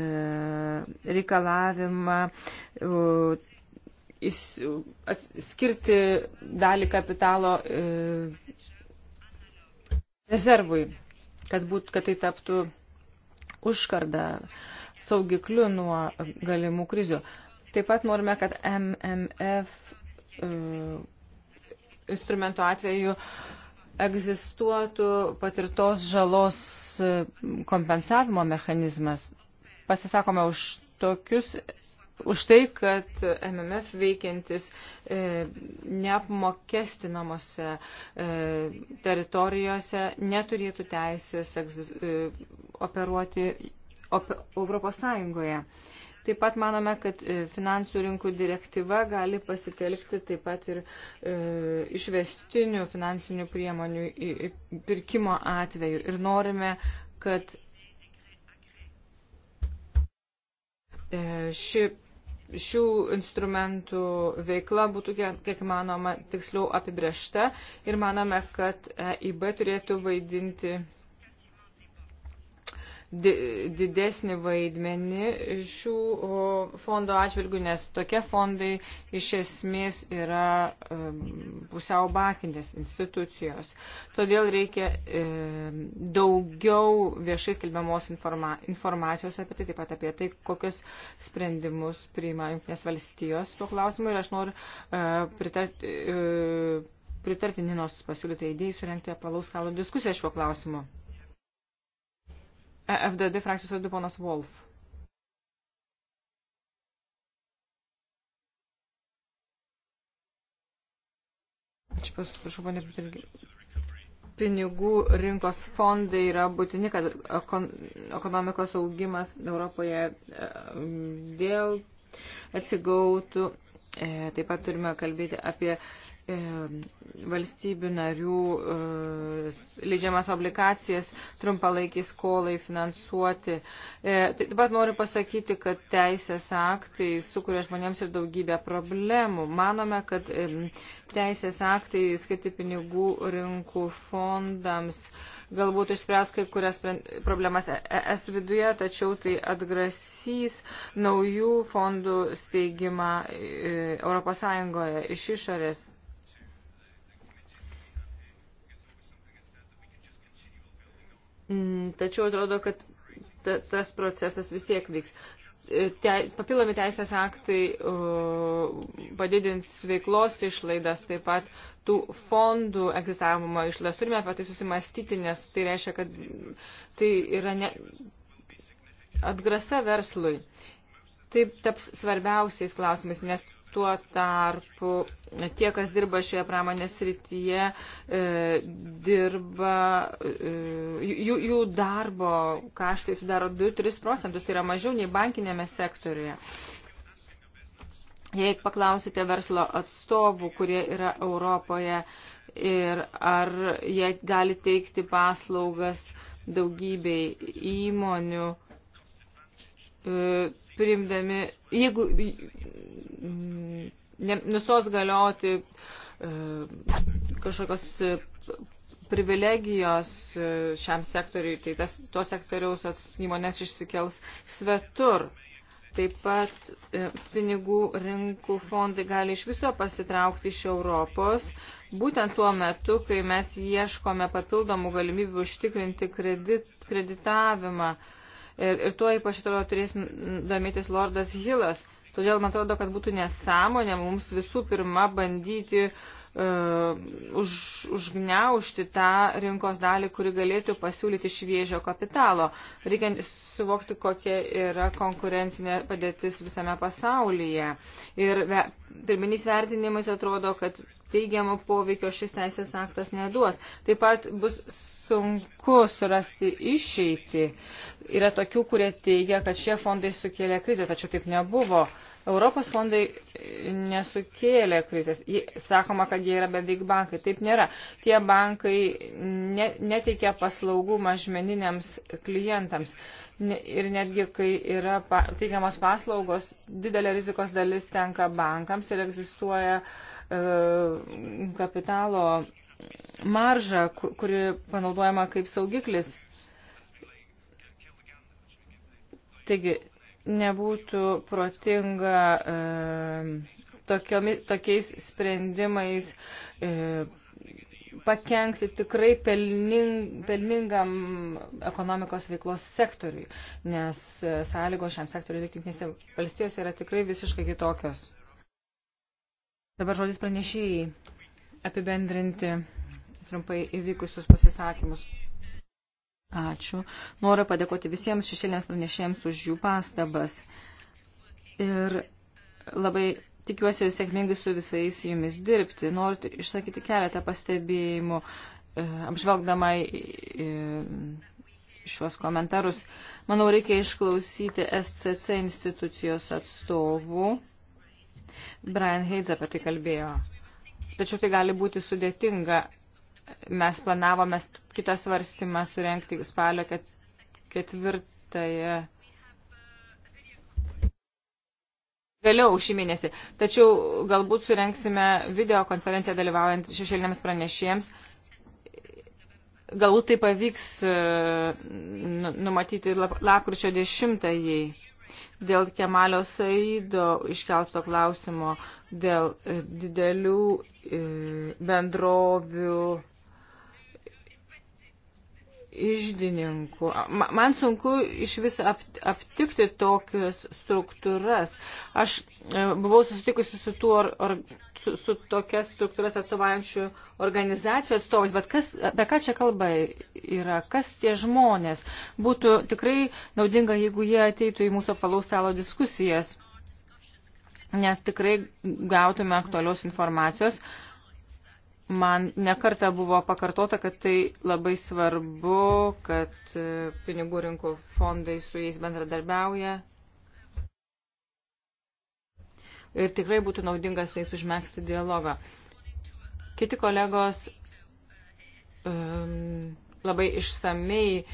reikalavimą e, skirti dalį kapitalo e, rezervui, kad, būt, kad tai taptų užkarda saugikliu nuo galimų krizių. Taip pat norime, kad MMF e, instrumento atveju egzistuotų patirtos žalos e, kompensavimo mechanizmas. Pasisakome už tokius už tai, kad MMF veikiantis e, neapmokestinamose e, teritorijose neturėtų teisės egziz, e, operuoti op, Europos Sąjungoje. E, Taip pat manome, kad e, finansų rinkų direktyva gali pasitelkti taip pat ir e, išvestinių finansinių priemonių į, į pirkimo atveju. Ir norime, kad e, ši, šių instrumentų veikla būtų kiek, kiek manoma tiksliau apibriešta ir manome, kad EIB turėtų vaidinti didesnį vaidmenį šių fondo atžvilgių, nes tokie fondai iš esmės yra pusiau bankinės institucijos. Todėl reikia daugiau viešai skelbiamos informa informacijos apie tai, taip pat apie tai, kokius sprendimus priima Junktinės valstijos tuo klausimu ir aš noriu e, pritarti e, pritarti Ninos pasiūlytą idėjai surenkti apalaus stalo diskusiją šiuo klausimu. E FDD frakcijos vardu ponas Wolf. Ačiū pasiprašau, ponė pinigų rinkos fondai yra būtini, kad ekonomikos augimas Europoje vėl e, atsigautų. E, taip pat turime kalbėti apie E, valstybių narių e, leidžiamas obligacijas trumpalaikiai skolai finansuoti. E, tai taip pat noriu pasakyti, kad teisės aktai sukuria žmonėms ir daugybę problemų. Manome, kad teisės aktai skirti pinigų rinkų fondams galbūt išspręs kai kurias problemas ES viduje, tačiau tai atgrasys naujų fondų steigimą ES iš išorės. Mm, tačiau atrodo, kad ta, tas procesas vis tiek vyks. E, te, papilomi teisės aktai padidins veiklos išlaidas, taip pat tų fondų egzistavimo išlaidas. Turime apie tai susimastyti, nes tai reiškia, kad tai yra ne, atgrasa verslui. Taip taps svarbiausiais klausimais, nes Tuo tarpu tie, kas dirba šioje pramonės rytyje, e, dirba, e, jų, jų darbo kaštai sudaro 2-3 procentus, tai yra mažiau nei bankinėme sektoriuje. Jei paklausite verslo atstovų, kurie yra Europoje ir ar jie gali teikti paslaugas daugybei įmonių, e, E, priimdami, jeigu nustos galioti e, kažkokios e, privilegijos šiam sektoriui, tai tas, to sektoriaus įmonės išsikels svetur. Taip pat pinigų rinkų fondai gali iš viso pasitraukti iš Europos, būtent tuo metu, kai mes ieškome papildomų galimybių užtikrinti kredit, kreditavimą. Uh, Ir, ir tuo ypač toliau turės domėtis Lordas Hilas. Todėl man atrodo, kad būtų nesąmonė mums visų pirma bandyti uh, E, už, užgneušti tą rinkos dalį, kuri galėtų pasiūlyti šviežio kapitalo. Reikia suvokti, kokia yra konkurencinė padėtis visame pasaulyje. Ir ve, pirminiais vertinimais atrodo, kad teigiamo poveikio šis teisės aktas neduos. Taip pat bus sunku surasti išeitį. Yra tokių, kurie teigia, kad šie fondai sukėlė krizę, tačiau taip nebuvo. Uh, Europos fondai nesukėlė krizės. Sakoma, kad jie yra beveik bankai. Taip nėra. Tie bankai ne, neteikia paslaugų mažmeniniams klientams. Ir netgi, kai yra teikiamos paslaugos, didelė rizikos dalis tenka bankams ir egzistuoja e, kapitalo marža, kuri panaudojama kaip saugiklis. Taigi, nebūtų protinga e, tokiomis, tokiais sprendimais e, pakengti tikrai pelning, pelningam ekonomikos veiklos sektoriui, nes e, sąlygos šiam sektoriui veikti jungtinėse valstijose yra tikrai visiškai kitokios. Dabar žodis pranešėjai apibendrinti trumpai įvykusius pasisakymus. Ačiū. Noriu padėkoti visiems šešėlėms pranešėjams už jų pastabas. Ir labai tikiuosi ir sėkmingai su visais jumis dirbti. Noriu išsakyti keletą pastebėjimų, e, apžvelgdama šiuos komentarus. Manau, reikia išklausyti SCC institucijos atstovų. Brian Heids apie tai kalbėjo. Tačiau tai gali būti sudėtinga mes planavome kitą svarstymą surenkti spalio ketvirtąją. Vėliau šį mėnesį. Tačiau galbūt surenksime videokonferenciją dalyvaujant šešėlinėms pranešėjams. Galbūt tai pavyks e, nu, numatyti lapkričio dešimtąjai dėl Kemalio Saido iškelsto klausimo, dėl e, didelių e, bendrovių išdininkų. Man sunku iš vis aptikti tokias struktūras. Aš e, buvau susitikusi su, tuo, or, su, su tokias struktūras atstovaujančių organizacijų atstovais, bet kas, apie ką čia kalba yra, kas tie žmonės. Būtų tikrai naudinga, jeigu jie ateitų į mūsų apvalaus stalo diskusijas, nes tikrai gautume aktualios informacijos. Uh, man nekarta buvo pakartota, kad tai labai svarbu, kad e, pinigų rinkų fondai su jais bendradarbiauja. Ir tikrai būtų naudinga su jais užmėgsti dialogą. Kiti kolegos um, labai išsamei uh,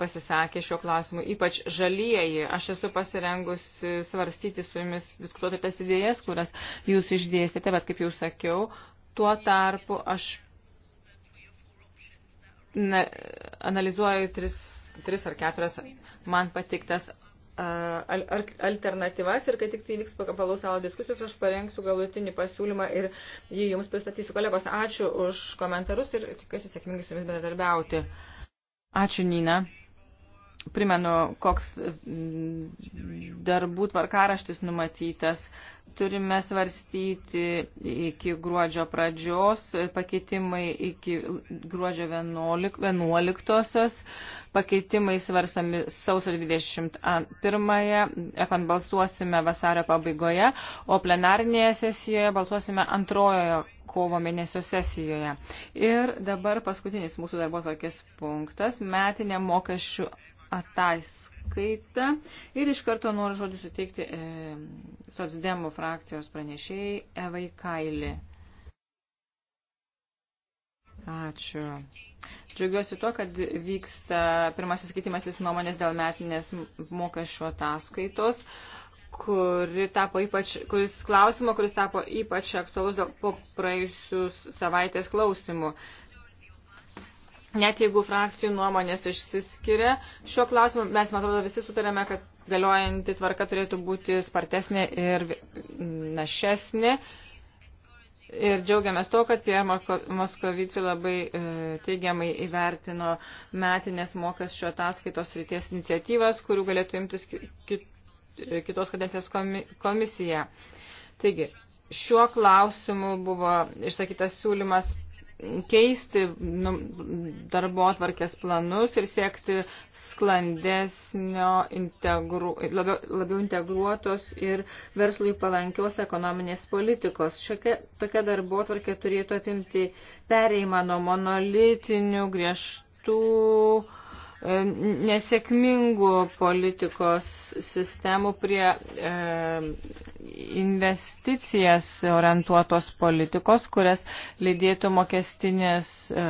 pasisakė šiuo klausimu, ypač žalieji. Aš esu pasirengusi svarstyti su jumis, diskutuoti tas idėjas, kurias jūs išdėstėte, bet kaip jau sakiau, tuo tarpu aš na, analizuoju tris, tris ar keturias man patiktas alternatyvas ir kai tik tai vyks pagal savo diskusijos, aš parengsiu galutinį pasiūlymą ir jį jums pristatysiu. Kolegos, ačiū už komentarus ir tikiuosi sėkmingai su jumis bendradarbiauti. Ačiū, Nina primenu, koks mm, darbų tvarkaraštis numatytas. Turime svarstyti iki gruodžio pradžios, pakeitimai iki gruodžio 11, 11 pakeitimai svarstami sausio 21, ekon balsuosime vasario pabaigoje, o plenarinėje sesijoje balsuosime antrojojo kovo mėnesio sesijoje. Ir dabar paskutinis mūsų darbo tvarkės punktas - metinė mokesčių ataskaitą. Ir iš karto noriu žodį suteikti e, Socdemų frakcijos pranešėjai Evai Kailį. Ačiū. Džiaugiuosi to, kad vyksta pirmasis skaitimasis nuomonės dėl metinės mokesčio ataskaitos, kuri tapo ypač, kuris klausimo, kuris tapo ypač aktualus po praėjusius savaitės klausimų. E, net jeigu frakcijų nuomonės išsiskiria šiuo klausimu, mes, man atrodo, visi sutarėme, kad galiojanti tvarka turėtų būti spartesnė ir našesnė. Ir džiaugiamės to, kad Pierre Moskovici labai e, teigiamai įvertino metinės mokesčio ataskaitos ryties iniciatyvas, kurių galėtų imtis kit, e, kitos kadencijos komisija. Taigi, šiuo klausimu buvo išsakytas siūlymas keisti nu, darbo atvarkės planus ir siekti sklandesnio, integru, labiau, labiau integruotos ir verslui palankios ekonominės politikos. Šiokia, tokia darbo atvarkė turėtų atimti pereimą nuo monolitinių griežtų nesėkmingų politikos sistemų prie e, investicijas orientuotos politikos, kurias lydėtų mokestinės e,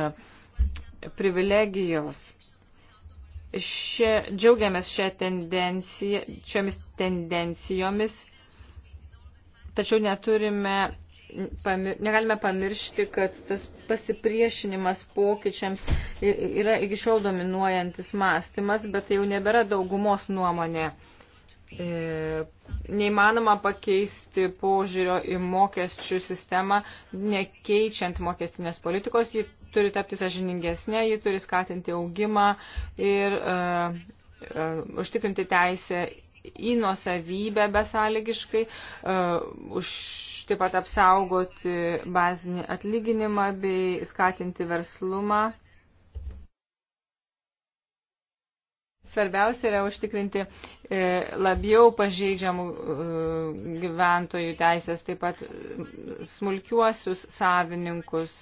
privilegijos. Šia, džiaugiamės šia tendencija, šiomis tendencijomis, tačiau neturime pamir, negalime pamiršti, kad tas pasipriešinimas pokyčiams yra iki šiol dominuojantis mąstymas, bet tai jau nebėra daugumos nuomonė. E, neįmanoma pakeisti požiūrio į mokesčių sistemą, nekeičiant mokestinės politikos, ji turi tapti sažiningesnė, ji turi skatinti augimą ir e, e, užtikrinti teisę į nuosavybę besąlygiškai, e, už taip pat apsaugoti bazinį atlyginimą bei skatinti verslumą. Svarbiausia yra užtikrinti e, labiau pažeidžiamų e, gyventojų teisės, taip pat smulkiuosius savininkus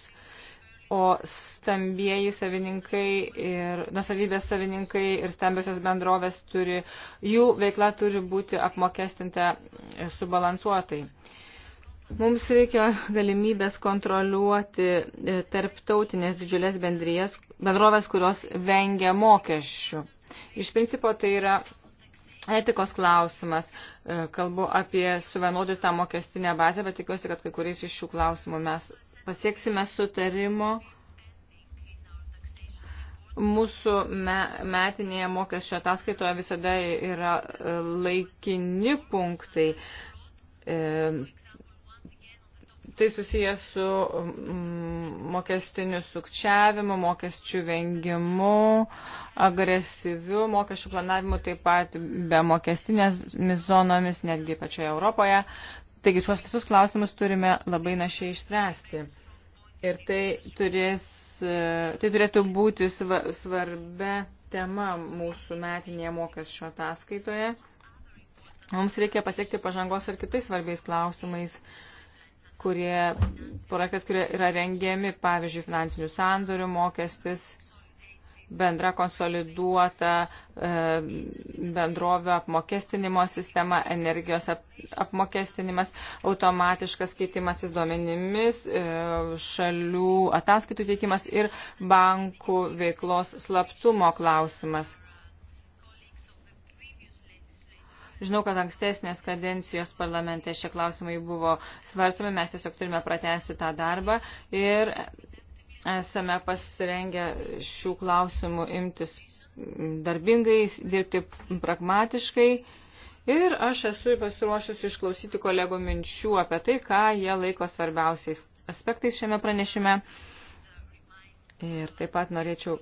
o stambieji savininkai ir nusavybės savininkai ir stambiosios bendrovės turi, jų veikla turi būti apmokestinta e, subalansuotai. Mums reikia galimybės kontroliuoti e, tarptautinės didžiulės bendrijas, bendrovės, kurios vengia mokesčių. Iš principo tai yra etikos klausimas. E, kalbu apie suvienodytą mokestinę bazę, bet tikiuosi, kad kai kuriais iš šių klausimų mes pasieksime sutarimo mūsų metinėje mokesčio ataskaitoje visada yra e, laikini punktai. E, tai susijęs su mokestiniu sukčiavimu, mokesčių vengimu, agresyviu mokesčių planavimu, taip pat be mokestinės zonomis, netgi pačioje Europoje. Taigi šios visus klausimus turime labai našiai išspręsti. Ir tai, turės, e, tai turėtų būti svarbia tema mūsų metinėje mokesčio ataskaitoje. Mums reikia pasiekti pažangos ir kitais svarbiais klausimais, kurie, projektas, kurie yra rengiami, pavyzdžiui, finansinių sandorių mokestis, bendra konsoliduota e, bendrovio apmokestinimo sistema, energijos apmokestinimas, automatiškas keitimasis duomenimis, e, šalių ataskaitų teikimas ir bankų veiklos slaptumo klausimas. Žinau, kad ankstesnės kadencijos parlamente šie klausimai buvo svarstomi, mes tiesiog turime pratesti tą darbą ir Esame pasirengę šių klausimų imtis darbingai, dirbti pragmatiškai. Ir aš esu pasiruošęs išklausyti kolegų minčių apie tai, ką jie laiko svarbiausiais aspektais šiame pranešime. Ir taip pat norėčiau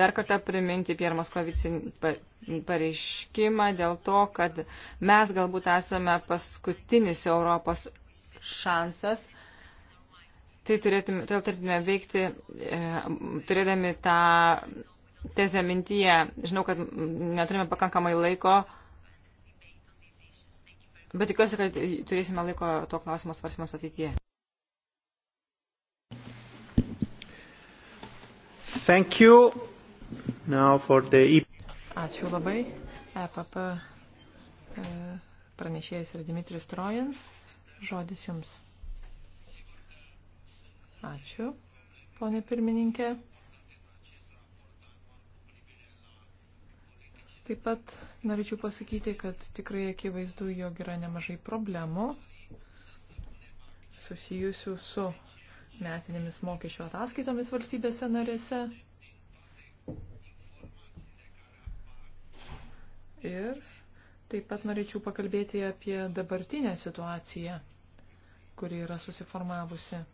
dar kartą priminti Pierre Moskovici pareiškimą dėl to, kad mes galbūt esame paskutinis Europos šansas – Tai turėtume, todėl turėtume veikti, e, turėdami tą tezę mintyje. Žinau, kad neturime pakankamai laiko, bet tikiuosi, kad turėsime laiko to klausimo svarsimams ateityje. Thank you. Now for the... E Ačiū labai. EPP e, pranešėjas yra Dimitris Trojan. Žodis jums. Ačiū, ponė pirmininkė. Taip pat norėčiau pasakyti, kad tikrai akivaizdu, jog yra nemažai problemų susijusių su metinėmis mokesčio ataskaitomis valstybėse narėse. Ir taip pat norėčiau pakalbėti apie dabartinę situaciją, kuri yra susiformavusi.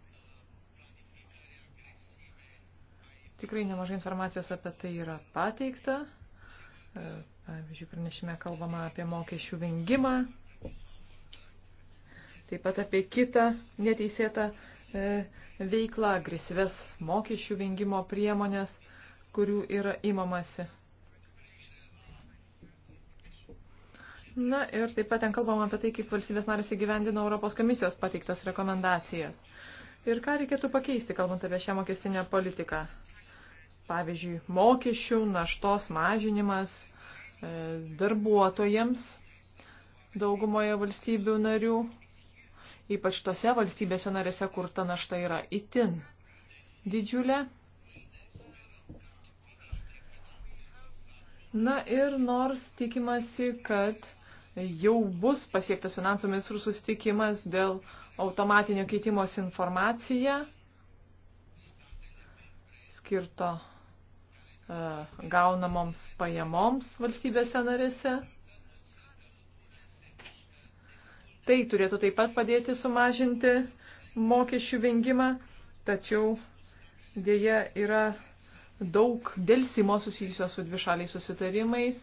Tikrai nemažai informacijos apie tai yra pateikta. E, pavyzdžiui, pranešime kalbama apie mokesčių vengimą, taip pat apie kitą neteisėtą e, veiklą, agresyves mokesčių vengimo priemonės, kurių yra įmamasi. Na ir taip pat ten kalbam apie tai, kaip valstybės narės įgyvendino Europos komisijos pateiktas rekomendacijas. Ir ką reikėtų pakeisti, kalbant apie šią mokestinę politiką pavyzdžiui, mokesčių, naštos mažinimas e, darbuotojams daugumoje valstybių narių, ypač tose valstybėse narėse, kur ta našta yra itin didžiulė. Na ir nors tikimasi, kad jau bus pasiektas finansų ministrų susitikimas dėl automatinio keitimos informacija skirto E, gaunamoms pajamoms valstybėse narėse. Tai turėtų taip pat padėti sumažinti mokesčių vengimą, tačiau dėja yra daug dėlsimo susijusios su dvišaliais susitarimais,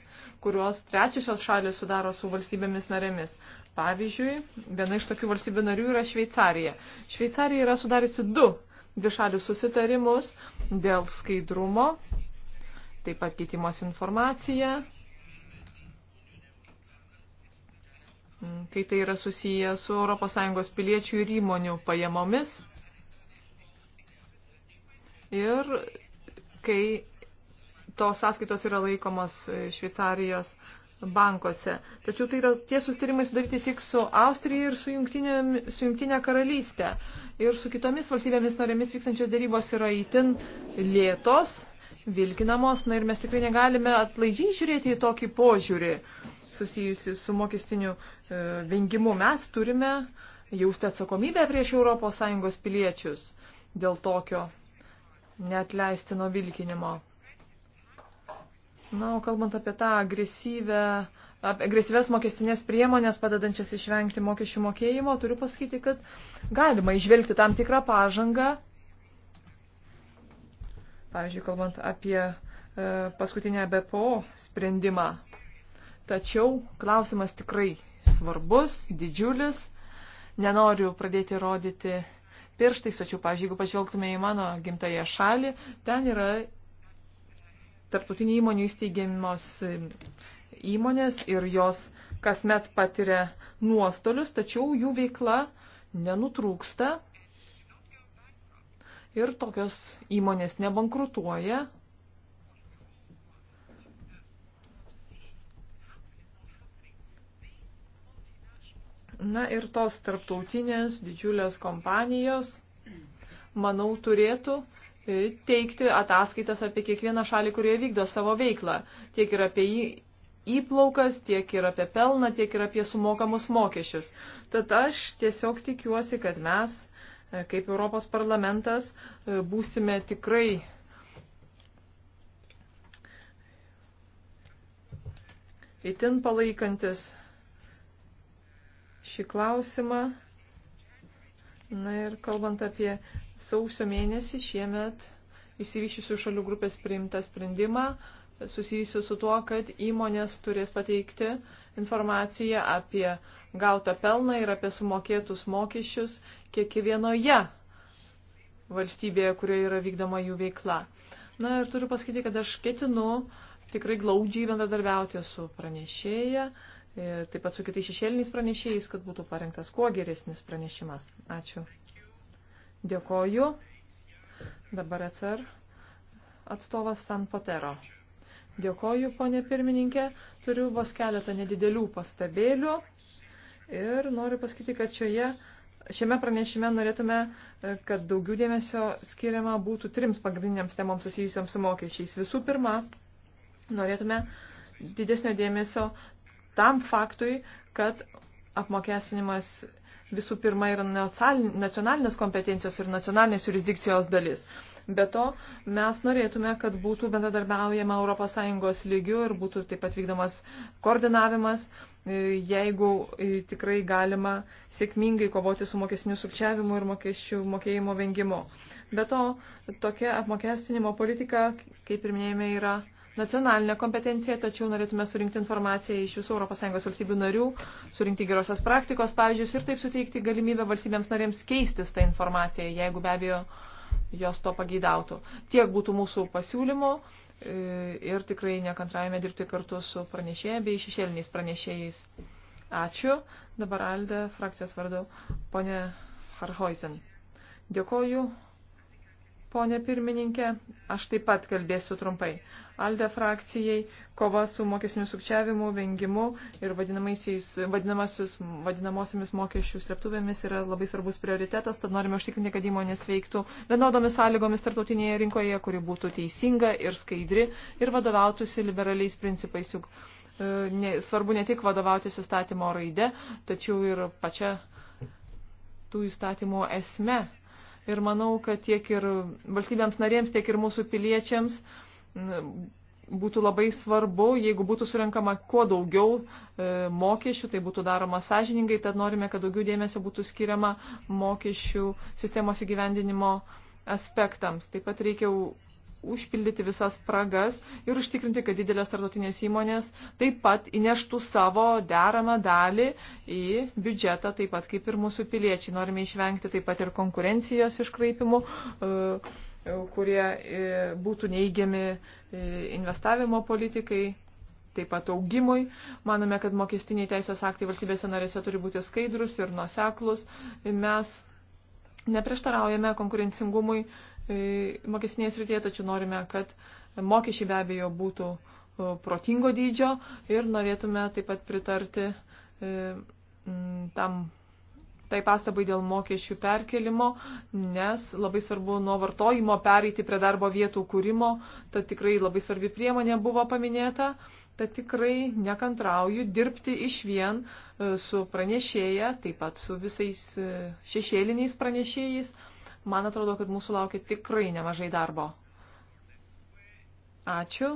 kuriuos trečiosios šalis sudaro su valstybėmis narėmis. Pavyzdžiui, viena iš tokių valstybių narių yra Šveicarija. Šveicarija yra sudariusi du dvišalius susitarimus dėl skaidrumo taip pat keitimos informacija, mm, kai tai yra susiję su ES piliečių ir įmonių pajamomis ir kai tos sąskaitos yra laikomos e, Šveicarijos bankuose. Tačiau tai yra tie sustarimai sudaryti tik su Austrija ir su jungtinė, su jungtinė karalystė. Ir su kitomis valstybėmis narėmis vykstančios dėrybos yra įtin lėtos vilkinamos. Na ir mes tikrai negalime atlaidžiai žiūrėti į tokį požiūrį susijusi su mokestiniu e, vengimu. Mes turime jausti atsakomybę prieš ES piliečius dėl tokio neatleistino vilkinimo. Na, o kalbant apie tą agresyvę, apie agresyves mokestinės priemonės padedančias išvengti mokesčių mokėjimo, turiu pasakyti, kad galima išvelgti tam tikrą pažangą Pavyzdžiui, kalbant apie e, paskutinę BPO sprendimą. Tačiau klausimas tikrai svarbus, didžiulis. Nenoriu pradėti rodyti pirštais, tačiau, pavyzdžiui, jeigu pažvelgtume į mano gimtąją šalį, ten yra tarptautinių įmonių įsteigiamos įmonės ir jos kasmet patiria nuostolius, tačiau jų veikla nenutrūksta ir tokios įmonės nebankrutuoja. Na ir tos tarptautinės didžiulės kompanijos, manau, turėtų e, teikti ataskaitas apie kiekvieną šalį, kurioje vykdo savo veiklą, tiek ir apie jį įplaukas, tiek ir apie pelną, tiek ir apie sumokamus mokesčius. Tad aš tiesiog tikiuosi, kad mes E, kaip Europos parlamentas e, būsime tikrai itin palaikantis šį klausimą. Na ir kalbant apie sausio mėnesį šiemet įsivyšiusių šalių grupės priimtą sprendimą, susijusių su tuo, kad įmonės turės pateikti informaciją apie gautą pelną ir apie sumokėtus mokesčius kiekvienoje valstybėje, kurioje yra vykdoma jų veikla. Na ir turiu pasakyti, kad aš ketinu tikrai glaudžiai bendradarbiauti su pranešėja, e, taip pat su kitais šešėliniais pranešėjais, kad būtų parengtas kuo geresnis pranešimas. Ačiū. Dėkoju. Dabar atsar atstovas San Potero. Dėkoju, ponė pirmininkė. Turiu vos keletą nedidelių pastabėlių ir noriu pasakyti, kad šioje, šiame pranešime norėtume, e, kad daugiau dėmesio skiriama būtų trims pagrindiniams temoms susijusiams su mokesčiais. Visų pirma, norėtume didesnio dėmesio tam faktui, kad apmokesinimas visų pirma yra nacionalinės kompetencijos ir nacionalinės jurisdikcijos dalis. Be to, mes norėtume, kad būtų bendradarbiaujama ES lygių ir būtų taip pat vykdomas koordinavimas, e, jeigu e, tikrai galima sėkmingai kovoti su mokesniu sukčiavimu ir mokesčių mokėjimo vengimu. Be to, tokia apmokestinimo politika, kaip ir minėjome, yra nacionalinė kompetencija, tačiau norėtume surinkti informaciją iš visų ES valstybių narių, surinkti gerosios praktikos pavyzdžius ir taip suteikti galimybę valstybėms narėms keistis tą informaciją, jeigu be abejo jos to pageidautų. Tiek būtų mūsų pasiūlymų e, ir tikrai nekantraujame dirbti kartu su pranešėjai bei šešėliniais pranešėjais. Ačiū. Dabar Alde frakcijos vardu ponė Harhoisen. Dėkoju Pone pirmininkė, aš taip pat kalbėsiu trumpai. Alde frakcijai kova su mokesniu sukčiavimu, vengimu ir vadinamosiamis mokesčių slėptuvėmis yra labai svarbus prioritetas, tad norime užtikrinti, kad įmonės veiktų vienodomis sąlygomis tarptautinėje rinkoje, kuri būtų teisinga ir skaidri ir vadovautųsi liberaliais principais, juk e, ne, svarbu ne tik vadovautis įstatymo raide, tačiau ir pačia tų įstatymų esme ir manau, kad tiek ir valstybėms narėms, tiek ir mūsų piliečiams būtų labai svarbu, jeigu būtų surinkama kuo daugiau e, mokesčių, tai būtų daroma sąžiningai, tad norime, kad daugiau dėmesio būtų skiriama mokesčių sistemos įgyvendinimo aspektams. Taip pat reikia užpildyti visas spragas ir užtikrinti, kad didelės tarptautinės įmonės taip pat įneštų savo deramą dalį į biudžetą, taip pat kaip ir mūsų piliečiai. Norime išvengti taip pat ir konkurencijos iškraipimų, e, e, kurie e, būtų neįgiami investavimo politikai taip pat augimui. Manome, kad mokestiniai teisės aktai valstybėse narėse turi būti skaidrus ir nuseklus. Mes neprieštaraujame konkurencingumui e, mokestinėje srityje, tačiau norime, kad mokesčiai be abejo būtų e, protingo dydžio ir norėtume taip pat pritarti e, tam tai pastabai dėl mokesčių perkelimo, nes labai svarbu nuo vartojimo pereiti prie darbo vietų kūrimo, tad tikrai labai svarbi priemonė buvo paminėta bet tikrai nekantrauju dirbti iš vien e, su pranešėja, taip pat su visais e, šešėliniais pranešėjais. Man atrodo, kad mūsų laukia tikrai nemažai darbo. Ačiū.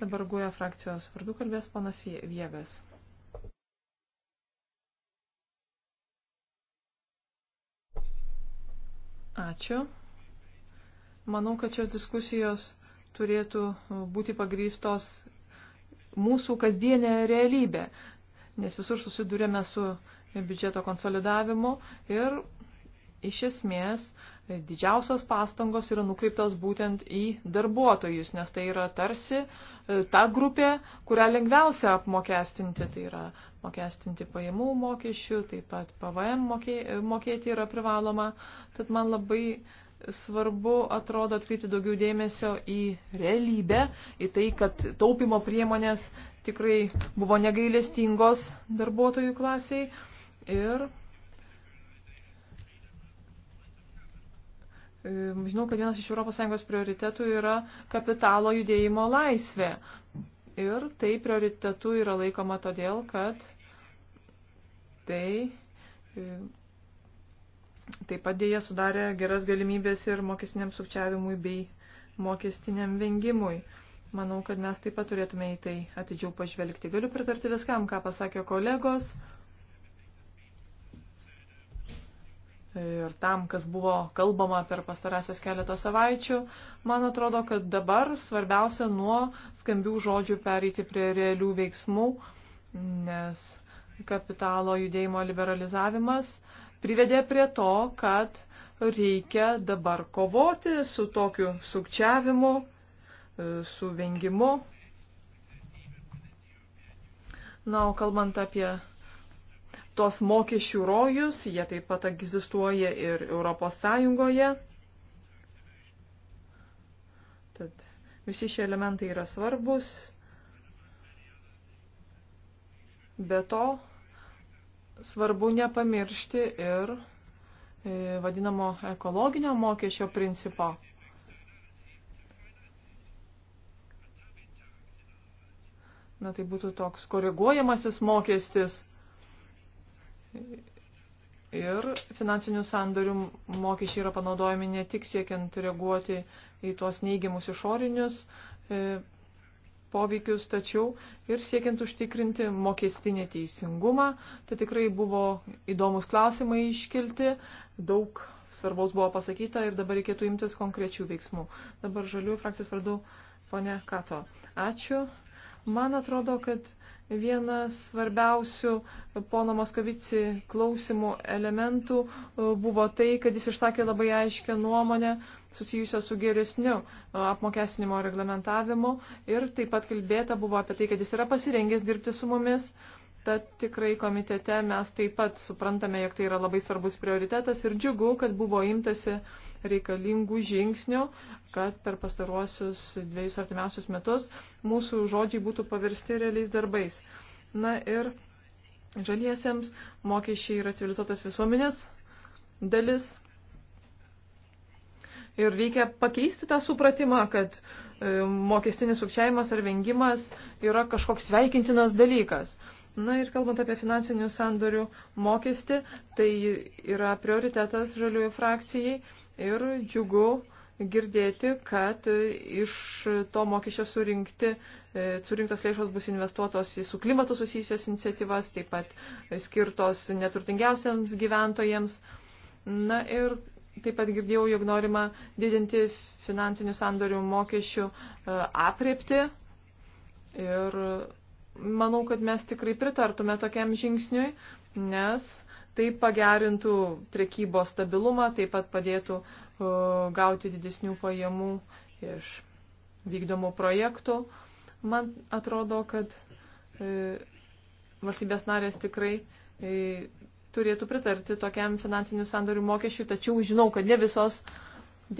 Dabar guoja frakcijos vardu kalbės panas Viegas. Ačiū. Manau, kad šios diskusijos turėtų būti pagrystos mūsų kasdienę realybę, nes visur susidurėme su biudžeto konsolidavimu ir iš esmės didžiausios pastangos yra nukreiptos būtent į darbuotojus, nes tai yra tarsi e, ta grupė, kurią lengviausia apmokestinti, tai yra mokestinti pajamų mokesčių, taip pat PVM mokėti yra privaloma. Tad man labai svarbu, atrodo, atkreipti daugiau dėmesio į realybę, į tai, kad taupimo priemonės tikrai buvo negailestingos darbuotojų klasiai ir e, Žinau, kad vienas iš ES prioritetų yra kapitalo judėjimo laisvė. Ir tai prioritetu yra laikoma todėl, kad tai e, Taip pat dėja sudarė geras galimybės ir mokestiniam sukčiavimui bei mokestiniam vengimui. Manau, kad mes taip pat turėtume į tai atidžiau pažvelgti. Galiu pritarti viskam, ką pasakė kolegos. ir tam, kas buvo kalbama per pastarąsias keletą savaičių, man atrodo, kad dabar svarbiausia nuo skambių žodžių pereiti prie realių veiksmų, nes kapitalo judėjimo liberalizavimas privedė prie to, kad reikia dabar kovoti su tokiu sukčiavimu, e, su vengimu. Na, o kalbant apie tos mokesčių rojus, jie taip pat egzistuoja ir Europos Sąjungoje. Tad visi šie elementai yra svarbus. Be to, svarbu nepamiršti ir e, vadinamo ekologinio mokesčio principo. Na tai būtų toks koreguojamasis mokestis ir finansinių sandorių mokesčiai yra panaudojami ne tik siekiant reaguoti į tuos neigiamus išorinius e, poveikius, tačiau ir siekiant užtikrinti mokestinį teisingumą. Tai tikrai buvo įdomus klausimai iškilti, daug svarbaus buvo pasakyta ir dabar reikėtų imtis konkrečių veiksmų. Dabar žaliųjų frakcijos vardu ponė Kato. Ačiū. Man atrodo, kad vienas svarbiausių pono Moskovici klausimų elementų uh, buvo tai, kad jis išsakė labai aiškę nuomonę susijusios su geresniu apmokestinimo reglamentavimu ir taip pat kalbėta buvo apie tai, kad jis yra pasirengęs dirbti su mumis. Tad tikrai komitete mes taip pat suprantame, jog tai yra labai svarbus prioritetas ir džiugu, kad buvo imtasi reikalingų žingsnių, kad per pastaruosius dviejus artimiausius metus mūsų žodžiai būtų paversti realiais darbais. Na ir žaliesiems mokesčiai yra civilizuotas visuomenės dalis, ir reikia pakeisti tą supratimą, kad e, mokestinis sukčiavimas ar vengimas yra kažkoks sveikintinas dalykas. Na ir kalbant apie finansinių sandorių mokestį, tai yra prioritetas žaliųjų frakcijai ir džiugu girdėti, kad iš to mokesčio surinkti, e, surinktos lėšos bus investuotos į su klimatu susijusias iniciatyvas, taip pat skirtos neturtingiausiams gyventojams. Na ir Taip pat girdėjau, jog norima didinti finansinių sandorių mokesčių e, apriepti ir manau, kad mes tikrai pritartume tokiam žingsniui, nes tai pagerintų prekybos stabilumą, taip pat padėtų e, gauti didesnių pajamų iš vykdomų projektų. Man atrodo, kad e, valstybės narės tikrai turėtų pritarti tokiam finansinių sandorių mokesčiui, tačiau žinau, kad ne visos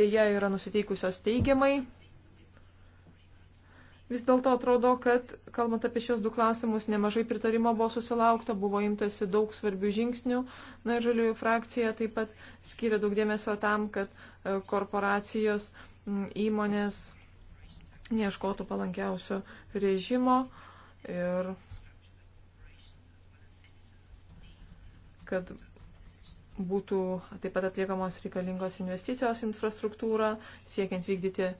dėja yra nusiteikusios teigiamai. Vis dėlto atrodo, kad, kalbant apie šios du klausimus, nemažai pritarimo buvo susilaukta, buvo imtasi daug svarbių žingsnių. Na ir žaliųjų frakcija taip pat skiria daug dėmesio tam, kad e, korporacijos įmonės neieškotų palankiausio režimo. Ir kad būtų taip pat atliekamos reikalingos investicijos infrastruktūrą, siekiant vykdyti e,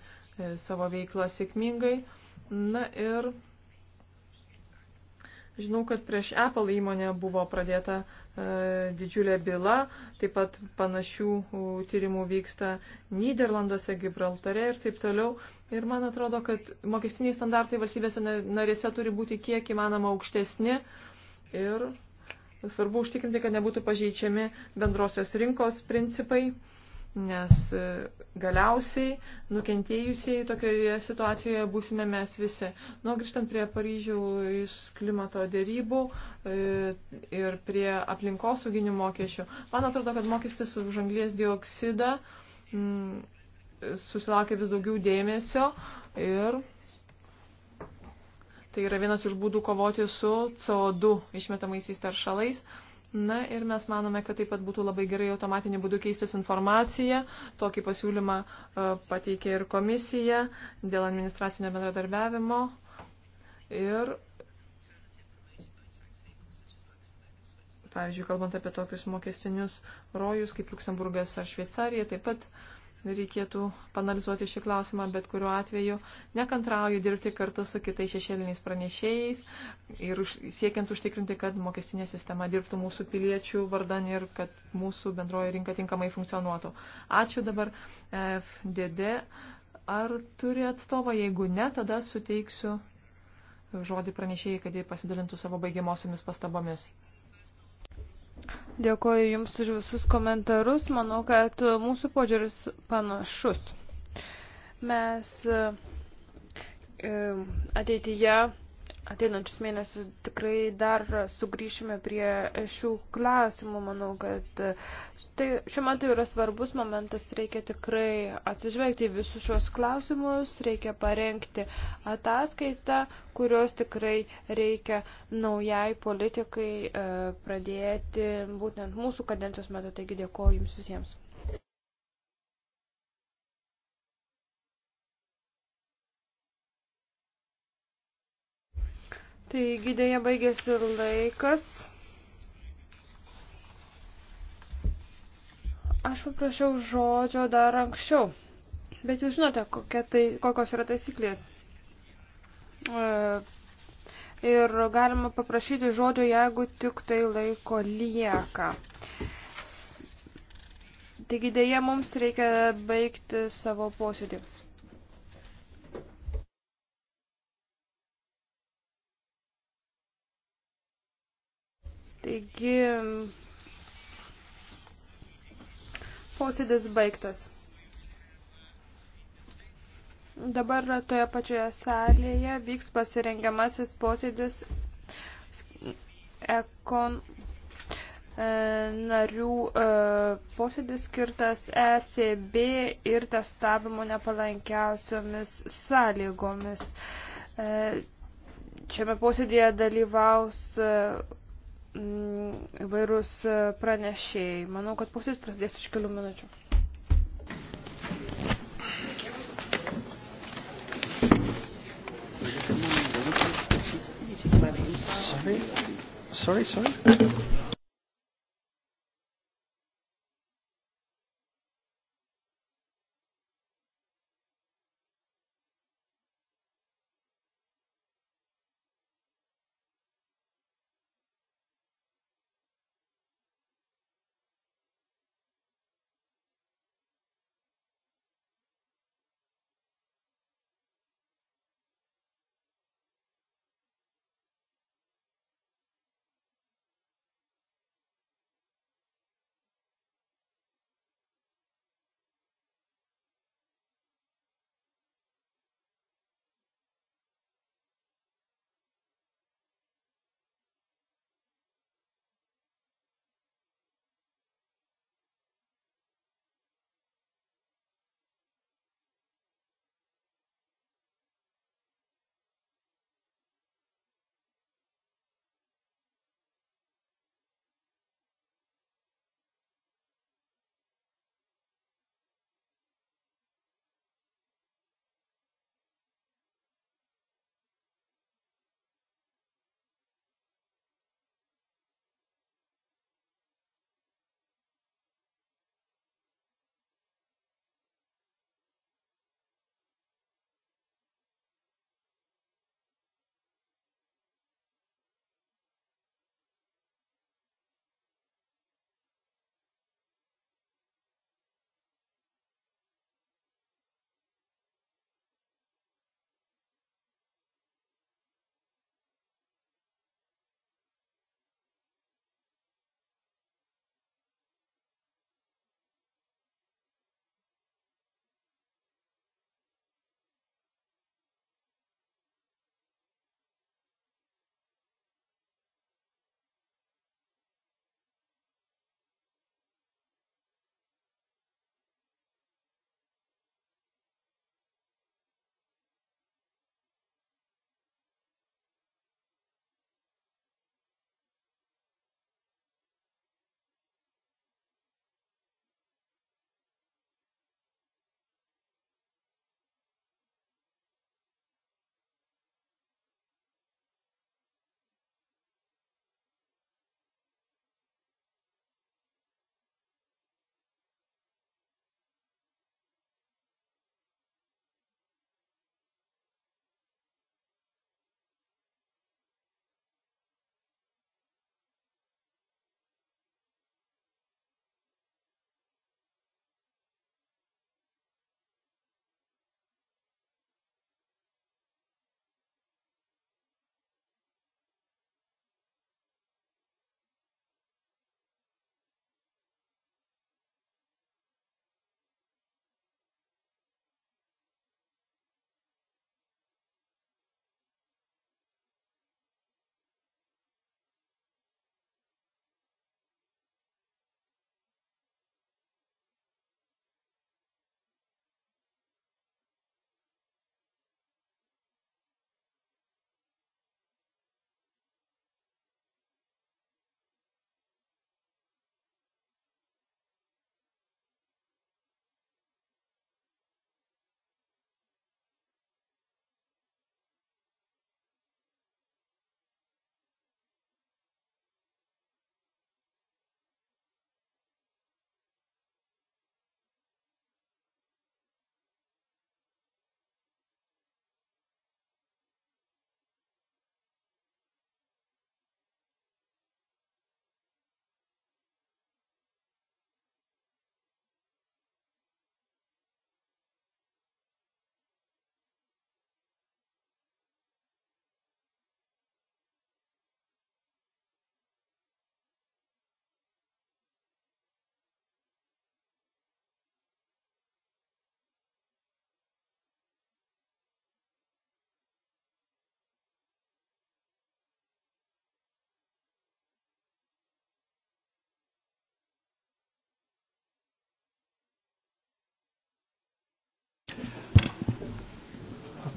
savo veiklą sėkmingai. Na ir žinau, kad prieš Apple įmonę buvo pradėta e, didžiulė byla, taip pat panašių tyrimų vyksta Niderlanduose, Gibraltare ir taip toliau. Ir man atrodo, kad mokestiniai standartai valstybėse narėse turi būti kiek įmanoma aukštesni ir svarbu užtikrinti, kad nebūtų pažeidžiami bendrosios rinkos principai, nes e, galiausiai nukentėjusiai tokioje situacijoje būsime mes visi. Nu, grįžtant prie Paryžiaus klimato dėrybų e, ir prie aplinkosauginių mokesčių, man atrodo, kad mokestis už anglies dioksidą susilaukia vis daugiau dėmesio ir Tai yra vienas iš būdų kovoti su CO2 išmetamaisiais taršalais. Na ir mes manome, kad taip pat būtų labai gerai automatiniu būdu keistis informaciją. Tokį pasiūlymą e, pateikė ir komisija dėl administracinio bendradarbiavimo. Ir, pavyzdžiui, kalbant apie tokius mokestinius rojus kaip Luksemburgas ar Šveicarija, taip pat uh, reikėtų panalizuoti šį klausimą, bet kuriuo atveju nekantrauju dirbti kartu su kitais šešėliniais pranešėjais ir siekiant užtikrinti, kad mokestinė sistema dirbtų mūsų piliečių vardan ir kad mūsų bendroji rinka tinkamai funkcionuotų. Ačiū dabar FDD. Ar turi atstovą? Jeigu ne, tada suteiksiu žodį pranešėjai, kad jie pasidalintų savo baigiamosiomis pastabomis. Dėkoju Jums už visus komentarus. Manau, kad mūsų požiūris panašus. Mes e, ateityje ateinančius mėnesius tikrai dar sugrįšime prie šių klausimų. Manau, kad e, tai šiuo metu yra svarbus momentas, reikia tikrai atsižvelgti į visus šios klausimus, reikia parengti ataskaitą, kurios tikrai reikia naujai politikai e, pradėti būtent mūsų kadencijos metu. Taigi dėkoju Jums visiems. Taigi dėja baigėsi laikas. Aš paprašiau žodžio dar anksčiau, bet jūs žinote, tai, kokios yra taisyklės. E, ir galima paprašyti žodžio, jeigu tik tai laiko lieka. Taigi dėja mums reikia baigti savo posėdį. Taigi, posėdis baigtas. Dabar toje pačioje salėje vyks pasirengiamasis posėdis ekon e, narių e, posėdis skirtas ECB ir testavimo nepalankiausiomis sąlygomis. E, šiame posėdėje dalyvaus Mm, įvairūs e, pranešėjai. Manau, kad pusės prasidės iš kelių minučių. Sorry, sorry.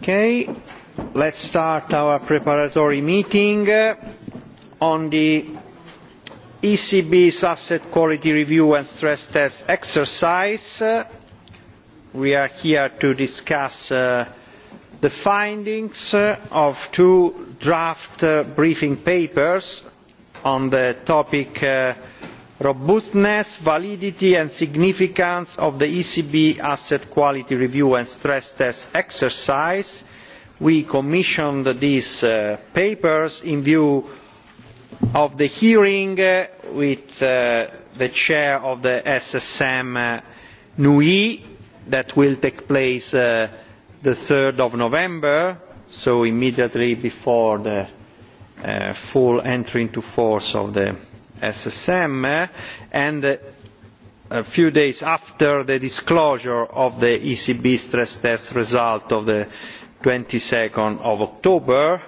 Okay, let's start our preparatory meeting uh, on the ECB's asset quality review and stress test exercise. Uh, we are here to discuss uh, the findings uh, of two draft uh, briefing papers on the topic uh, robustness validity and significance of the ecb asset quality review and stress test exercise we commissioned these uh, papers in view of the hearing uh, with uh, the chair of the ssm uh, nui that will take place on uh, three november so immediately before the uh, full entry into force of the SSM and a few days after the disclosure of the ECB stress test result of the 22nd of October.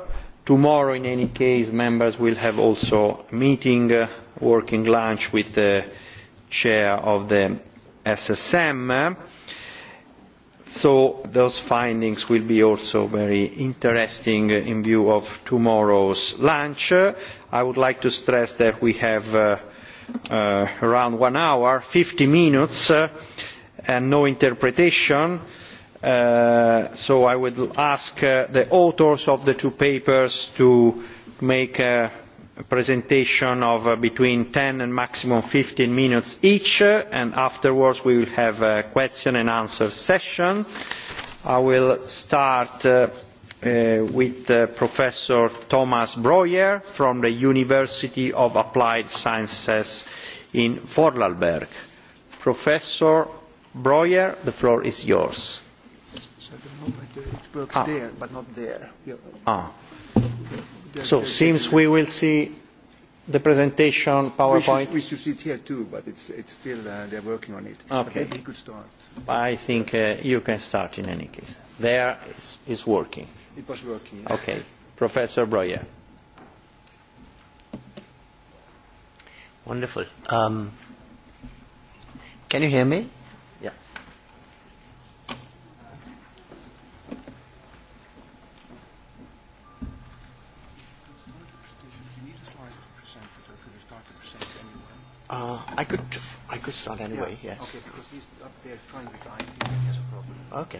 Tomorrow, in any case, members will have also a meeting, uh, working lunch with the chair of the SSM so those findings will be also very interesting in view of tomorrow's lunch. i would like to stress that we have uh, uh, around one hour fifty minutes uh, and no interpretation uh, so i would ask uh, the authors of the two papers to make presentation of uh, between 10 and maximum 15 minutes each, uh, and afterwards we will have a question and answer session. I will start uh, uh, with uh, Professor Thomas Breuer from the University of Applied Sciences in Vorarlberg. Professor Breuer, the floor is yours. So I don't know whether it works ah. there, but not there. Yeah. Ah. So seems we will see the presentation PowerPoint. We should, we should see it here too, but it's, it's still uh, they're working on it. Okay. But maybe you could start. I think uh, you can start in any case. There it's, it's working. It was working. Yeah. Okay. Professor Breuer. Wonderful. Um, can you hear me? Uh, I could, I could start anyway. Yeah. Yes. Okay, because he's up there trying to. I think he has a problem. Okay.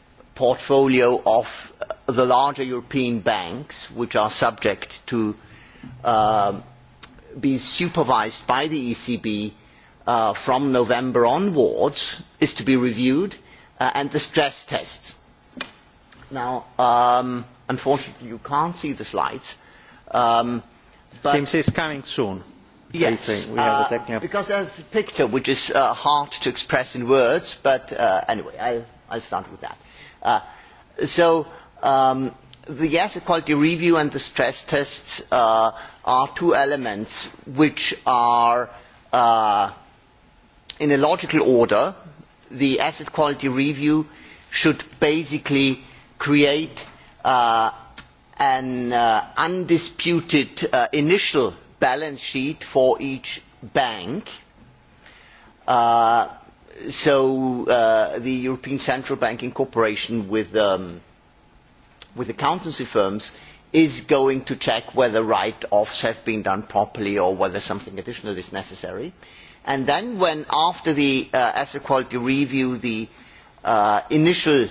portfolio of uh, the larger European banks, which are subject to uh, be supervised by the ECB uh, from November onwards, is to be reviewed, uh, and the stress tests. Now, um, unfortunately, you can't see the slides. Um, but Seems it's coming soon. Yes, we uh, have a uh, technical... because there's a picture which is uh, hard to express in words, but uh, anyway, I, I'll start with that. Uh, so um, the asset quality review and the stress tests uh, are two elements which are uh, in a logical order. The asset quality review should basically create uh, an uh, undisputed uh, initial balance sheet for each bank. Uh, so uh, the European Central Bank, in cooperation with, um, with accountancy firms, is going to check whether write-offs have been done properly or whether something additional is necessary. And then when, after the uh, asset quality review, the uh, initial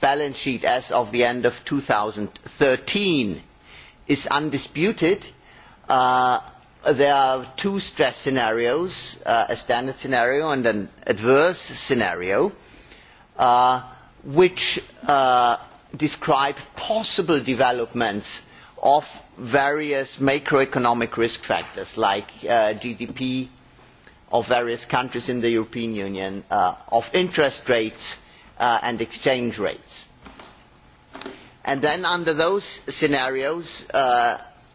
balance sheet as of the end of 2013 is undisputed, uh, there are two stress scenarios uh, a standard scenario and an adverse scenario uh, which uh, describe possible developments of various macroeconomic risk factors like uh, GDP of various countries in the European Union, uh, of interest rates uh, and exchange rates. And then under those scenarios, uh,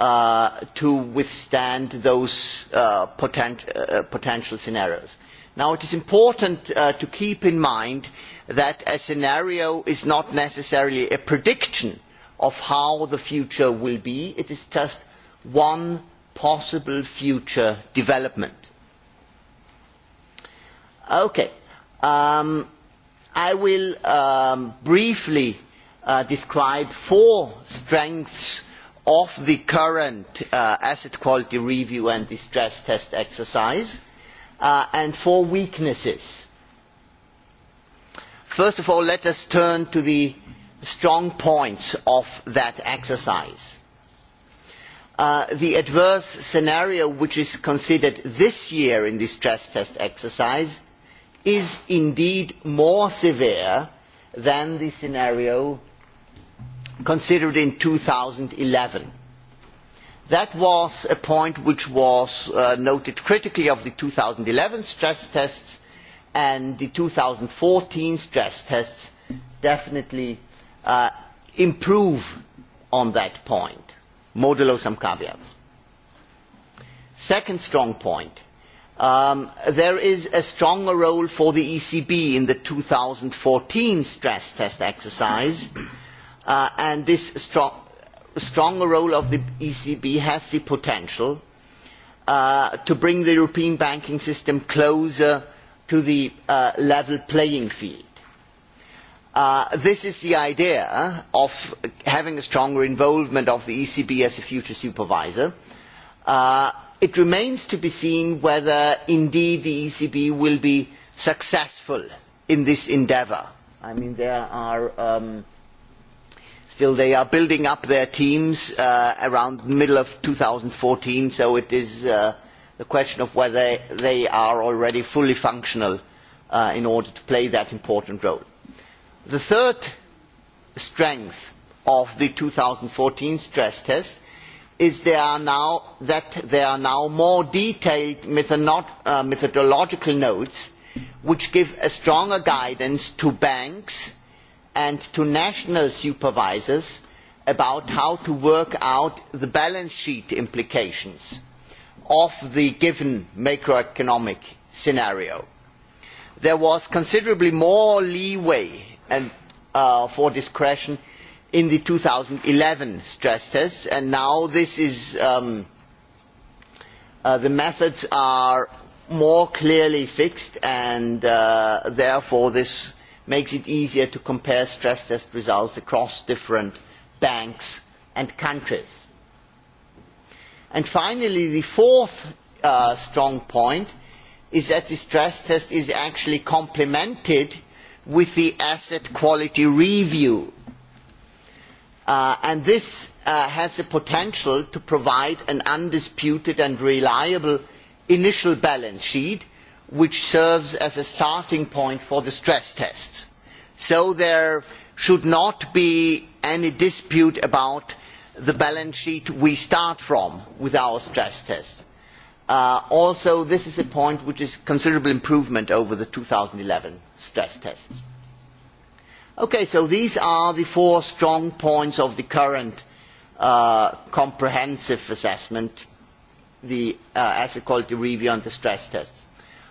uh, to withstand those uh, potent, uh, potential scenarios. Now, it is important uh, to keep in mind that a scenario is not necessarily a prediction of how the future will be. It is just one possible future development. Okay. Um, I will um, briefly uh, describe four strengths of the current uh, asset quality review and the stress test exercise uh, and four weaknesses. First of all, let us turn to the strong points of that exercise. Uh, the adverse scenario which is considered this year in the stress test exercise is indeed more severe than the scenario considered in 2011. That was a point which was uh, noted critically of the 2011 stress tests and the 2014 stress tests definitely uh, improve on that point, modulo some caveats. Second strong point, um, there is a stronger role for the ECB in the 2014 stress test exercise uh, and this strong, stronger role of the ECB has the potential uh, to bring the European banking system closer to the uh, level playing field. Uh, this is the idea of having a stronger involvement of the ECB as a future supervisor. Uh, it remains to be seen whether indeed the ECB will be successful in this endeavour. I mean, there are um, uh, still they are building up their teams uh, around the middle of 2014, so it is uh, the question of whether they are already fully functional uh, in order to play that important role. The third strength of the 2014 stress test is there are now, that there are now more detailed methodot, uh, methodological notes which give a stronger guidance to banks and to national supervisors about how to work out the balance sheet implications of the given macroeconomic scenario. there was considerably more leeway and, uh, for discretion in the two thousand and eleven stress tests and now um, uh, the methods are more clearly fixed and uh, therefore this makes it easier to compare stress test results across different banks and countries. And finally, the fourth uh, strong point is that the stress test is actually complemented with the asset quality review. Uh, and this uh, has the potential to provide an undisputed and reliable initial balance sheet which serves as a starting point for the stress tests. so there should not be any dispute about the balance sheet we start from with our stress test. Uh, also this is a point which is a considerable improvement over the two thousand and eleven stress test. Okay, so these are the four strong points of the current uh, comprehensive assessment the uh, asset quality review and the stress test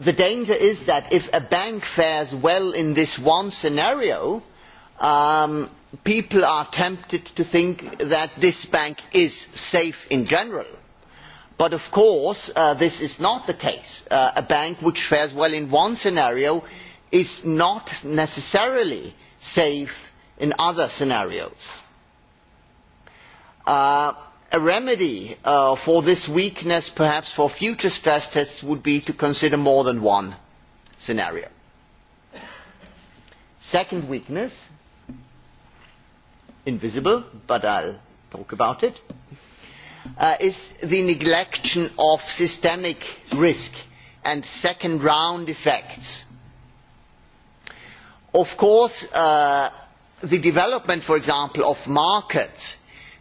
the danger is that if a bank fares well in this one scenario um, people are tempted to think that this bank is safe in general but of course uh, this is not the case. Uh, a bank which fares well in one scenario is not necessarily safe in other scenarios. Uh, a remedy uh, for this weakness perhaps for future stress tests would be to consider more than one scenario. second weakness invisible but i will talk about it uh, is the neglection of systemic risk and second round effects. of course uh, the development for example of markets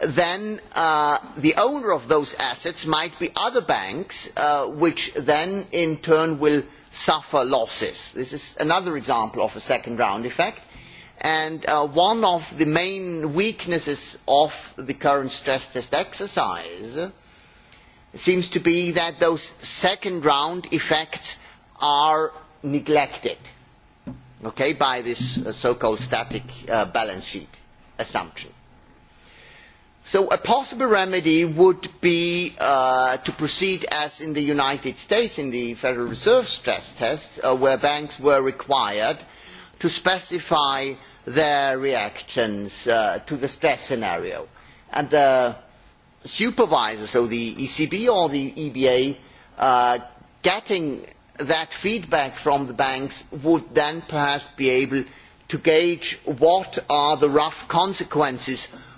then uh, the owner of those assets might be other banks uh, which then in turn will suffer losses. this is another example of a second round effect and uh, one of the main weaknesses of the current stress test exercise seems to be that those second round effects are neglected okay, by this uh, so called static uh, balance sheet assumption so a possible remedy would be uh, to proceed as in the united states in the federal reserve stress tests uh, where banks were required to specify their reactions uh, to the stress scenario and the supervisor so the ecb or the eba uh, getting that feedback from the banks would then perhaps be able to gauge what are the rough consequences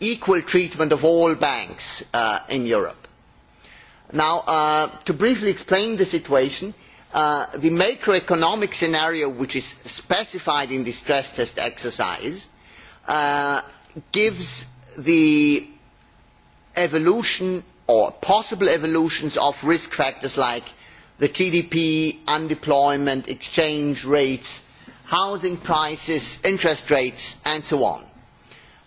equal treatment of all banks uh, in Europe. Now, uh, to briefly explain the situation, uh, the macroeconomic scenario which is specified in the stress test exercise uh, gives the evolution or possible evolutions of risk factors like the GDP, unemployment, exchange rates, housing prices, interest rates, and so on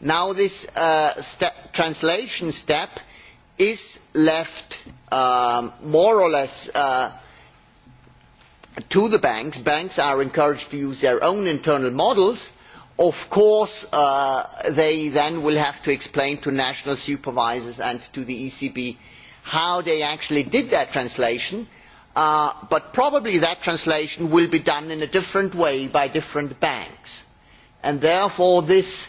now this uh, step, translation step is left um, more or less uh, to the banks. Banks are encouraged to use their own internal models. Of course, uh, they then will have to explain to national supervisors and to the ECB how they actually did that translation. Uh, but probably that translation will be done in a different way by different banks. And therefore, this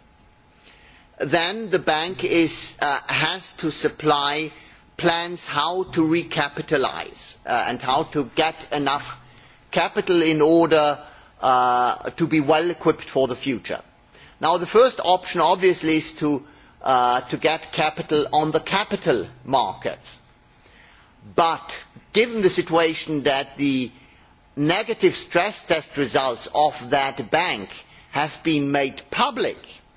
then the bank is, uh, has to supply plans how to recapitalise uh, and how to get enough capital in order uh, to be well equipped for the future. Now, the first option obviously is to, uh, to get capital on the capital markets. But given the situation that the negative stress test results of that bank have been made public, uh,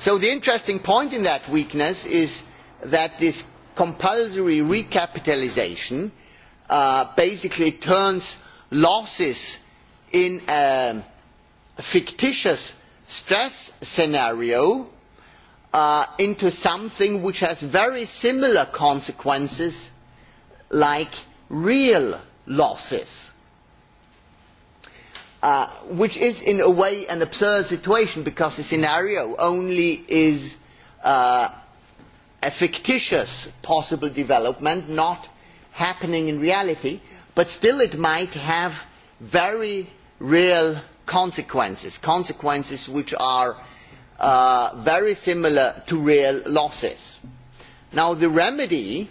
so the interesting point in that weakness is that this compulsory recapitalisation uh, basically turns losses in a fictitious stress scenario uh, into something which has very similar consequences like real losses uh, which is in a way an absurd situation because the scenario only is uh, a fictitious possible development not happening in reality but still it might have very real consequences consequences which are uh, very similar to real losses. now the remedy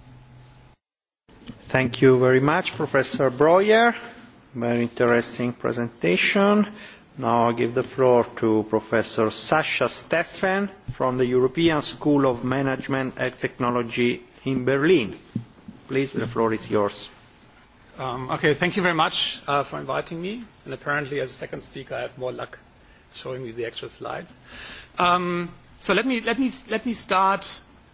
Thank you very much, Professor Breuer. Very interesting presentation. Now I give the floor to Professor Sasha Steffen from the European School of Management and Technology in Berlin. Please, the floor is yours. Um, okay, thank you very much uh, for inviting me. And apparently, as a second speaker, I have more luck showing you the actual slides. Um, so let me, let me, let me start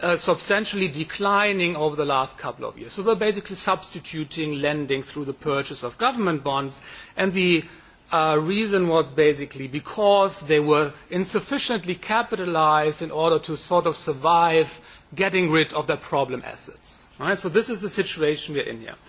uh, substantially declining over the last couple of years. So they're basically substituting lending through the purchase of government bonds. And the uh, reason was basically because they were insufficiently capitalized in order to sort of survive getting rid of their problem assets. All right? So this is the situation we're in here. Uh,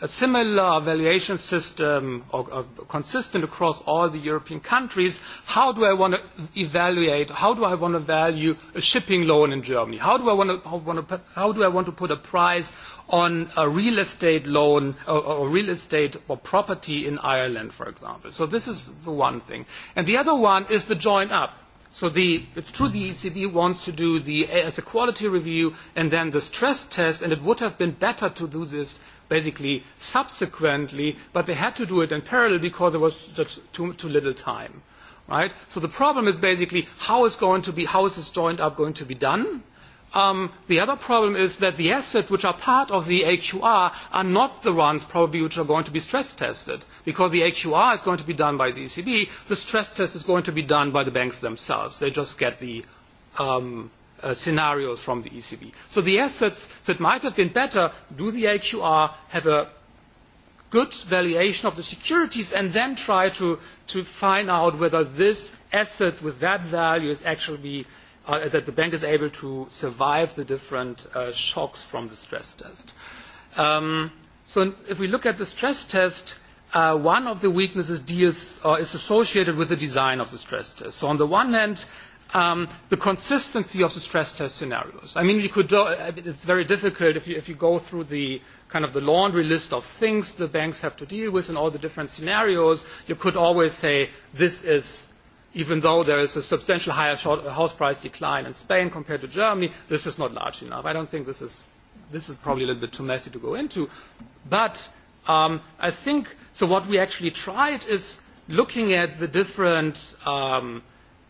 a similar valuation system or, or consistent across all the European countries, how do I want to evaluate, how do I want to value a shipping loan in Germany? How do I want to, how, want to, how do I want to put a price on a real estate loan or, or real estate or property in Ireland, for example? So this is the one thing. And the other one is the join up. So the, it's true the ECB wants to do the as a quality review and then the stress test, and it would have been better to do this basically subsequently, but they had to do it in parallel because there was just too, too little time. Right? So the problem is basically how is, going to be, how is this joined up going to be done? Um, the other problem is that the assets which are part of the AQR are not the ones probably which are going to be stress tested because the AQR is going to be done by the ECB. The stress test is going to be done by the banks themselves. They just get the um, Uh, scenarios from the ECB. So the assets that might have been better do the AQR have a good valuation of the securities and then try to, to find out whether this assets with that value is actually be, uh, that the bank is able to survive the different uh, shocks from the stress test. Um, so if we look at the stress test, uh, one of the weaknesses deals or uh, is associated with the design of the stress test. So on the one hand, um, the consistency of the stress test scenarios. I mean, you could, uh, it's very difficult if you, if you go through the kind of the laundry list of things the banks have to deal with in all the different scenarios. You could always say this is, even though there is a substantial higher short, uh, house price decline in Spain compared to Germany, this is not large enough. I don't think this is, this is probably a little bit too messy to go into. But um, I think, so what we actually tried is looking at the different um, –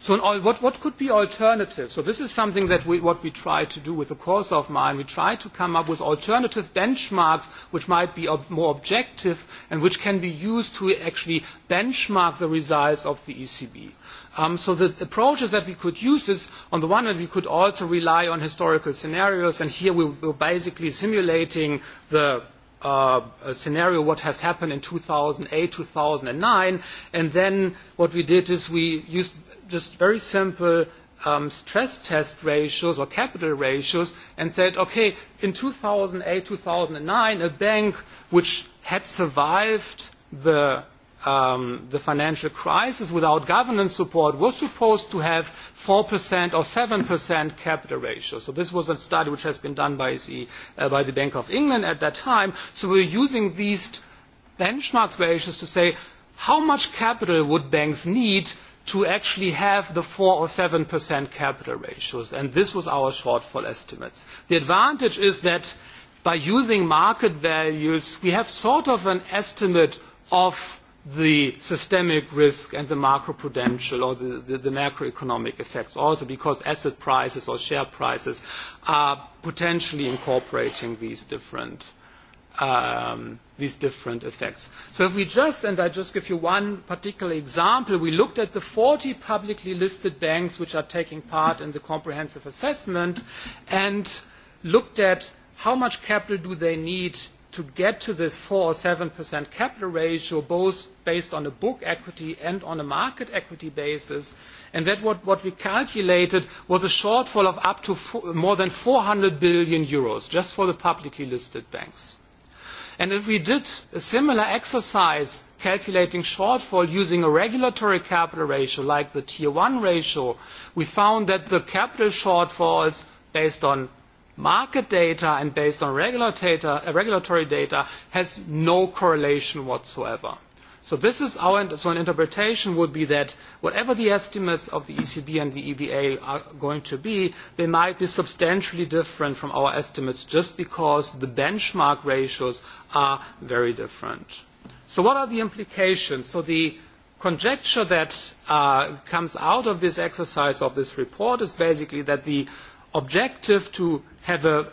So in all, what, what could be alternatives? So this is something that we, what we try to do with the course of mine. We try to come up with alternative benchmarks which might be ob more objective and which can be used to actually benchmark the results of the ECB. Um, so the approaches that we could use is, on the one hand, we could also rely on historical scenarios, and here we were basically simulating the uh, a scenario what has happened in 2008, 2009, and then what we did is we used just very simple um, stress test ratios or capital ratios and said, okay, in 2008, 2009, a bank which had survived the um, the financial crisis without governance support was supposed to have 4% or 7% capital ratio. So this was a study which has been done by, the, uh, by the Bank of England at that time. So we're using these benchmark ratios to say how much capital would banks need to actually have the 4 or 7% capital ratios. And this was our shortfall estimates. The advantage is that by using market values, we have sort of an estimate of the systemic risk and the macroprudential or the, the, the macroeconomic effects also because asset prices or share prices are potentially incorporating these different uh, um, these different effects. So if we just, and I just give you one particular example, we looked at the 40 publicly listed banks which are taking part in the comprehensive assessment and looked at how much capital do they need to get to this 4 or 7% capital ratio, both based on a book equity and on a market equity basis. And that what, what we calculated was a shortfall of up to four, more than 400 billion euros just for the publicly listed banks and if we did a similar exercise calculating shortfall using a regulatory capital ratio like the tier one ratio we found that the capital shortfalls based on market data and based on uh, regulatory data has no correlation whatsoever. So this is our, so an interpretation would be that whatever the estimates of the ECB and the EBA are going to be, they might be substantially different from our estimates just because the benchmark ratios are very different. So what are the implications? So the conjecture that uh, comes out of this exercise of this report is basically that the objective to have a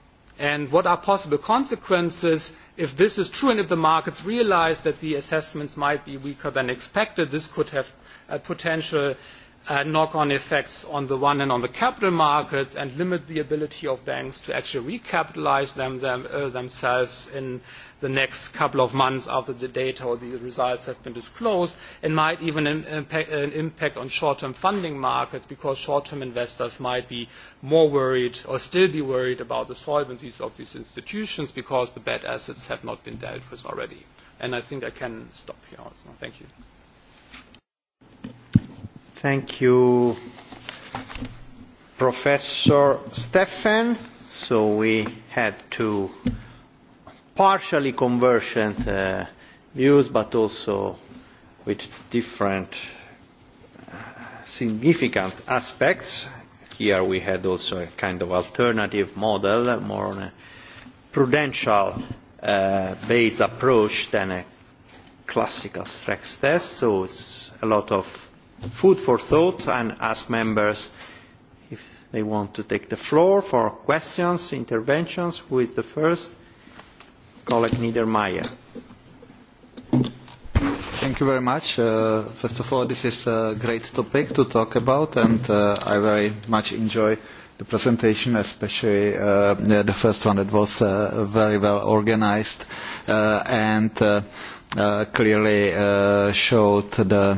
and what are possible consequences if this is true and if the markets realize that the assessments might be weaker than expected. This could have uh, potential uh, knock-on effects on the one hand on the capital markets and limit the ability of banks to actually recapitalize them, them, uh, themselves in uh, the next couple of months after the data or the results have been disclosed and might even impact, an uh, impact on short-term funding markets because short-term investors might be more worried or still be worried about the solvencies of these institutions because the bad assets have not been dealt with already. And I think I can stop here also. Thank you. Thank you, Professor Stefan. So we had to partially convergent uh, views, but also with different uh, significant aspects. Here we had also a kind of alternative model, more on a prudential uh, based approach than a classical stress test, so it's a lot of food for thought and ask members if they want to take the floor for questions, interventions, who is the first? colleague Niedermayer. Thank you very much. Uh, first of all, this is a great topic to talk about, and uh, I very much enjoy the presentation, especially uh, the first one that was uh, very well organized uh, and uh, uh, clearly uh, showed the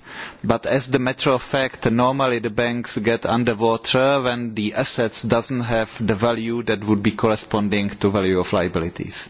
but as a matter of fact normally the banks get under water when the assets do not have the value that would be corresponding to the value of liabilities.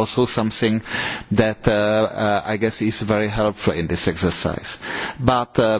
also something that uh, uh, I guess is very helpful in this exercise. But uh,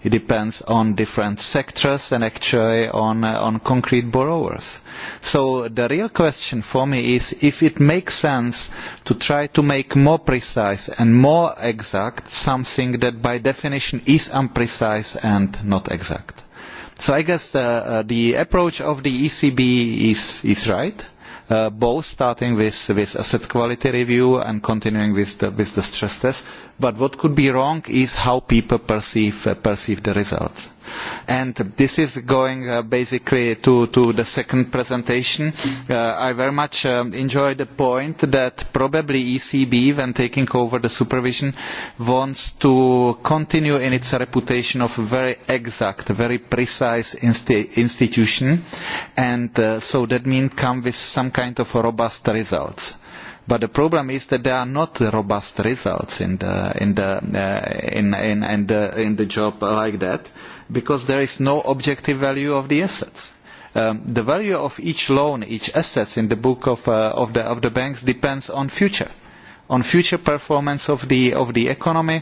it depends on different sectors and actually on, uh, on concrete borrowers. So the real question for me is if it makes sense to try to make more precise and more exact something that by definition is imprecise and not exact. So I guess the, uh, the approach of the ECB is, is right uh, both starting with, with asset quality review and continuing with the, with the stress test. But what could be wrong is how people perceive, uh, perceive the results. And this is going uh, basically to, to the second presentation. Uh, I very much um, enjoyed the point that probably ECB, when taking over the supervision, wants to continue in its reputation of very exact, very precise insti institution. And uh, so that means come with some kind of robust results but the problem is that there are not robust results in the in the uh, in in in the in the job like that because there is no objective value of the asset. Um, the value of each loan, each asset in the book of, uh, of, the, of the banks depends on future, on future performance of the, of the economy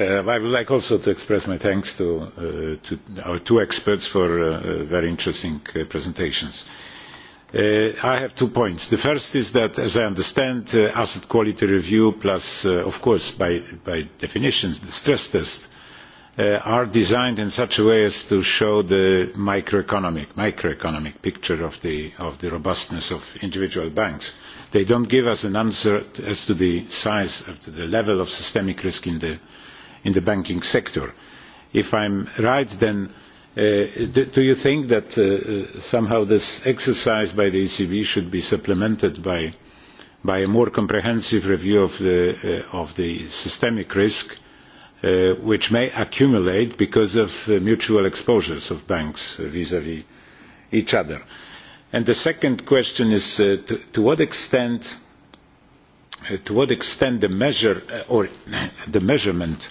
Uh, I would like also to express my thanks to, uh, to our two experts for uh, uh, very interesting uh, presentations. Uh, I have two points. The first is that, as I understand, uh, asset quality review plus, uh, of course, by, by definitions, the stress test uh, are designed in such a way as to show the microeconomic, microeconomic picture of the, of the robustness of individual banks. They don't give us an answer as to the size, to the level of systemic risk in the, uh, in the banking sector. If I'm right, then uh, do, do you think that uh, somehow this exercise by the ECB should be supplemented by, by a more comprehensive review of the, uh, of the systemic risk uh, which may accumulate because of uh, mutual exposures of banks vis-à-vis uh, vis, -vis each other? And the second question is uh, to, to what extent uh, to what extent the measure uh, or [COUGHS] the measurement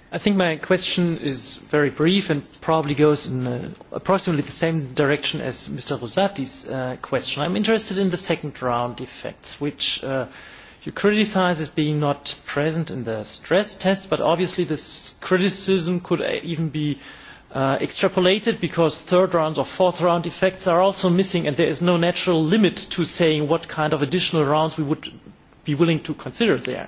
I think my question is very brief and probably goes in uh, approximately the same direction as Mr. Rosati's uh, question. I'm interested in the second round effects, which uh, you criticize as being not present in the stress test, but obviously this criticism could uh, even be uh, extrapolated because third round or fourth round effects are also missing and there is no natural limit to saying what kind of additional rounds we would be willing to consider there. Uh,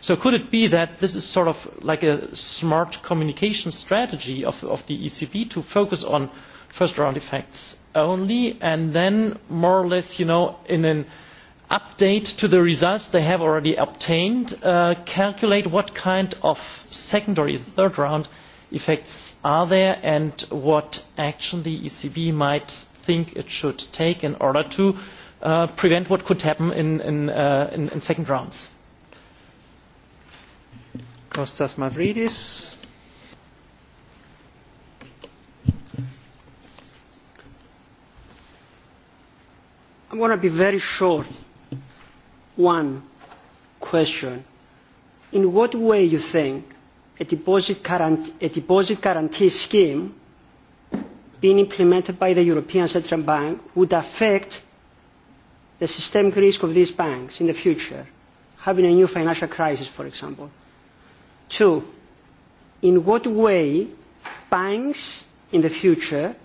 So could it be that this is sort of like a smart communication strategy of, of the ECB to focus on first round effects only and then more or less, you know, in an update to the results they have already obtained, uh, calculate what kind of secondary, third round effects are there and what action the ECB might think it should take in order to uh, prevent what could happen in, in, uh, in, in second rounds. Kostas Mavridis. I'm going to be very short. One question. In what way you think a deposit, guarantee, a deposit guarantee scheme being implemented by the European Central Bank would affect the systemic risk of these banks in the future, having a new financial crisis, for example? Two, in what way banks in the future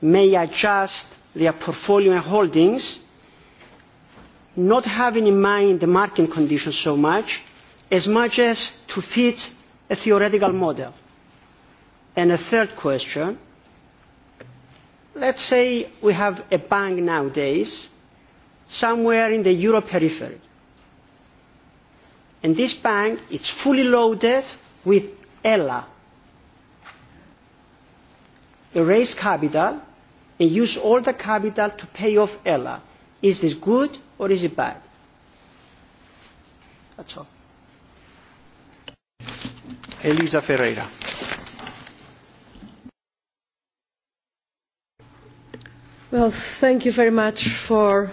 may adjust their portfolio and holdings, not having in mind the market conditions so much, as much as to fit a theoretical model. And a third question, let's say we have a bank nowadays somewhere in the euro periphery And this bank is fully loaded with ELA. You raise capital and use all the capital to pay off ELA. Is this good or is it bad? That's all. Elisa Ferreira. Well, thank you very much for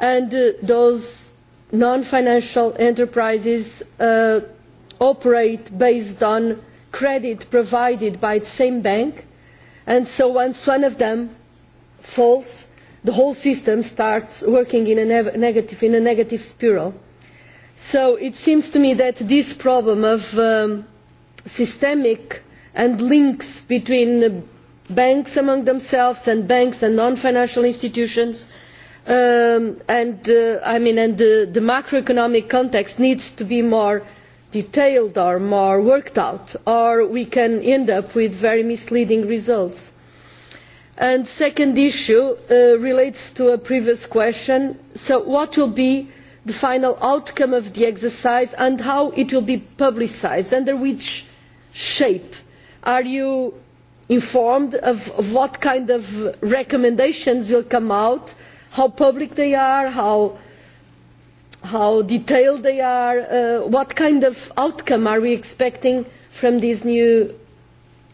and uh, those non-financial enterprises uh, operate based on credit provided by the same bank and so once one of them falls the whole system starts working in a, negative, in a negative spiral. So it seems to me that this problem of um, systemic and links between banks among themselves and banks and non-financial institutions uh, um, and, uh, I mean, and the, the macroeconomic context needs to be more detailed or more worked out, or we can end up with very misleading results. And second issue uh, relates to a previous question. So what will be the final outcome of the exercise and how it will be publicised? Under which shape? Are you informed of, of what kind of recommendations will come out how public they are, how, how detailed they are, uh, what kind of outcome are we expecting from this new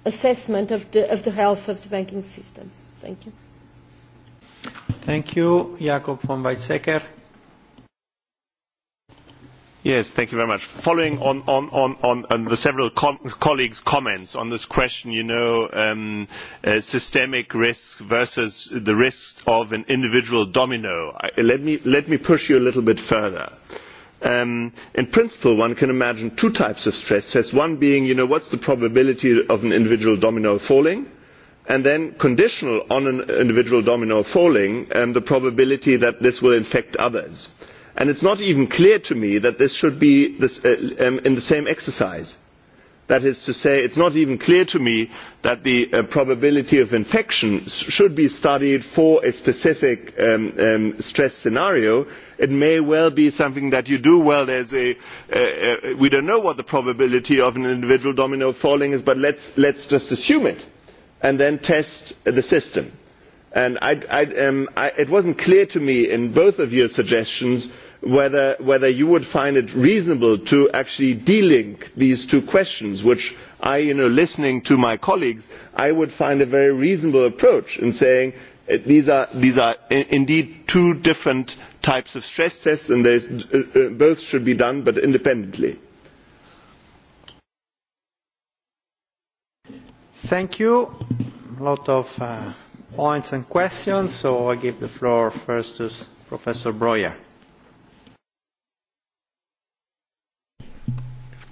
assessment of the, of the health of the banking system. Thank you. Thank you, Jakob von Weizsäcker. Yes, thank you very much. Following on, on, on, on, on the several co colleagues' comments on this question, you know, um, uh, systemic risk versus the risk of an individual domino, I, let, me, let me push you a little bit further. Um, in principle, one can imagine two types of stress tests, one being, you know, what's the probability of an individual domino falling? and then conditional on an individual domino falling and um, the probability that this will infect others and it is not even clear to me that this should be this, uh, um, in the same exercise. that is to say it is not even clear to me that the uh, probability of infection should be studied for a specific um, um, stress scenario. it may well be something that you do well there's a, uh, uh, we don't know what the probability of an individual domino falling is but let's, let's just assume it and then test the system. And I, I, um, I, it wasn't clear to me in both of your suggestions uh, whether, whether you would find it reasonable to actually delink these two questions, which I, you know, listening to my colleagues, I would find a very reasonable approach in saying uh, these are, these are indeed two different types of stress tests and uh, uh, both should be done but independently. Thank you. A lot of uh, points and questions, so I give the floor first to Professor Breuer.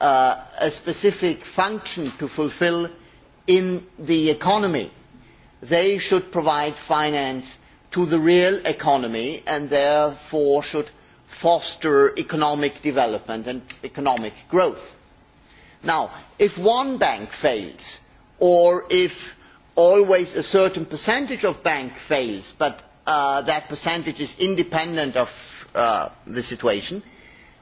uh, a specific function to fulfill in the economy. They should provide finance to the real economy and therefore should foster economic development and economic growth. Now, if one bank fails, or if always a certain percentage of banks fails, but uh, that percentage is independent of uh, the situation, uh,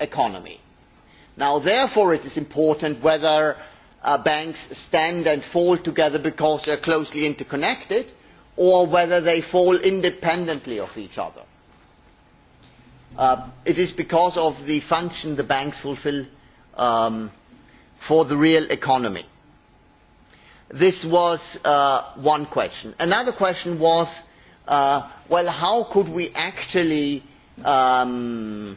economy. Now, therefore it is important whether uh, banks stand and fall together because they are closely interconnected or whether they fall independently of each other. Uh, it is because of the function the banks fulfill um, for the real economy. This was uh, one question. Another question was, uh, well, how could we actually um,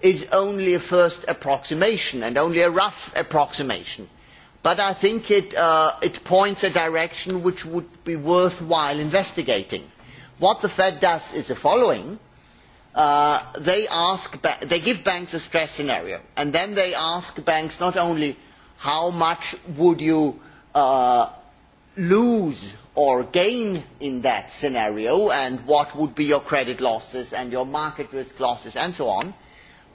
is only a first approximation and only a rough approximation but i think it, uh, it points a direction which would be worthwhile investigating. what the fed does is the following uh, they, ask ba- they give banks a stress scenario and then they ask banks not only how much would you uh, lose or gain in that scenario and what would be your credit losses and your market risk losses and so on,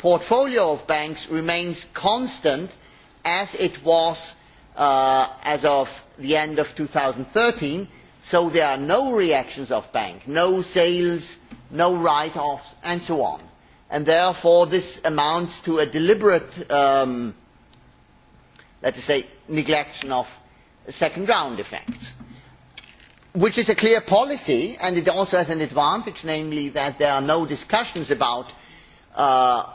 portfolio of banks remains constant as it was uh, as of the end of 2013, so there are no reactions of bank, no sales, no write-offs, and so on. And therefore, this amounts to a deliberate, um, let us say, neglection of second round effects, which is a clear policy, and it also has an advantage, namely that there are no discussions about uh,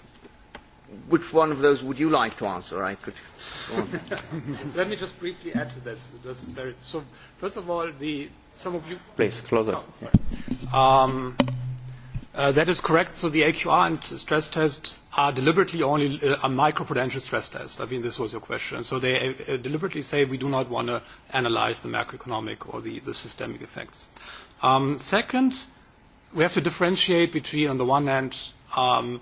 which one of those would you like to answer? I could. [LAUGHS] Let me just briefly add to this. this is very, so, first of all, the some of you. Please closer. Oh, sorry. Um, uh, that is correct. So the AQR and stress test are deliberately only uh, a microprudential stress test. I mean, this was your question. So they uh, deliberately say we do not want to analyze the macroeconomic or the, the systemic effects. Um, second, we have to differentiate between, on the one hand, um,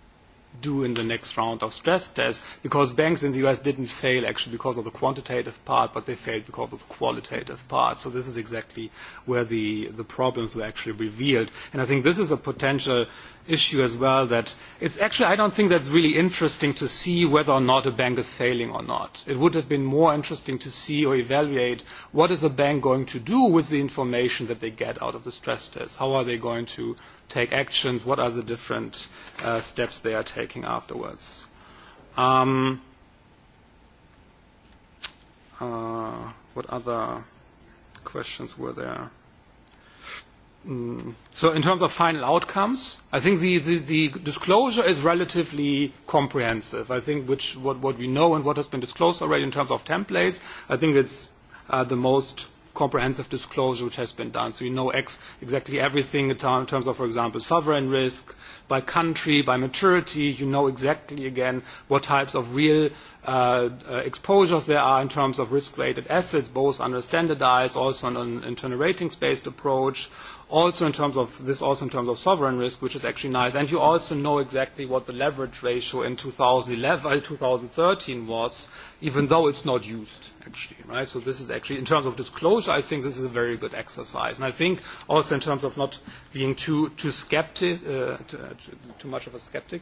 do in the next round of stress tests because banks in the US didn't fail actually because of the quantitative part, but they failed because of the qualitative part. So this is exactly where the, the problems were actually revealed. And I think this is a potential issue as well that it's actually, I don't think that's really interesting to see whether or not a bank is failing or not. It would have been more interesting to see or evaluate what is a bank going to do with the information that they get out of the stress test? How are they going to take actions, what are the different uh, steps they are taking afterwards. Um, uh, what other questions were there? Mm. So in terms of final outcomes, I think the, the, the disclosure is relatively comprehensive. I think which, what, what we know and what has been disclosed already in terms of templates, I think it's uh, the most comprehensive disclosure which has been done. So you know ex exactly everything in terms of, for example, sovereign risk, by country, by maturity. You know exactly, again, what types of real uh, uh exposures there are in terms of risk-weighted assets, both under standardized, also on an internal ratings-based approach, also in terms of this also in terms of sovereign risk, which is actually nice. And you also know exactly what the leverage ratio in 2011, uh, 2013 was, even though it's not used actually, right? So this is actually in terms of disclosure, I think this is a very good exercise. And I think also in terms of not being too too skeptic, uh, too, too much of a skeptic.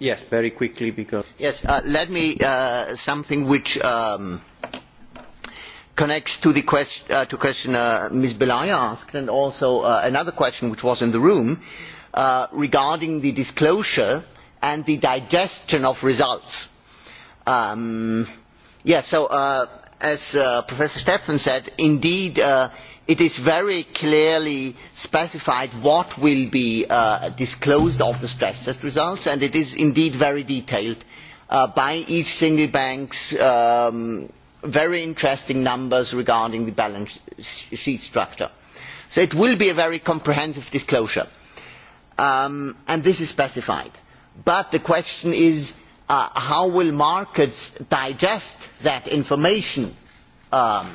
Yes, very quickly because. Yes, uh, let me uh, something which um, connects to the question, uh, to question uh, Ms. Belay asked, and also uh, another question which was in the room uh, regarding the disclosure and the digestion of results. Um, yes, yeah, so uh, as uh, Professor Steffen said, indeed. Uh, it is very clearly specified what will be uh, disclosed of the stress test results and it is indeed very detailed uh, by each single bank's um, very interesting numbers regarding the balance sheet structure. So it will be a very comprehensive disclosure. Um, and this is specified. But the question is, uh, how will markets digest that information um,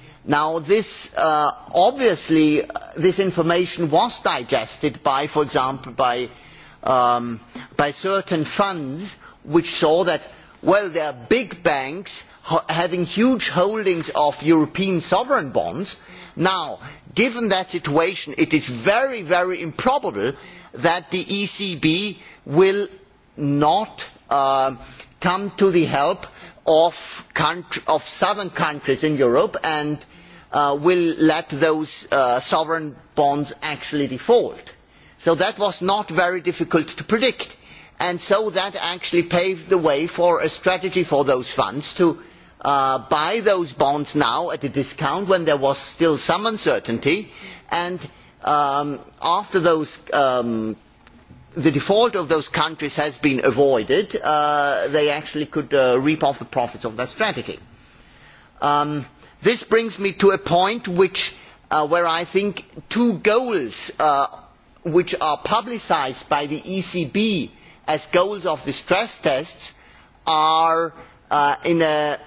now this uh, obviously uh, this information was digested by for example by um, by certain funds which saw that well there are big banks having huge holdings of european sovereign bonds now given that situation it is very very improbable that the ecb will not uh, come to the help of, country, of southern countries in europe and uh, will let those uh, sovereign bonds actually default. So that was not very difficult to predict. And so that actually paved the way for a strategy for those funds to uh, buy those bonds now at a discount when there was still some uncertainty. And um, after those, um, the default of those countries has been avoided, uh, they actually could uh, reap off the profits of that strategy. Um, uh, this brings me to a point which, uh, where i think two goals uh, which are publicised by the ecb as goals of the stress tests are uh, in a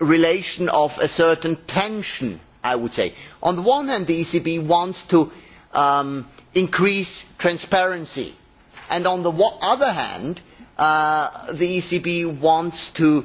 relation of a certain tension i would say. on the one hand the ecb wants to um, increase transparency and on the other hand uh, the ecb wants to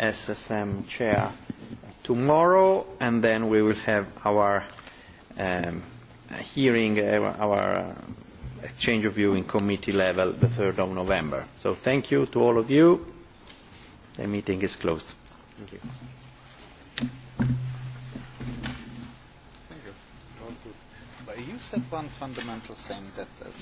SSM chair tomorrow, and then we will have our um, hearing, uh, our exchange of view in committee level the 3rd of November. So thank you to all of you. The meeting is closed. Thank you. Thank you. That was good. But you said one fundamental thing that uh,